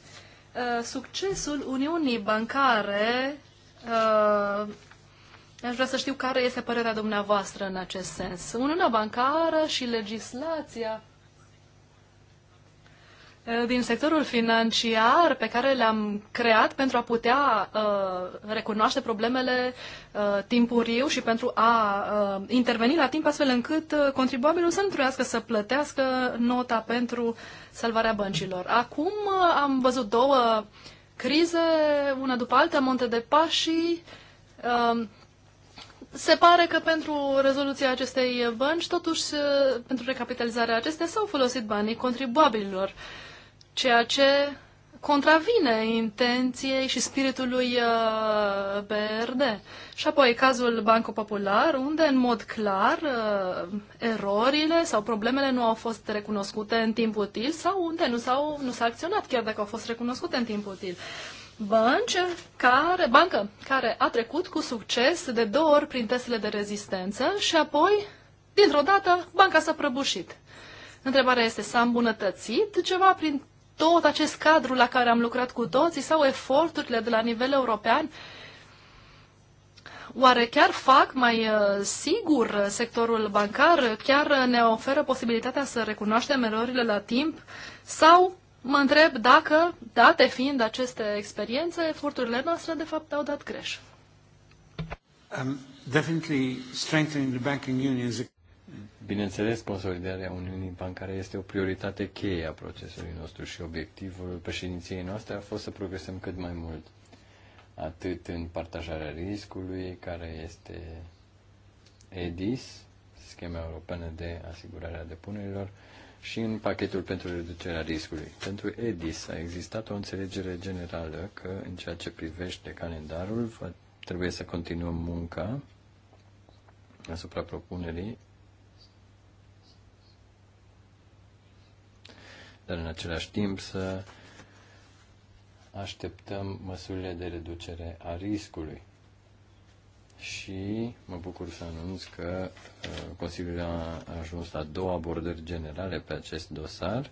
Speaker 2: Uh, succesul Uniunii Bancare, uh, aș vrea să știu care este părerea dumneavoastră în acest sens. Uniunea Bancară și legislația Eh, din sectorul financiar pe care le-am creat pentru a putea uh, recunoaște problemele uh, timpuriu și pentru a uh, interveni la timp astfel încât uh, contribuabilul să nu trebuiască să plătească nota pentru salvarea băncilor. Acum uh, am văzut două crize, una după alta, Monte de Pașii. Uh, se pare că pentru rezoluția acestei bănci, totuși, pentru recapitalizarea acestea, s-au folosit banii contribuabililor. Uh, ceea ce contravine intenției și spiritului uh, BRD. Și apoi cazul Banco Popular, unde în mod clar uh, erorile sau problemele nu au fost recunoscute în timp util sau unde nu, s-au, nu s-a acționat chiar dacă au fost recunoscute în timp util. Bancă care, bancă care a trecut cu succes de două ori prin testele de rezistență și apoi, dintr-o dată, banca s-a prăbușit. Întrebarea este, s-a îmbunătățit ceva prin tot acest cadru la care am lucrat cu toții sau eforturile de la nivel european Oare chiar fac mai uh, sigur sectorul bancar? Chiar ne oferă posibilitatea să recunoaștem erorile la timp? Sau mă întreb dacă, date fiind aceste experiențe, eforturile noastre de fapt au dat greș?
Speaker 1: Um, definitely strengthening the banking union is a Bineînțeles, consolidarea Uniunii Bancare este o prioritate cheie a procesului nostru și obiectivul președinției noastre a fost să progresăm cât mai mult, atât în partajarea riscului, care este EDIS, Schema Europeană de Asigurare a Depunerilor, și în pachetul pentru reducerea riscului. Pentru EDIS a existat o înțelegere generală că, în ceea ce privește calendarul, trebuie să continuăm munca asupra propunerii dar în același timp să așteptăm măsurile de reducere a riscului. Și mă bucur să anunț că uh, Consiliul a ajuns la două abordări generale pe acest dosar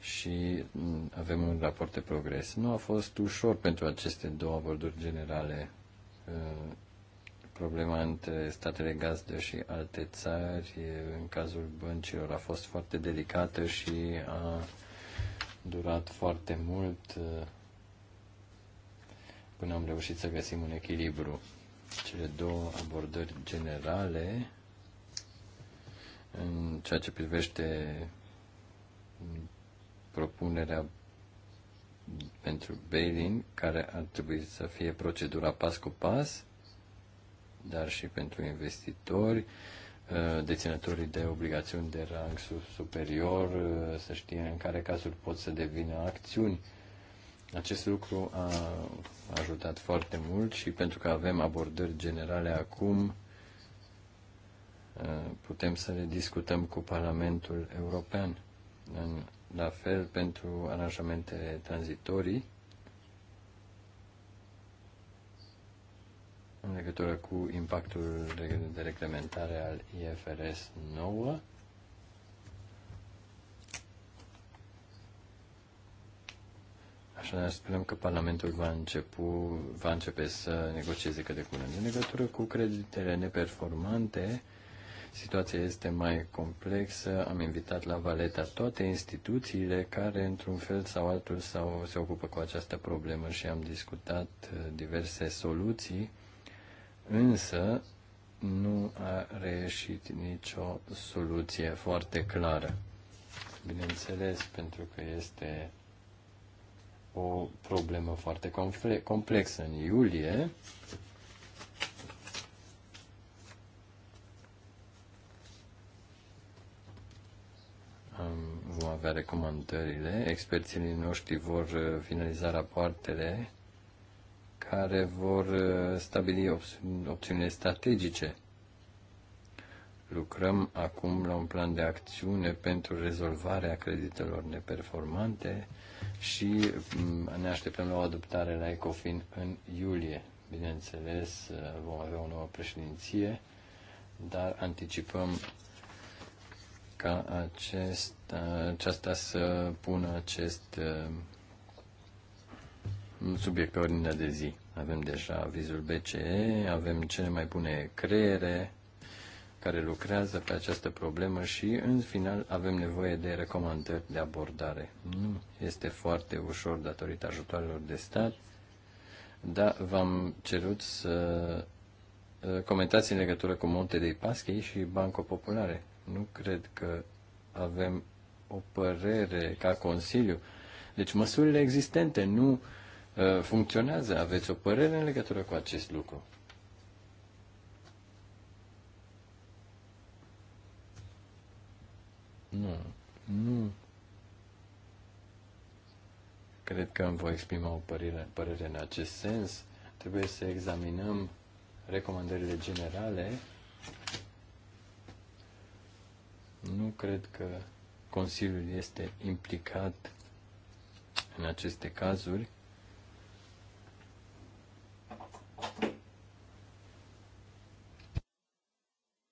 Speaker 1: și mm, avem un raport de progres. Nu a fost ușor pentru aceste două abordări generale uh, problema între statele gazdă și alte țări, în cazul băncilor, a fost foarte delicată și a durat foarte mult până am reușit să găsim un echilibru. Cele două abordări generale în ceea ce privește propunerea pentru bail-in, care ar trebui să fie procedura pas cu pas, dar și pentru investitori, uh, deținătorii de obligațiuni de rang superior, uh, să știe în care cazuri pot să devină acțiuni. Acest lucru a ajutat foarte mult și pentru că avem abordări generale acum, uh, putem să le discutăm cu Parlamentul European. la fel pentru aranjamente tranzitorii, în legătură cu impactul de reglementare al IFRS 9. Așa ne spunem că Parlamentul va, începu, va începe să negocieze cât de curând. În legătură cu creditele neperformante, situația este mai complexă. Am invitat la Valeta toate instituțiile care, într-un fel sau altul, sau se ocupă cu această problemă și am discutat uh, diverse soluții însă nu a reieșit nicio soluție foarte clară. Bineînțeles, pentru că este o problemă foarte complexă. În iulie, vom avea recomandările, experții noștri vor uh, finaliza rapoartele care vor uh, stabili opțiunile strategice. Lucrăm acum la un plan de acțiune pentru rezolvarea creditelor neperformante și mm, ne așteptăm la o adoptare la ECOFIN în iulie. Bineînțeles, uh, vom avea o nouă președinție, dar anticipăm ca acest, uh, aceasta să pună acest subiect pe ordinea de zi. Avem deja vizul BCE, avem cele mai bune creiere care lucrează pe această problemă și, în final, avem nevoie de recomandări de abordare. Nu este foarte ușor datorită ajutoarelor de stat, dar v-am cerut să uh, comentați în legătură cu Monte de Paschi și Banco Populare. Nu cred că avem o părere ca Consiliu. Deci măsurile existente nu uh, Uh, funcționează? Aveți o părere în legătură cu acest lucru? Nu, nu. Cred că îmi voi exprima o părere, părere în acest sens. Trebuie să examinăm recomandările generale. Nu cred că Consiliul este implicat în aceste cazuri.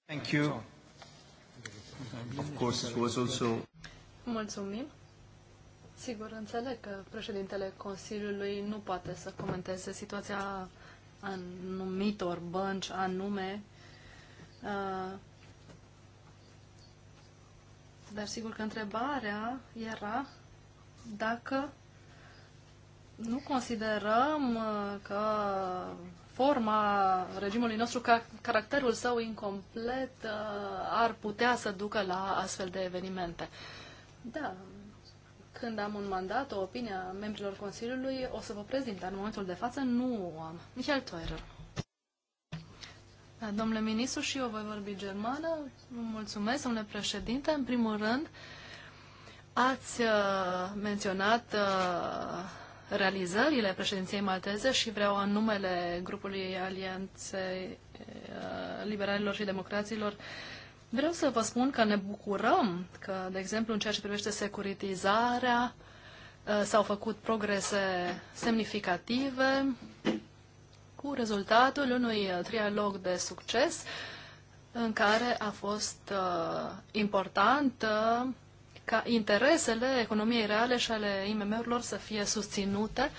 Speaker 1: Thank you. Of course, it was also...
Speaker 2: Mulțumim. Sigur, înțeleg că președintele Consiliului nu poate să comenteze situația anumitor bănci anume, uh, dar sigur că întrebarea era dacă nu considerăm uh, că forma regimului nostru, ca caracterul său incomplet, uh, ar putea să ducă la astfel de evenimente. Da, când am un mandat, o opinie a membrilor Consiliului, o să vă prezint, dar în momentul de față nu o am. Michael Toerer. Da, domnule ministru, și eu voi vorbi germană. mulțumesc, domnule președinte. În primul rând, ați uh, menționat uh, realizările președinției malteze și vreau în numele grupului Alianței uh, Liberalilor și Democraților Vreau să vă spun că ne bucurăm că, de exemplu, în ceea ce privește securitizarea, uh, s-au făcut progrese semnificative cu rezultatul unui trialog de succes în care a fost uh, importantă ca interesele economiei reale și ale IMM-urilor să fie susținute.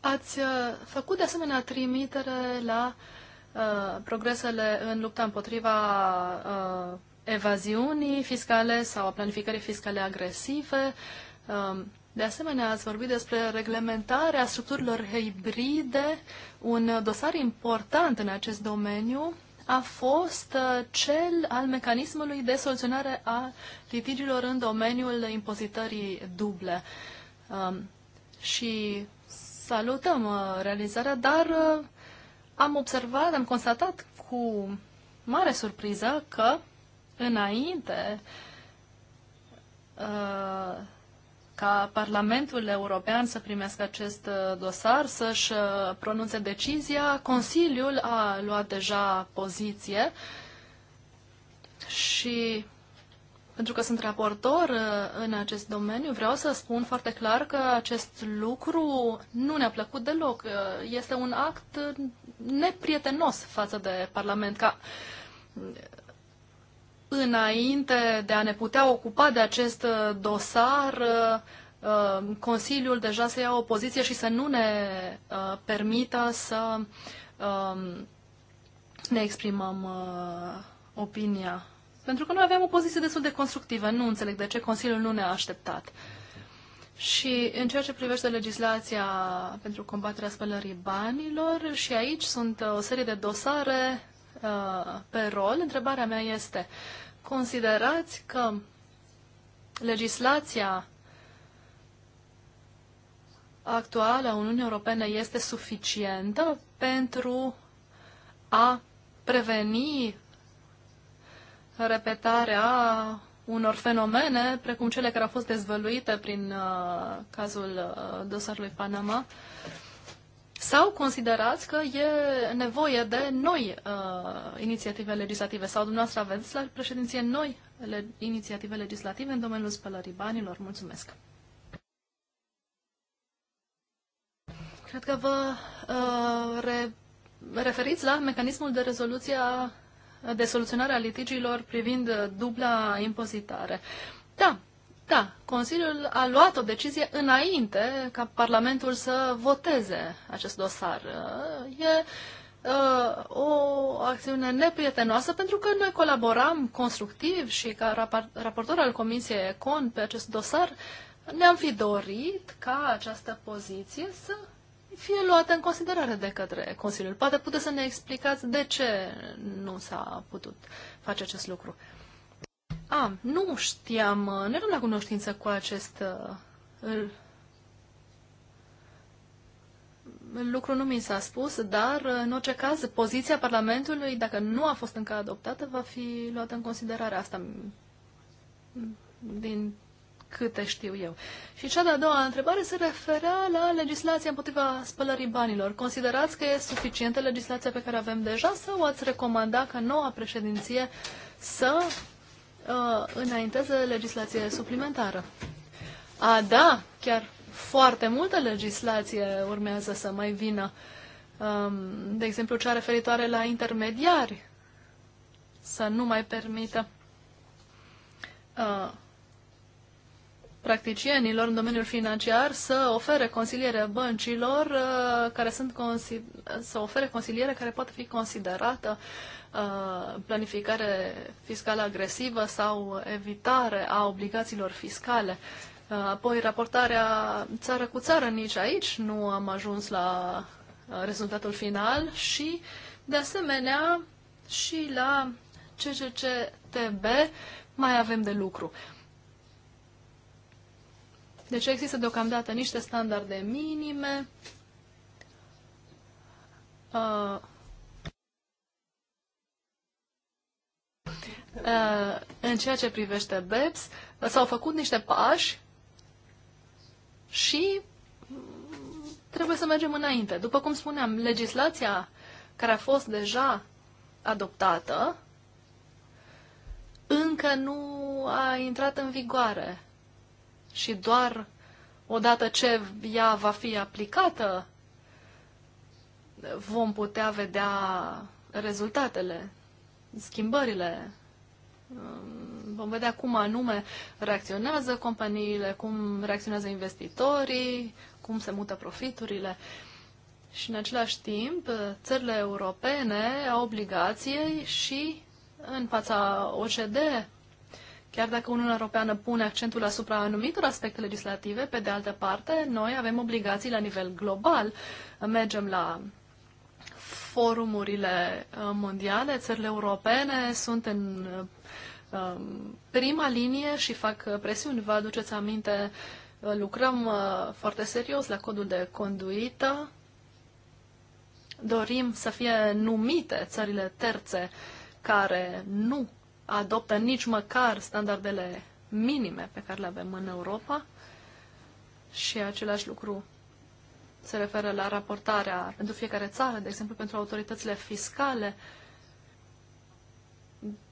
Speaker 2: Ați uh, făcut de asemenea trimitere la uh, progresele în lupta împotriva uh, evaziunii fiscale sau a planificării fiscale agresive. Uh, de asemenea, ați vorbit despre reglementarea structurilor hibride, un dosar important în acest domeniu a fost uh, cel al mecanismului de soluționare a litigiilor în domeniul impozitării duble. Um, și salutăm uh, realizarea, dar uh, am observat, am constatat cu mare surpriză că înainte ca Parlamentul European să primească acest uh, dosar, să-și uh, pronunțe decizia. Consiliul a luat deja poziție și pentru că sunt raportor uh, în acest domeniu, vreau să spun foarte clar că acest lucru nu ne-a plăcut deloc. Este un act neprietenos față de Parlament. Ca înainte de a ne putea ocupa de acest uh, dosar, uh, uh, Consiliul deja să ia o poziție și să nu ne permită să um, ne exprimăm opinia. Pentru că noi aveam o poziție destul de constructivă. Nu înțeleg de ce Consiliul nu ne-a așteptat. Și în ceea ce privește legislația pentru combaterea spălării banilor, și aici sunt o serie de dosare Uh, pe rol, întrebarea mea este, considerați că legislația actuală a Uniunii Europene este suficientă pentru a preveni repetarea unor fenomene, precum cele care au fost dezvăluite prin uh, cazul uh, dosarului Panama. Sau considerați că e nevoie de noi uh, inițiative legislative sau dumneavoastră aveți la președinție noi le- inițiative legislative în domeniul spălării banilor? Mulțumesc! Cred că vă uh, re- referiți la mecanismul de rezoluție a, de soluționare a litigiilor privind dubla impozitare. Da, da, Consiliul a luat o decizie înainte ca Parlamentul să voteze acest dosar. E uh, o acțiune neprietenoasă pentru că noi colaboram constructiv și ca raportor al Comisiei Econ pe acest dosar ne-am fi dorit ca această poziție să fie luată în considerare de către Consiliul. Poate puteți să ne explicați de ce nu s-a putut face acest lucru. A, nu știam, uh, nu eram la cunoștință cu acest uh, lucru nu mi s-a spus, dar uh, în orice caz poziția Parlamentului, dacă nu a fost încă adoptată, va fi luată în considerare asta din câte știu eu. Și cea de-a doua întrebare se referă la legislația împotriva spălării banilor. Considerați că e suficientă legislația pe care avem deja sau ați recomanda ca noua președinție să uh, înainteze legislație suplimentară. A, da, chiar foarte multă legislație urmează să mai vină. Um, de exemplu, cea referitoare la intermediari, să nu mai permită uh, practicienilor în domeniul financiar să ofere consiliere băncilor uh, care sunt să ofere consiliere care poate fi considerată uh, planificare fiscală agresivă sau evitare a obligațiilor fiscale. Uh, apoi raportarea țară cu țară, nici aici nu am ajuns la rezultatul final și de asemenea și la CCCTB mai avem de lucru. Deci există deocamdată niște standarde minime. Uh, uh, în ceea ce privește BEPS, s-au făcut niște pași și trebuie să mergem înainte. După cum spuneam, legislația care a fost deja adoptată încă nu a intrat în vigoare și doar odată ce ea va fi aplicată, vom putea vedea rezultatele, schimbările. Vom vedea cum anume reacționează companiile, cum reacționează investitorii, cum se mută profiturile. Și în același timp, țările europene au obligație și în fața OCDE Chiar dacă Uniunea Europeană pune accentul asupra anumitor aspecte legislative, pe de altă parte, noi avem obligații la nivel global. Mergem la forumurile uh, mondiale, țările europene sunt în uh, prima linie și fac uh, presiuni. Vă aduceți aminte, lucrăm foarte serios la codul de conduită, dorim să fie numite țările terțe care nu adoptă nici măcar standardele minime pe care le avem în Europa și același lucru se referă la raportarea pentru fiecare țară, de exemplu pentru autoritățile fiscale.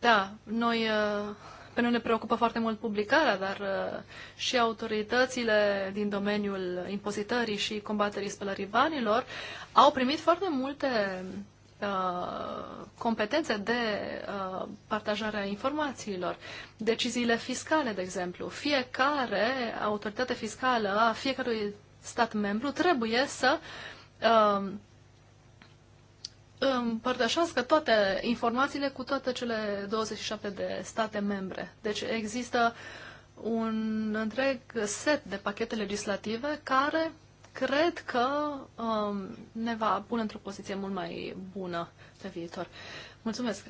Speaker 2: Da, noi, uh, pe noi ne preocupă foarte mult publicarea, dar uh, și autoritățile din domeniul impozitării și combaterii spălării banilor au primit foarte multe Uh, competențe de uh, partajare a informațiilor, deciziile fiscale, de exemplu. Fiecare autoritate fiscală a fiecărui stat membru trebuie să uh, împărtășească toate informațiile cu toate cele 27 de state membre. Deci există un întreg set de pachete legislative care cred că um, ne va pune într-o poziție mult mai bună pe viitor. Mulțumesc!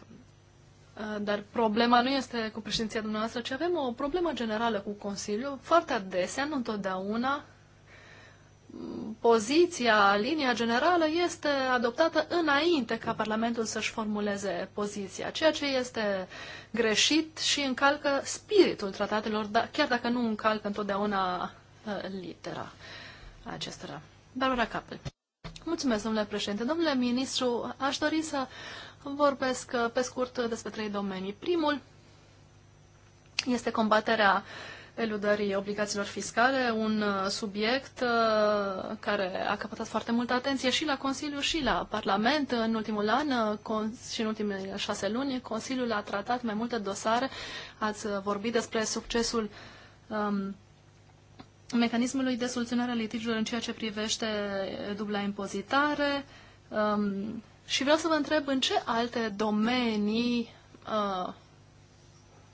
Speaker 2: Uh, dar problema nu este cu președinția dumneavoastră, ci avem o problemă generală cu Consiliul. Foarte adesea, nu întotdeauna, poziția, linia generală este adoptată înainte ca Parlamentul să-și formuleze poziția, ceea ce este greșit și încalcă spiritul tratatelor, da, chiar dacă nu încalcă întotdeauna uh, litera acestora. Barbara Capel. Mulțumesc, domnule președinte. Domnule ministru, aș dori să vorbesc uh, pe scurt uh, despre trei domenii. Primul este combaterea eludării obligațiilor fiscale, un uh, subiect care a căpătat foarte multă atenție și la Consiliu și la Parlament. În ultimul an și în ultimele șase luni, Consiliul a tratat mai multe dosare. Ați vorbit despre succesul um, mecanismului de soluționare a litigiilor în ceea ce privește dubla impozitare um, și vreau să vă întreb în ce alte domenii, uh,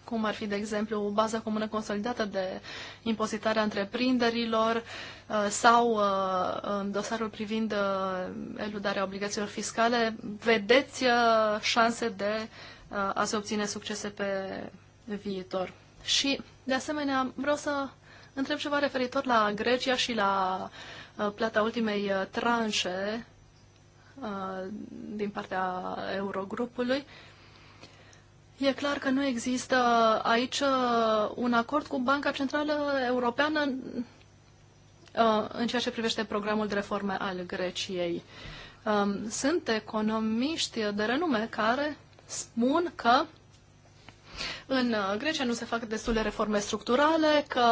Speaker 2: cum ar fi, de exemplu, baza comună consolidată de impozitare a întreprinderilor uh, sau uh, dosarul privind uh, eludarea obligațiilor fiscale, vedeți uh, șanse de uh, a se obține succese pe viitor. Și, de asemenea, vreau să întreb ceva referitor la Grecia și la uh, plata ultimei uh, tranșe uh, din partea Eurogrupului. E clar că nu există aici un acord cu Banca Centrală Europeană în ceea ce privește programul de reforme al Greciei. Um, sunt economiști de renume care spun că în uh, Grecia nu se fac destule reforme structurale, că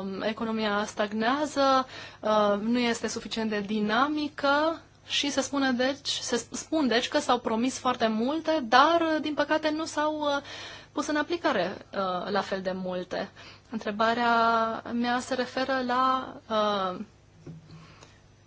Speaker 2: um, economia stagnează, uh, nu este suficient de dinamică și se spune deci, se spun deci că s-au promis foarte multe, dar uh, din păcate nu s-au uh, pus în aplicare uh, la fel de multe. Întrebarea mea se referă la uh,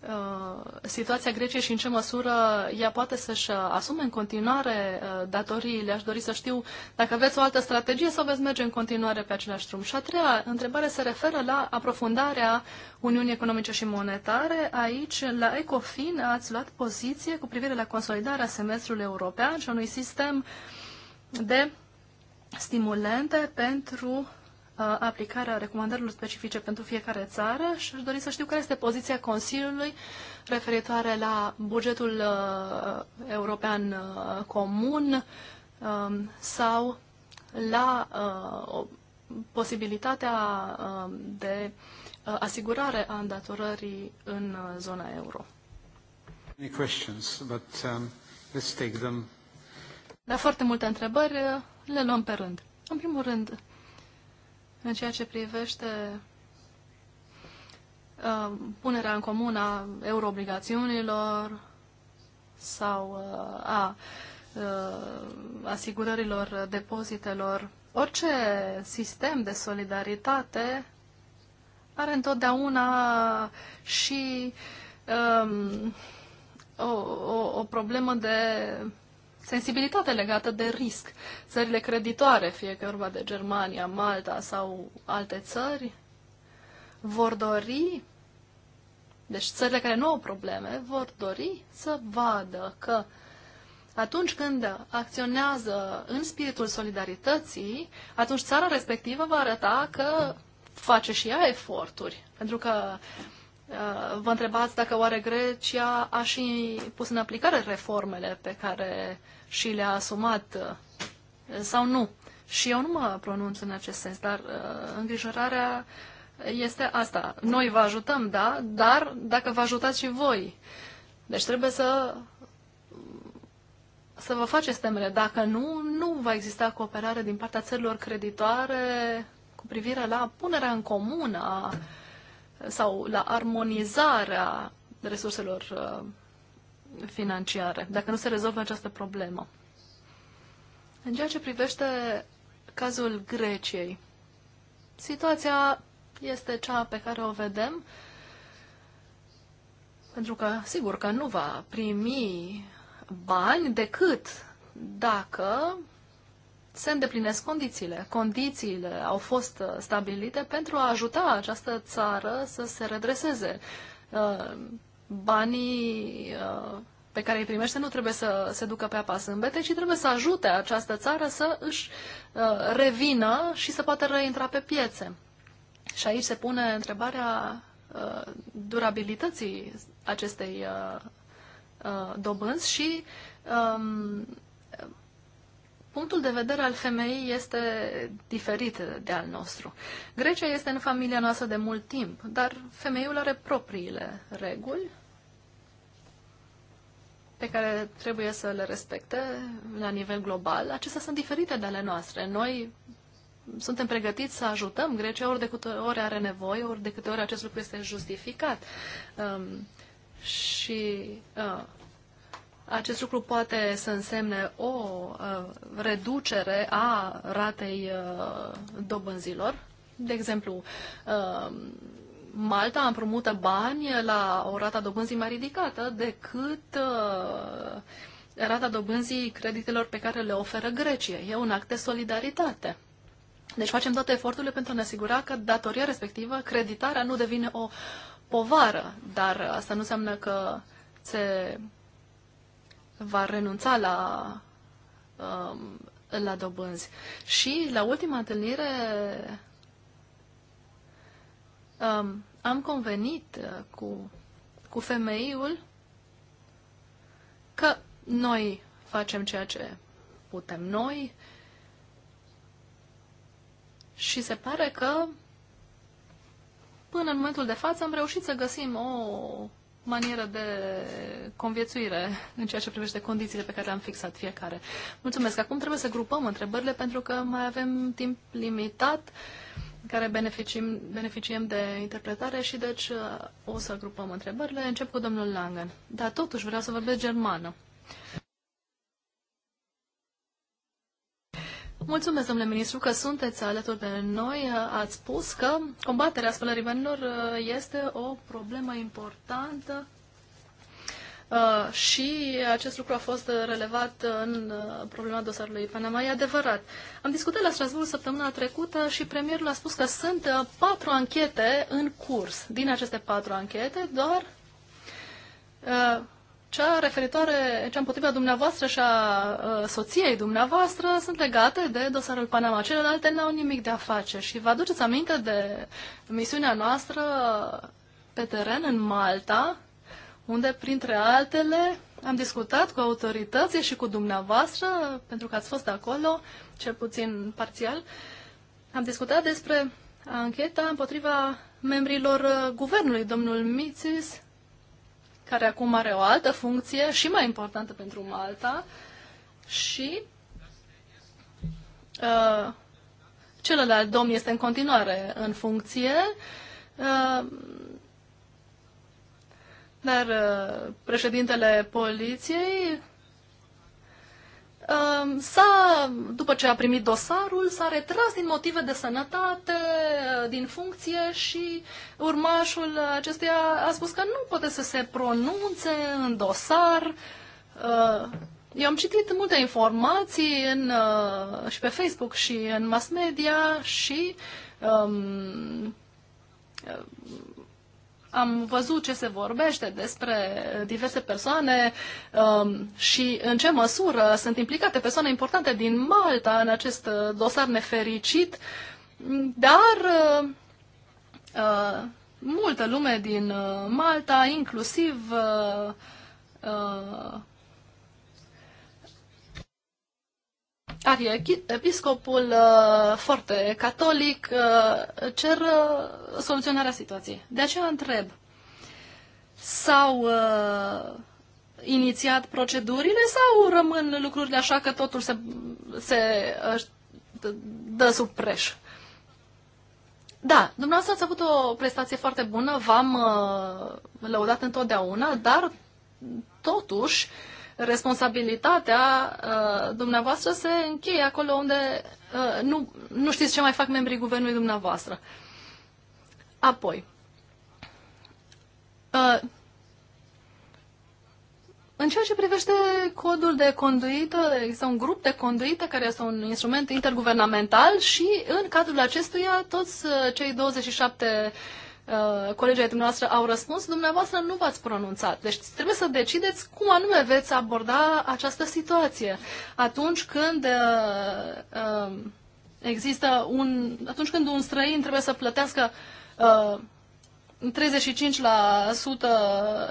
Speaker 2: Uh, situația Greciei și în ce măsură ea poate să-și uh, asume în continuare uh, datoriile. Aș dori să știu dacă aveți o altă strategie sau veți merge în continuare pe același drum. Și a treia întrebare se referă la aprofundarea Uniunii Economice și Monetare. Aici, la ECOFIN, ați luat poziție cu privire la consolidarea semestrului european și unui sistem de stimulente pentru Uh, aplicarea recomandărilor specifice pentru fiecare țară și aș dori să știu care este poziția Consiliului referitoare la bugetul uh, european uh, comun um, sau la posibilitatea um, de asigurare a îndatorării în zona euro.
Speaker 1: Many questions, but um, let's take them.
Speaker 2: Da, foarte multe întrebări, le luăm pe rând. În primul rând, în ceea ce privește uh, punerea în comun a euroobligațiunilor sau uh, a uh, asigurărilor depozitelor, orice sistem de solidaritate are întotdeauna și um, o, o, o problemă de sensibilitate legată de risc. Țările creditoare, fie că e vorba de Germania, Malta sau alte țări, vor dori, deci țările care nu au probleme, vor dori să vadă că atunci când acționează în spiritul solidarității, atunci țara respectivă va arăta că face și ea eforturi. Pentru că uh, vă întrebați dacă oare Grecia a și pus în aplicare reformele pe care și le-a asumat uh, sau nu. Și eu nu mă pronunț în acest sens, dar uh, îngrijorarea este asta. Noi vă ajutăm, da, dar dacă vă ajutați și voi. Deci trebuie să să vă faceți temele. Dacă nu, nu va exista cooperare din partea țărilor creditoare cu privire la punerea în comună sau la armonizarea resurselor uh, financiare, dacă nu se rezolvă această problemă. În ceea ce privește cazul Greciei, situația este cea pe care o vedem, pentru că sigur că nu va primi bani decât dacă se îndeplinesc condițiile. Condițiile au fost uh, stabilite pentru a ajuta această țară să se redreseze uh, banii uh, pe care îi primește nu trebuie să se ducă pe apa sâmbete, ci trebuie să ajute această țară să își uh, revină și să poată reintra pe piețe. Și aici se pune întrebarea uh, durabilității acestei dobânzi și um, punctul de vedere al femeii este diferit de al nostru. Grecia este în familia noastră de mult timp, dar femeiul are propriile reguli pe care trebuie să le respecte la nivel global, acestea sunt diferite de ale noastre. Noi suntem pregătiți să ajutăm Grecia ori de câte ori are nevoie, ori de câte ori acest lucru este justificat. Um, și uh, acest lucru poate să însemne o uh, reducere a ratei uh, dobânzilor. De exemplu, uh, Malta împrumută bani la o rata dobânzii mai ridicată decât uh, rata dobânzii creditelor pe care le oferă Grecia. E un act de solidaritate. Deci facem toate eforturile pentru a ne asigura că datoria respectivă, creditarea, nu devine o povară, dar asta nu înseamnă că se va renunța la, um, la dobânzi. Și la ultima întâlnire um, am convenit uh, cu, cu femeiul că noi facem ceea ce putem noi și se pare că până în momentul de față am reușit să găsim o manieră de conviețuire în ceea ce privește condițiile pe care le-am fixat fiecare. Mulțumesc. Acum trebuie să grupăm întrebările pentru că mai avem timp limitat. Uh, care beneficiem, beneficiem de interpretare și deci uh, o să grupăm întrebările. Încep cu domnul Langen. Dar totuși vreau să vorbesc germană. Mulțumesc, domnule ministru, că sunteți alături de noi. Ați spus că combaterea spălării banilor uh, este o problemă importantă Uh, și acest lucru a fost uh, relevat uh, în problema dosarului Panama. E adevărat. Am discutat la Strasbourg săptămâna trecută și premierul a spus că sunt patru anchete în curs. Din aceste patru anchete, doar cea referitoare, cea împotriva dumneavoastră și a soției dumneavoastră sunt legate de dosarul Panama. Celelalte n-au nimic de a face și vă aduceți aminte de misiunea noastră pe teren în Malta, unde, printre altele, am discutat cu autoritățile și cu dumneavoastră, pentru că ați fost acolo, cel puțin parțial, am discutat despre ancheta împotriva membrilor uh, guvernului, domnul Mițis, care acum are o altă funcție și mai importantă pentru Malta, și uh, celălalt domn este în continuare în funcție. Uh, dar uh, președintele poliției um, s-a, după ce a primit dosarul, s-a retras din motive de sănătate, uh, din funcție și urmașul acestuia a spus că nu poate să se pronunțe în dosar. Uh, eu am citit multe informații în, și pe Facebook și în mass media și um, am văzut ce se vorbește despre diverse persoane um, și în ce măsură sunt implicate persoane importante din Malta în acest uh, dosar nefericit, dar uh, uh multă lume din uh, Malta, inclusiv uh, uh, arhiepiscopul uh, foarte catolic uh, cer uh, soluționarea situației. De aceea întreb, s-au inițiat procedurile sau rămân lucrurile așa că totul se, se dă sub preș? Da, dumneavoastră ați avut o prestație foarte bună, v-am uh, lăudat întotdeauna, dar totuși uh, responsabilitatea uh, dumneavoastră se încheie acolo unde uh, nu, nu știți ce mai fac membrii guvernului dumneavoastră. Apoi, uh, în ceea ce privește codul de conduită, există un grup de conduită care este un instrument interguvernamental și în cadrul acestuia toți uh, cei 27 Colegii uh, colegii dumneavoastră au răspuns, dumneavoastră nu v-ați pronunțat. Deci trebuie să decideți cum anume veți aborda această situație. Atunci când uh, uh există un... atunci când un străin trebuie să plătească uh, 35%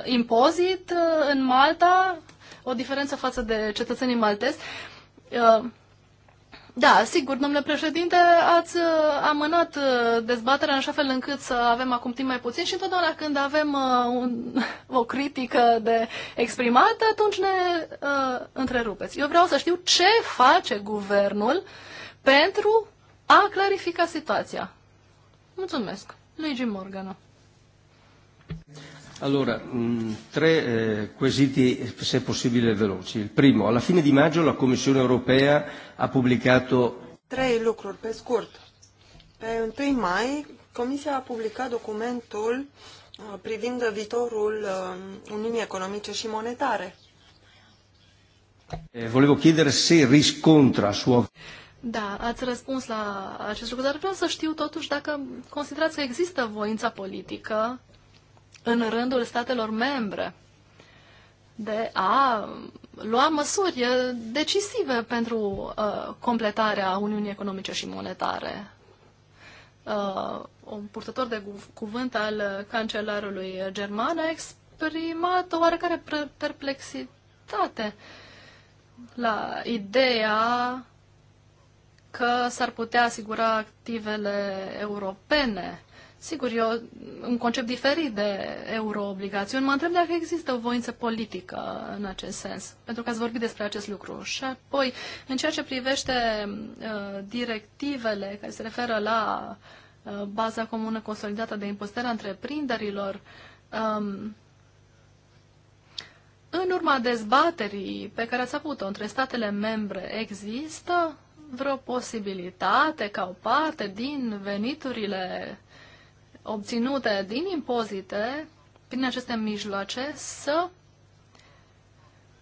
Speaker 2: impozit uh, în Malta, o diferență față de cetățenii maltezi. Da, sigur, domnule președinte, ați uh, amânat uh, dezbaterea în așa fel încât să avem acum timp mai puțin și întotdeauna când avem uh, un, <laughs> o critică de exprimat, atunci ne uh, întrerupeți. Eu vreau să știu ce face guvernul pentru a clarifica situația. Mulțumesc. Luigi Morgana.
Speaker 1: Allora, mh, mm, tre eh, quesiti, se possibile, veloci. Il primo, alla fine di maggio la Commissione europea ha pubblicato...
Speaker 3: Trei lucruri, pe scurt. Pe 1 mai, Comisia a publicat documentul uh, privind viitorul uh, Uniunii Economice și Monetare.
Speaker 1: Eh, volevo chiedere se riscontra a
Speaker 2: Da, ați răspuns la acest lucru, dar vreau să știu totuși dacă considerați că există voința politică în rândul statelor membre de a lua măsuri eh, decisive pentru uh, completarea Uniunii Economice și Monetare. Uh, un purtător de cuvânt al cancelarului german a exprimat oarecare perplexitate la ideea că s-ar putea asigura activele europene Sigur, eu un concept diferit de euroobligațiuni. Mă întreb dacă există o voință politică în acest sens, pentru că ați vorbit despre acest lucru. Și apoi, în ceea ce privește uh, directivele care se referă la uh, baza comună consolidată de impozitare a întreprinderilor, um, în urma dezbaterii pe care ați avut-o între statele membre, există vreo posibilitate ca o parte din veniturile obținute din impozite, prin aceste mijloace, să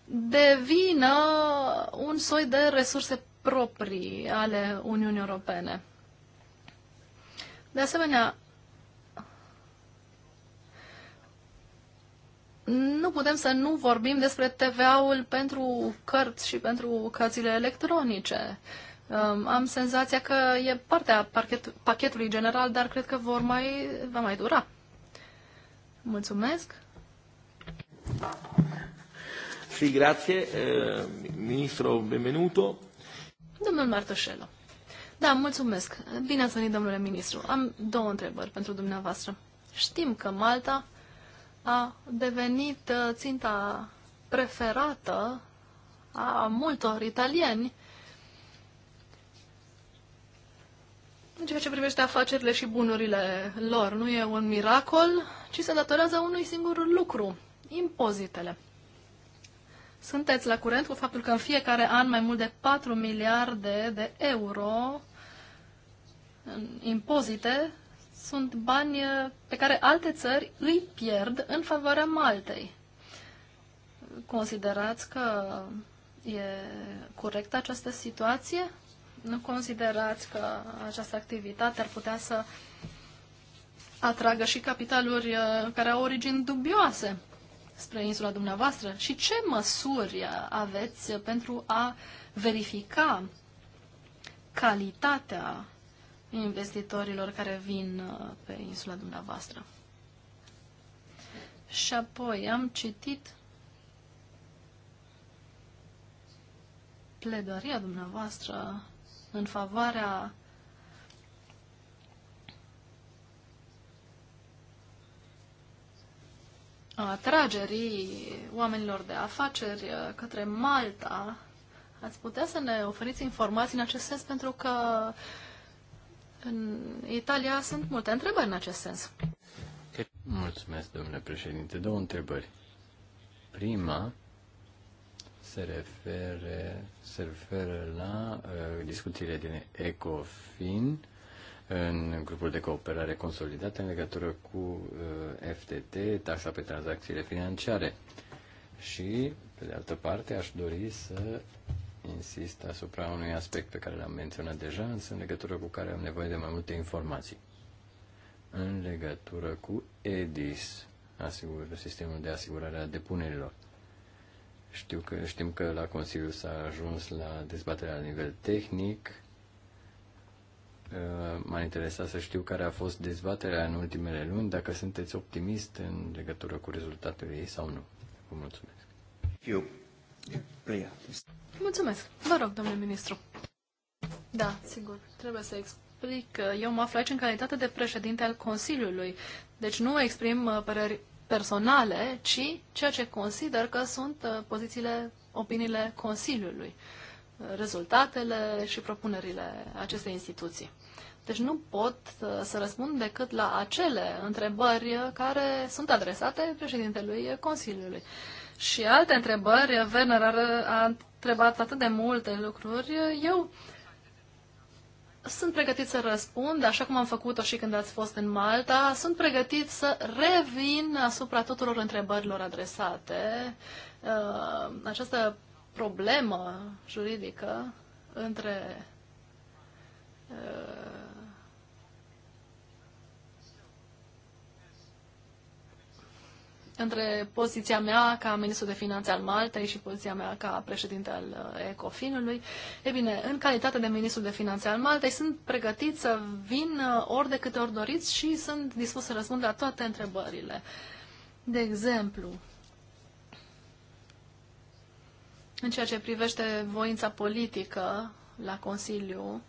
Speaker 2: devină un soi de resurse proprii ale Uniunii Europene. De asemenea, nu putem să nu vorbim despre TVA-ul pentru cărți și pentru cărțile electronice. Uh, Um, am senzația că e partea parchet, pachetului general, dar cred că vor mai, va mai dura. Mulțumesc.
Speaker 1: Sì, grazie.
Speaker 2: Eh, ministro, benvenuto. Domnul Martoșelo. Da, mulțumesc. Bine ați venit, domnule ministru. Am două întrebări pentru dumneavoastră. Știm că Malta a devenit eh, ținta preferată a multor italieni în ceea ce privește afacerile și bunurile lor. Nu e un miracol, ci se datorează unui singur lucru, impozitele. Sunteți la curent cu faptul că în fiecare an mai mult de 4 miliarde de euro în impozite sunt bani pe care alte țări îi pierd în favoarea Maltei. Considerați că e corectă această situație? nu considerați că această activitate ar putea să atragă și capitaluri uh, care au origini dubioase spre insula dumneavoastră? Și ce măsuri aveți pentru a verifica calitatea investitorilor care vin uh, pe insula dumneavoastră? Și apoi am citit pledoaria dumneavoastră în favoarea atragerii oamenilor de afaceri uh, către Malta, ați putea să ne oferiți informații în acest sens pentru că în Italia sunt multe întrebări în acest sens.
Speaker 1: Mulțumesc, domnule președinte. Două întrebări. Prima, se, refere, se referă la uh, discuțiile din ECOFIN în grupul de cooperare consolidată în legătură cu uh, FTT, taxa pe tranzacțiile financiare. Și, pe de altă parte, aș dori să insist asupra unui aspect pe care l-am menționat deja, însă în legătură cu care am nevoie de mai multe informații. În legătură cu EDIS, asigur, sistemul de asigurare a depunerilor. Știu că, știm că la Consiliu s-a ajuns la dezbaterea la nivel tehnic. Uh, M-a interesat să știu care a fost dezbaterea în ultimele luni, dacă sunteți optimist în legătură cu rezultatele ei sau nu. Vă mulțumesc. Eu,
Speaker 2: Mulțumesc. Vă rog, domnule ministru. Da, sigur. Trebuie să explic. Eu mă aflu aici în calitate de președinte al Consiliului, deci nu exprim uh, păreri personale, ci ceea ce consider că sunt uh, pozițiile, opiniile Consiliului, uh, rezultatele și propunerile acestei instituții. Deci nu pot uh, să răspund decât la acele întrebări care sunt adresate președintelui Consiliului. Și alte întrebări, Werner a, întrebat atât de multe lucruri, eu sunt pregătit să răspund, așa cum am făcut-o și când ați fost în Malta. Sunt pregătit să revin asupra tuturor întrebărilor adresate. Uh, această problemă juridică între uh, între poziția mea ca ministru de finanțe al Maltei și poziția mea ca președinte al uh, Ecofinului. E bine, în calitate de ministru de finanțe al Maltei sunt pregătit să vin uh, ori de câte ori doriți și sunt dispus să răspund la toate întrebările. De exemplu, în ceea ce privește voința politică la Consiliu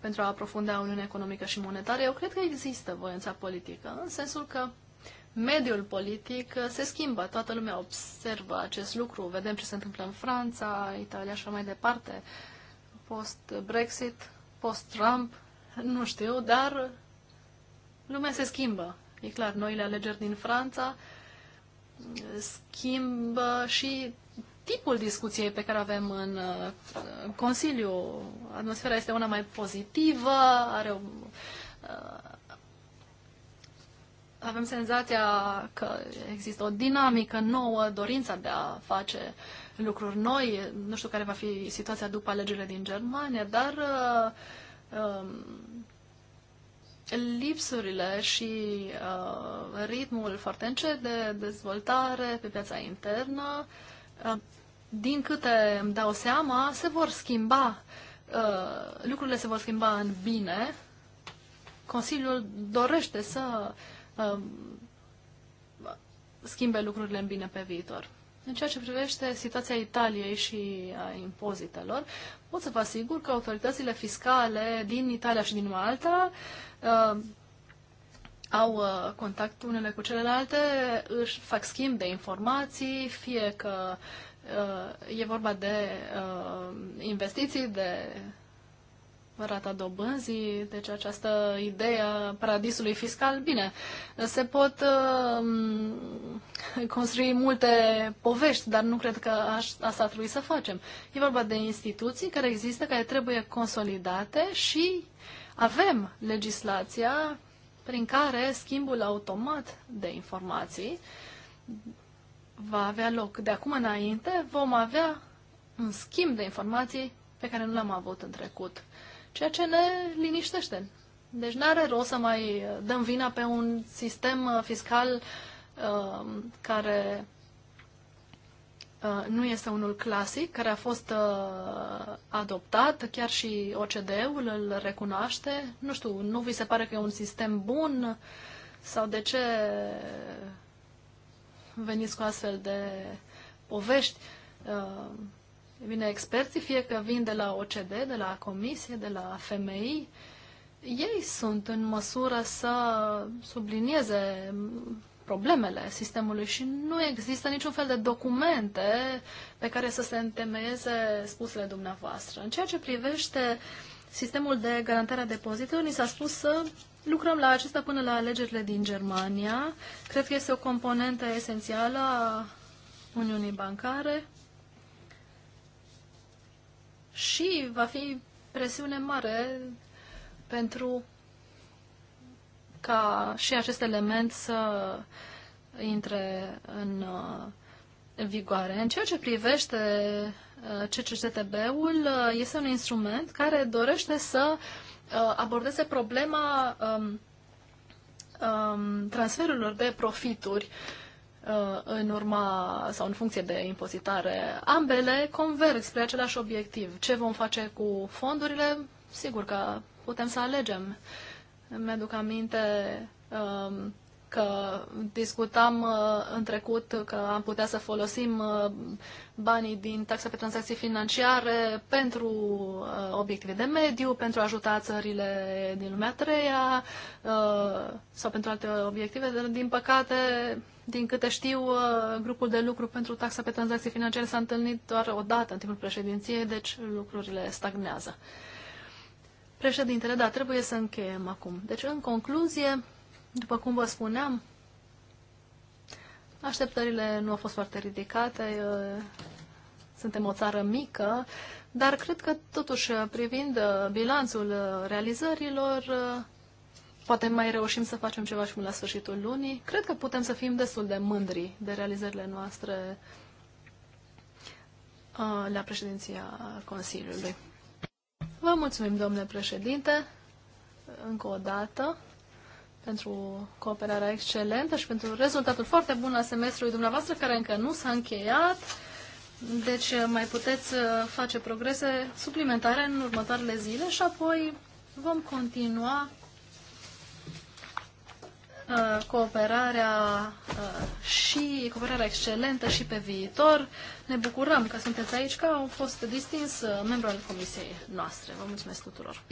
Speaker 2: pentru a aprofunda Uniunea Economică și Monetară, eu cred că există voința politică, în sensul că mediul politic uh, se schimbă. Toată lumea observă acest lucru. Vedem ce se întâmplă în Franța, Italia și așa mai departe. Post-Brexit, post-Trump, nu știu, dar lumea se schimbă. E clar, noile alegeri din Franța uh, schimbă și tipul discuției pe care avem în, uh, în Consiliu. Atmosfera este una mai pozitivă, are o, avem senzația că există o dinamică nouă, dorința de a face lucruri noi. Nu știu care va fi situația după alegerile din Germania, dar uh, um, lipsurile și uh, ritmul foarte încet de dezvoltare pe piața internă, uh, din câte îmi dau seama, se vor schimba, uh, lucrurile se vor schimba în bine. Consiliul dorește să uh, Um, schimbe lucrurile în bine pe viitor. În ceea ce privește situația Italiei și a impozitelor, pot să vă asigur că autoritățile fiscale din Italia și din Malta um, uh, au contact unele cu celelalte, își fac schimb de informații, fie că uh, e vorba de uh, investiții, de rata dobânzii, deci această idee a paradisului fiscal, bine, se pot um, construi multe povești, dar nu cred că asta asta trebuie să facem. E vorba de instituții care există, care trebuie consolidate și avem legislația prin care schimbul automat de informații va avea loc. De acum înainte vom avea un schimb de informații pe care nu l-am avut în trecut ceea ce ne liniștește. Deci nu are rost să mai uh, dăm vina pe un sistem uh, fiscal uh, care uh, nu este unul clasic, care a fost uh, adoptat, chiar și OCDE-ul îl recunoaște. Nu știu, nu vi se pare că e un sistem bun sau de ce veniți cu astfel de povești? Uh, Vine experții, fie că vin de la OCD, de la Comisie, de la FMI, ei sunt în măsură să sublinieze problemele sistemului și nu există niciun fel de documente pe care să se întemeieze spusele dumneavoastră. În ceea ce privește sistemul de garantare a depozitelor, ni s-a spus să lucrăm la acesta până la alegerile din Germania. Cred că este o componentă esențială a Uniunii Bancare și va fi presiune mare pentru ca și acest element să intre în, uh, în vigoare. În ceea ce privește uh, CCCTB-ul, uh, este un instrument care dorește să abordeze problema um, um, transferurilor de profituri Uh, în urma sau în funcție de impozitare. Ambele converg spre același obiectiv. Ce vom face cu fondurile? Sigur că putem să alegem. Mi-aduc aminte um, că discutam uh, în trecut că am putea să folosim uh, banii din taxa pe tranzacții financiare pentru obiective de mediu, pentru a ajuta țările din lumea treia sau pentru alte obiective. Din păcate, din câte știu, uh, grupul de lucru pentru taxa pe tranzacții financiare s-a întâlnit doar o dată în timpul președinției, deci lucrurile stagnează. Președintele, da, trebuie să încheiem acum. Deci, în concluzie, după cum vă spuneam, așteptările nu au fost foarte ridicate, uh, suntem o țară mică, dar cred că, totuși, privind uh, bilanțul realizărilor, poate mai reușim să facem ceva și până la sfârșitul lunii. Cred că putem să fim destul de mândri de realizările noastre uh, la președinția Consiliului. Vă mulțumim, domnule președinte, încă o dată pentru cooperarea excelentă și pentru rezultatul foarte bun al semestrului dumneavoastră, care încă nu s-a încheiat. Deci uh, mai puteți uh, face progrese suplimentare în următoarele zile și apoi vom continua Uh, cooperarea uh, și cooperarea excelentă și pe viitor. Ne bucurăm că sunteți aici, că au fost distins uh, membru al comisiei noastre. Vă mulțumesc tuturor!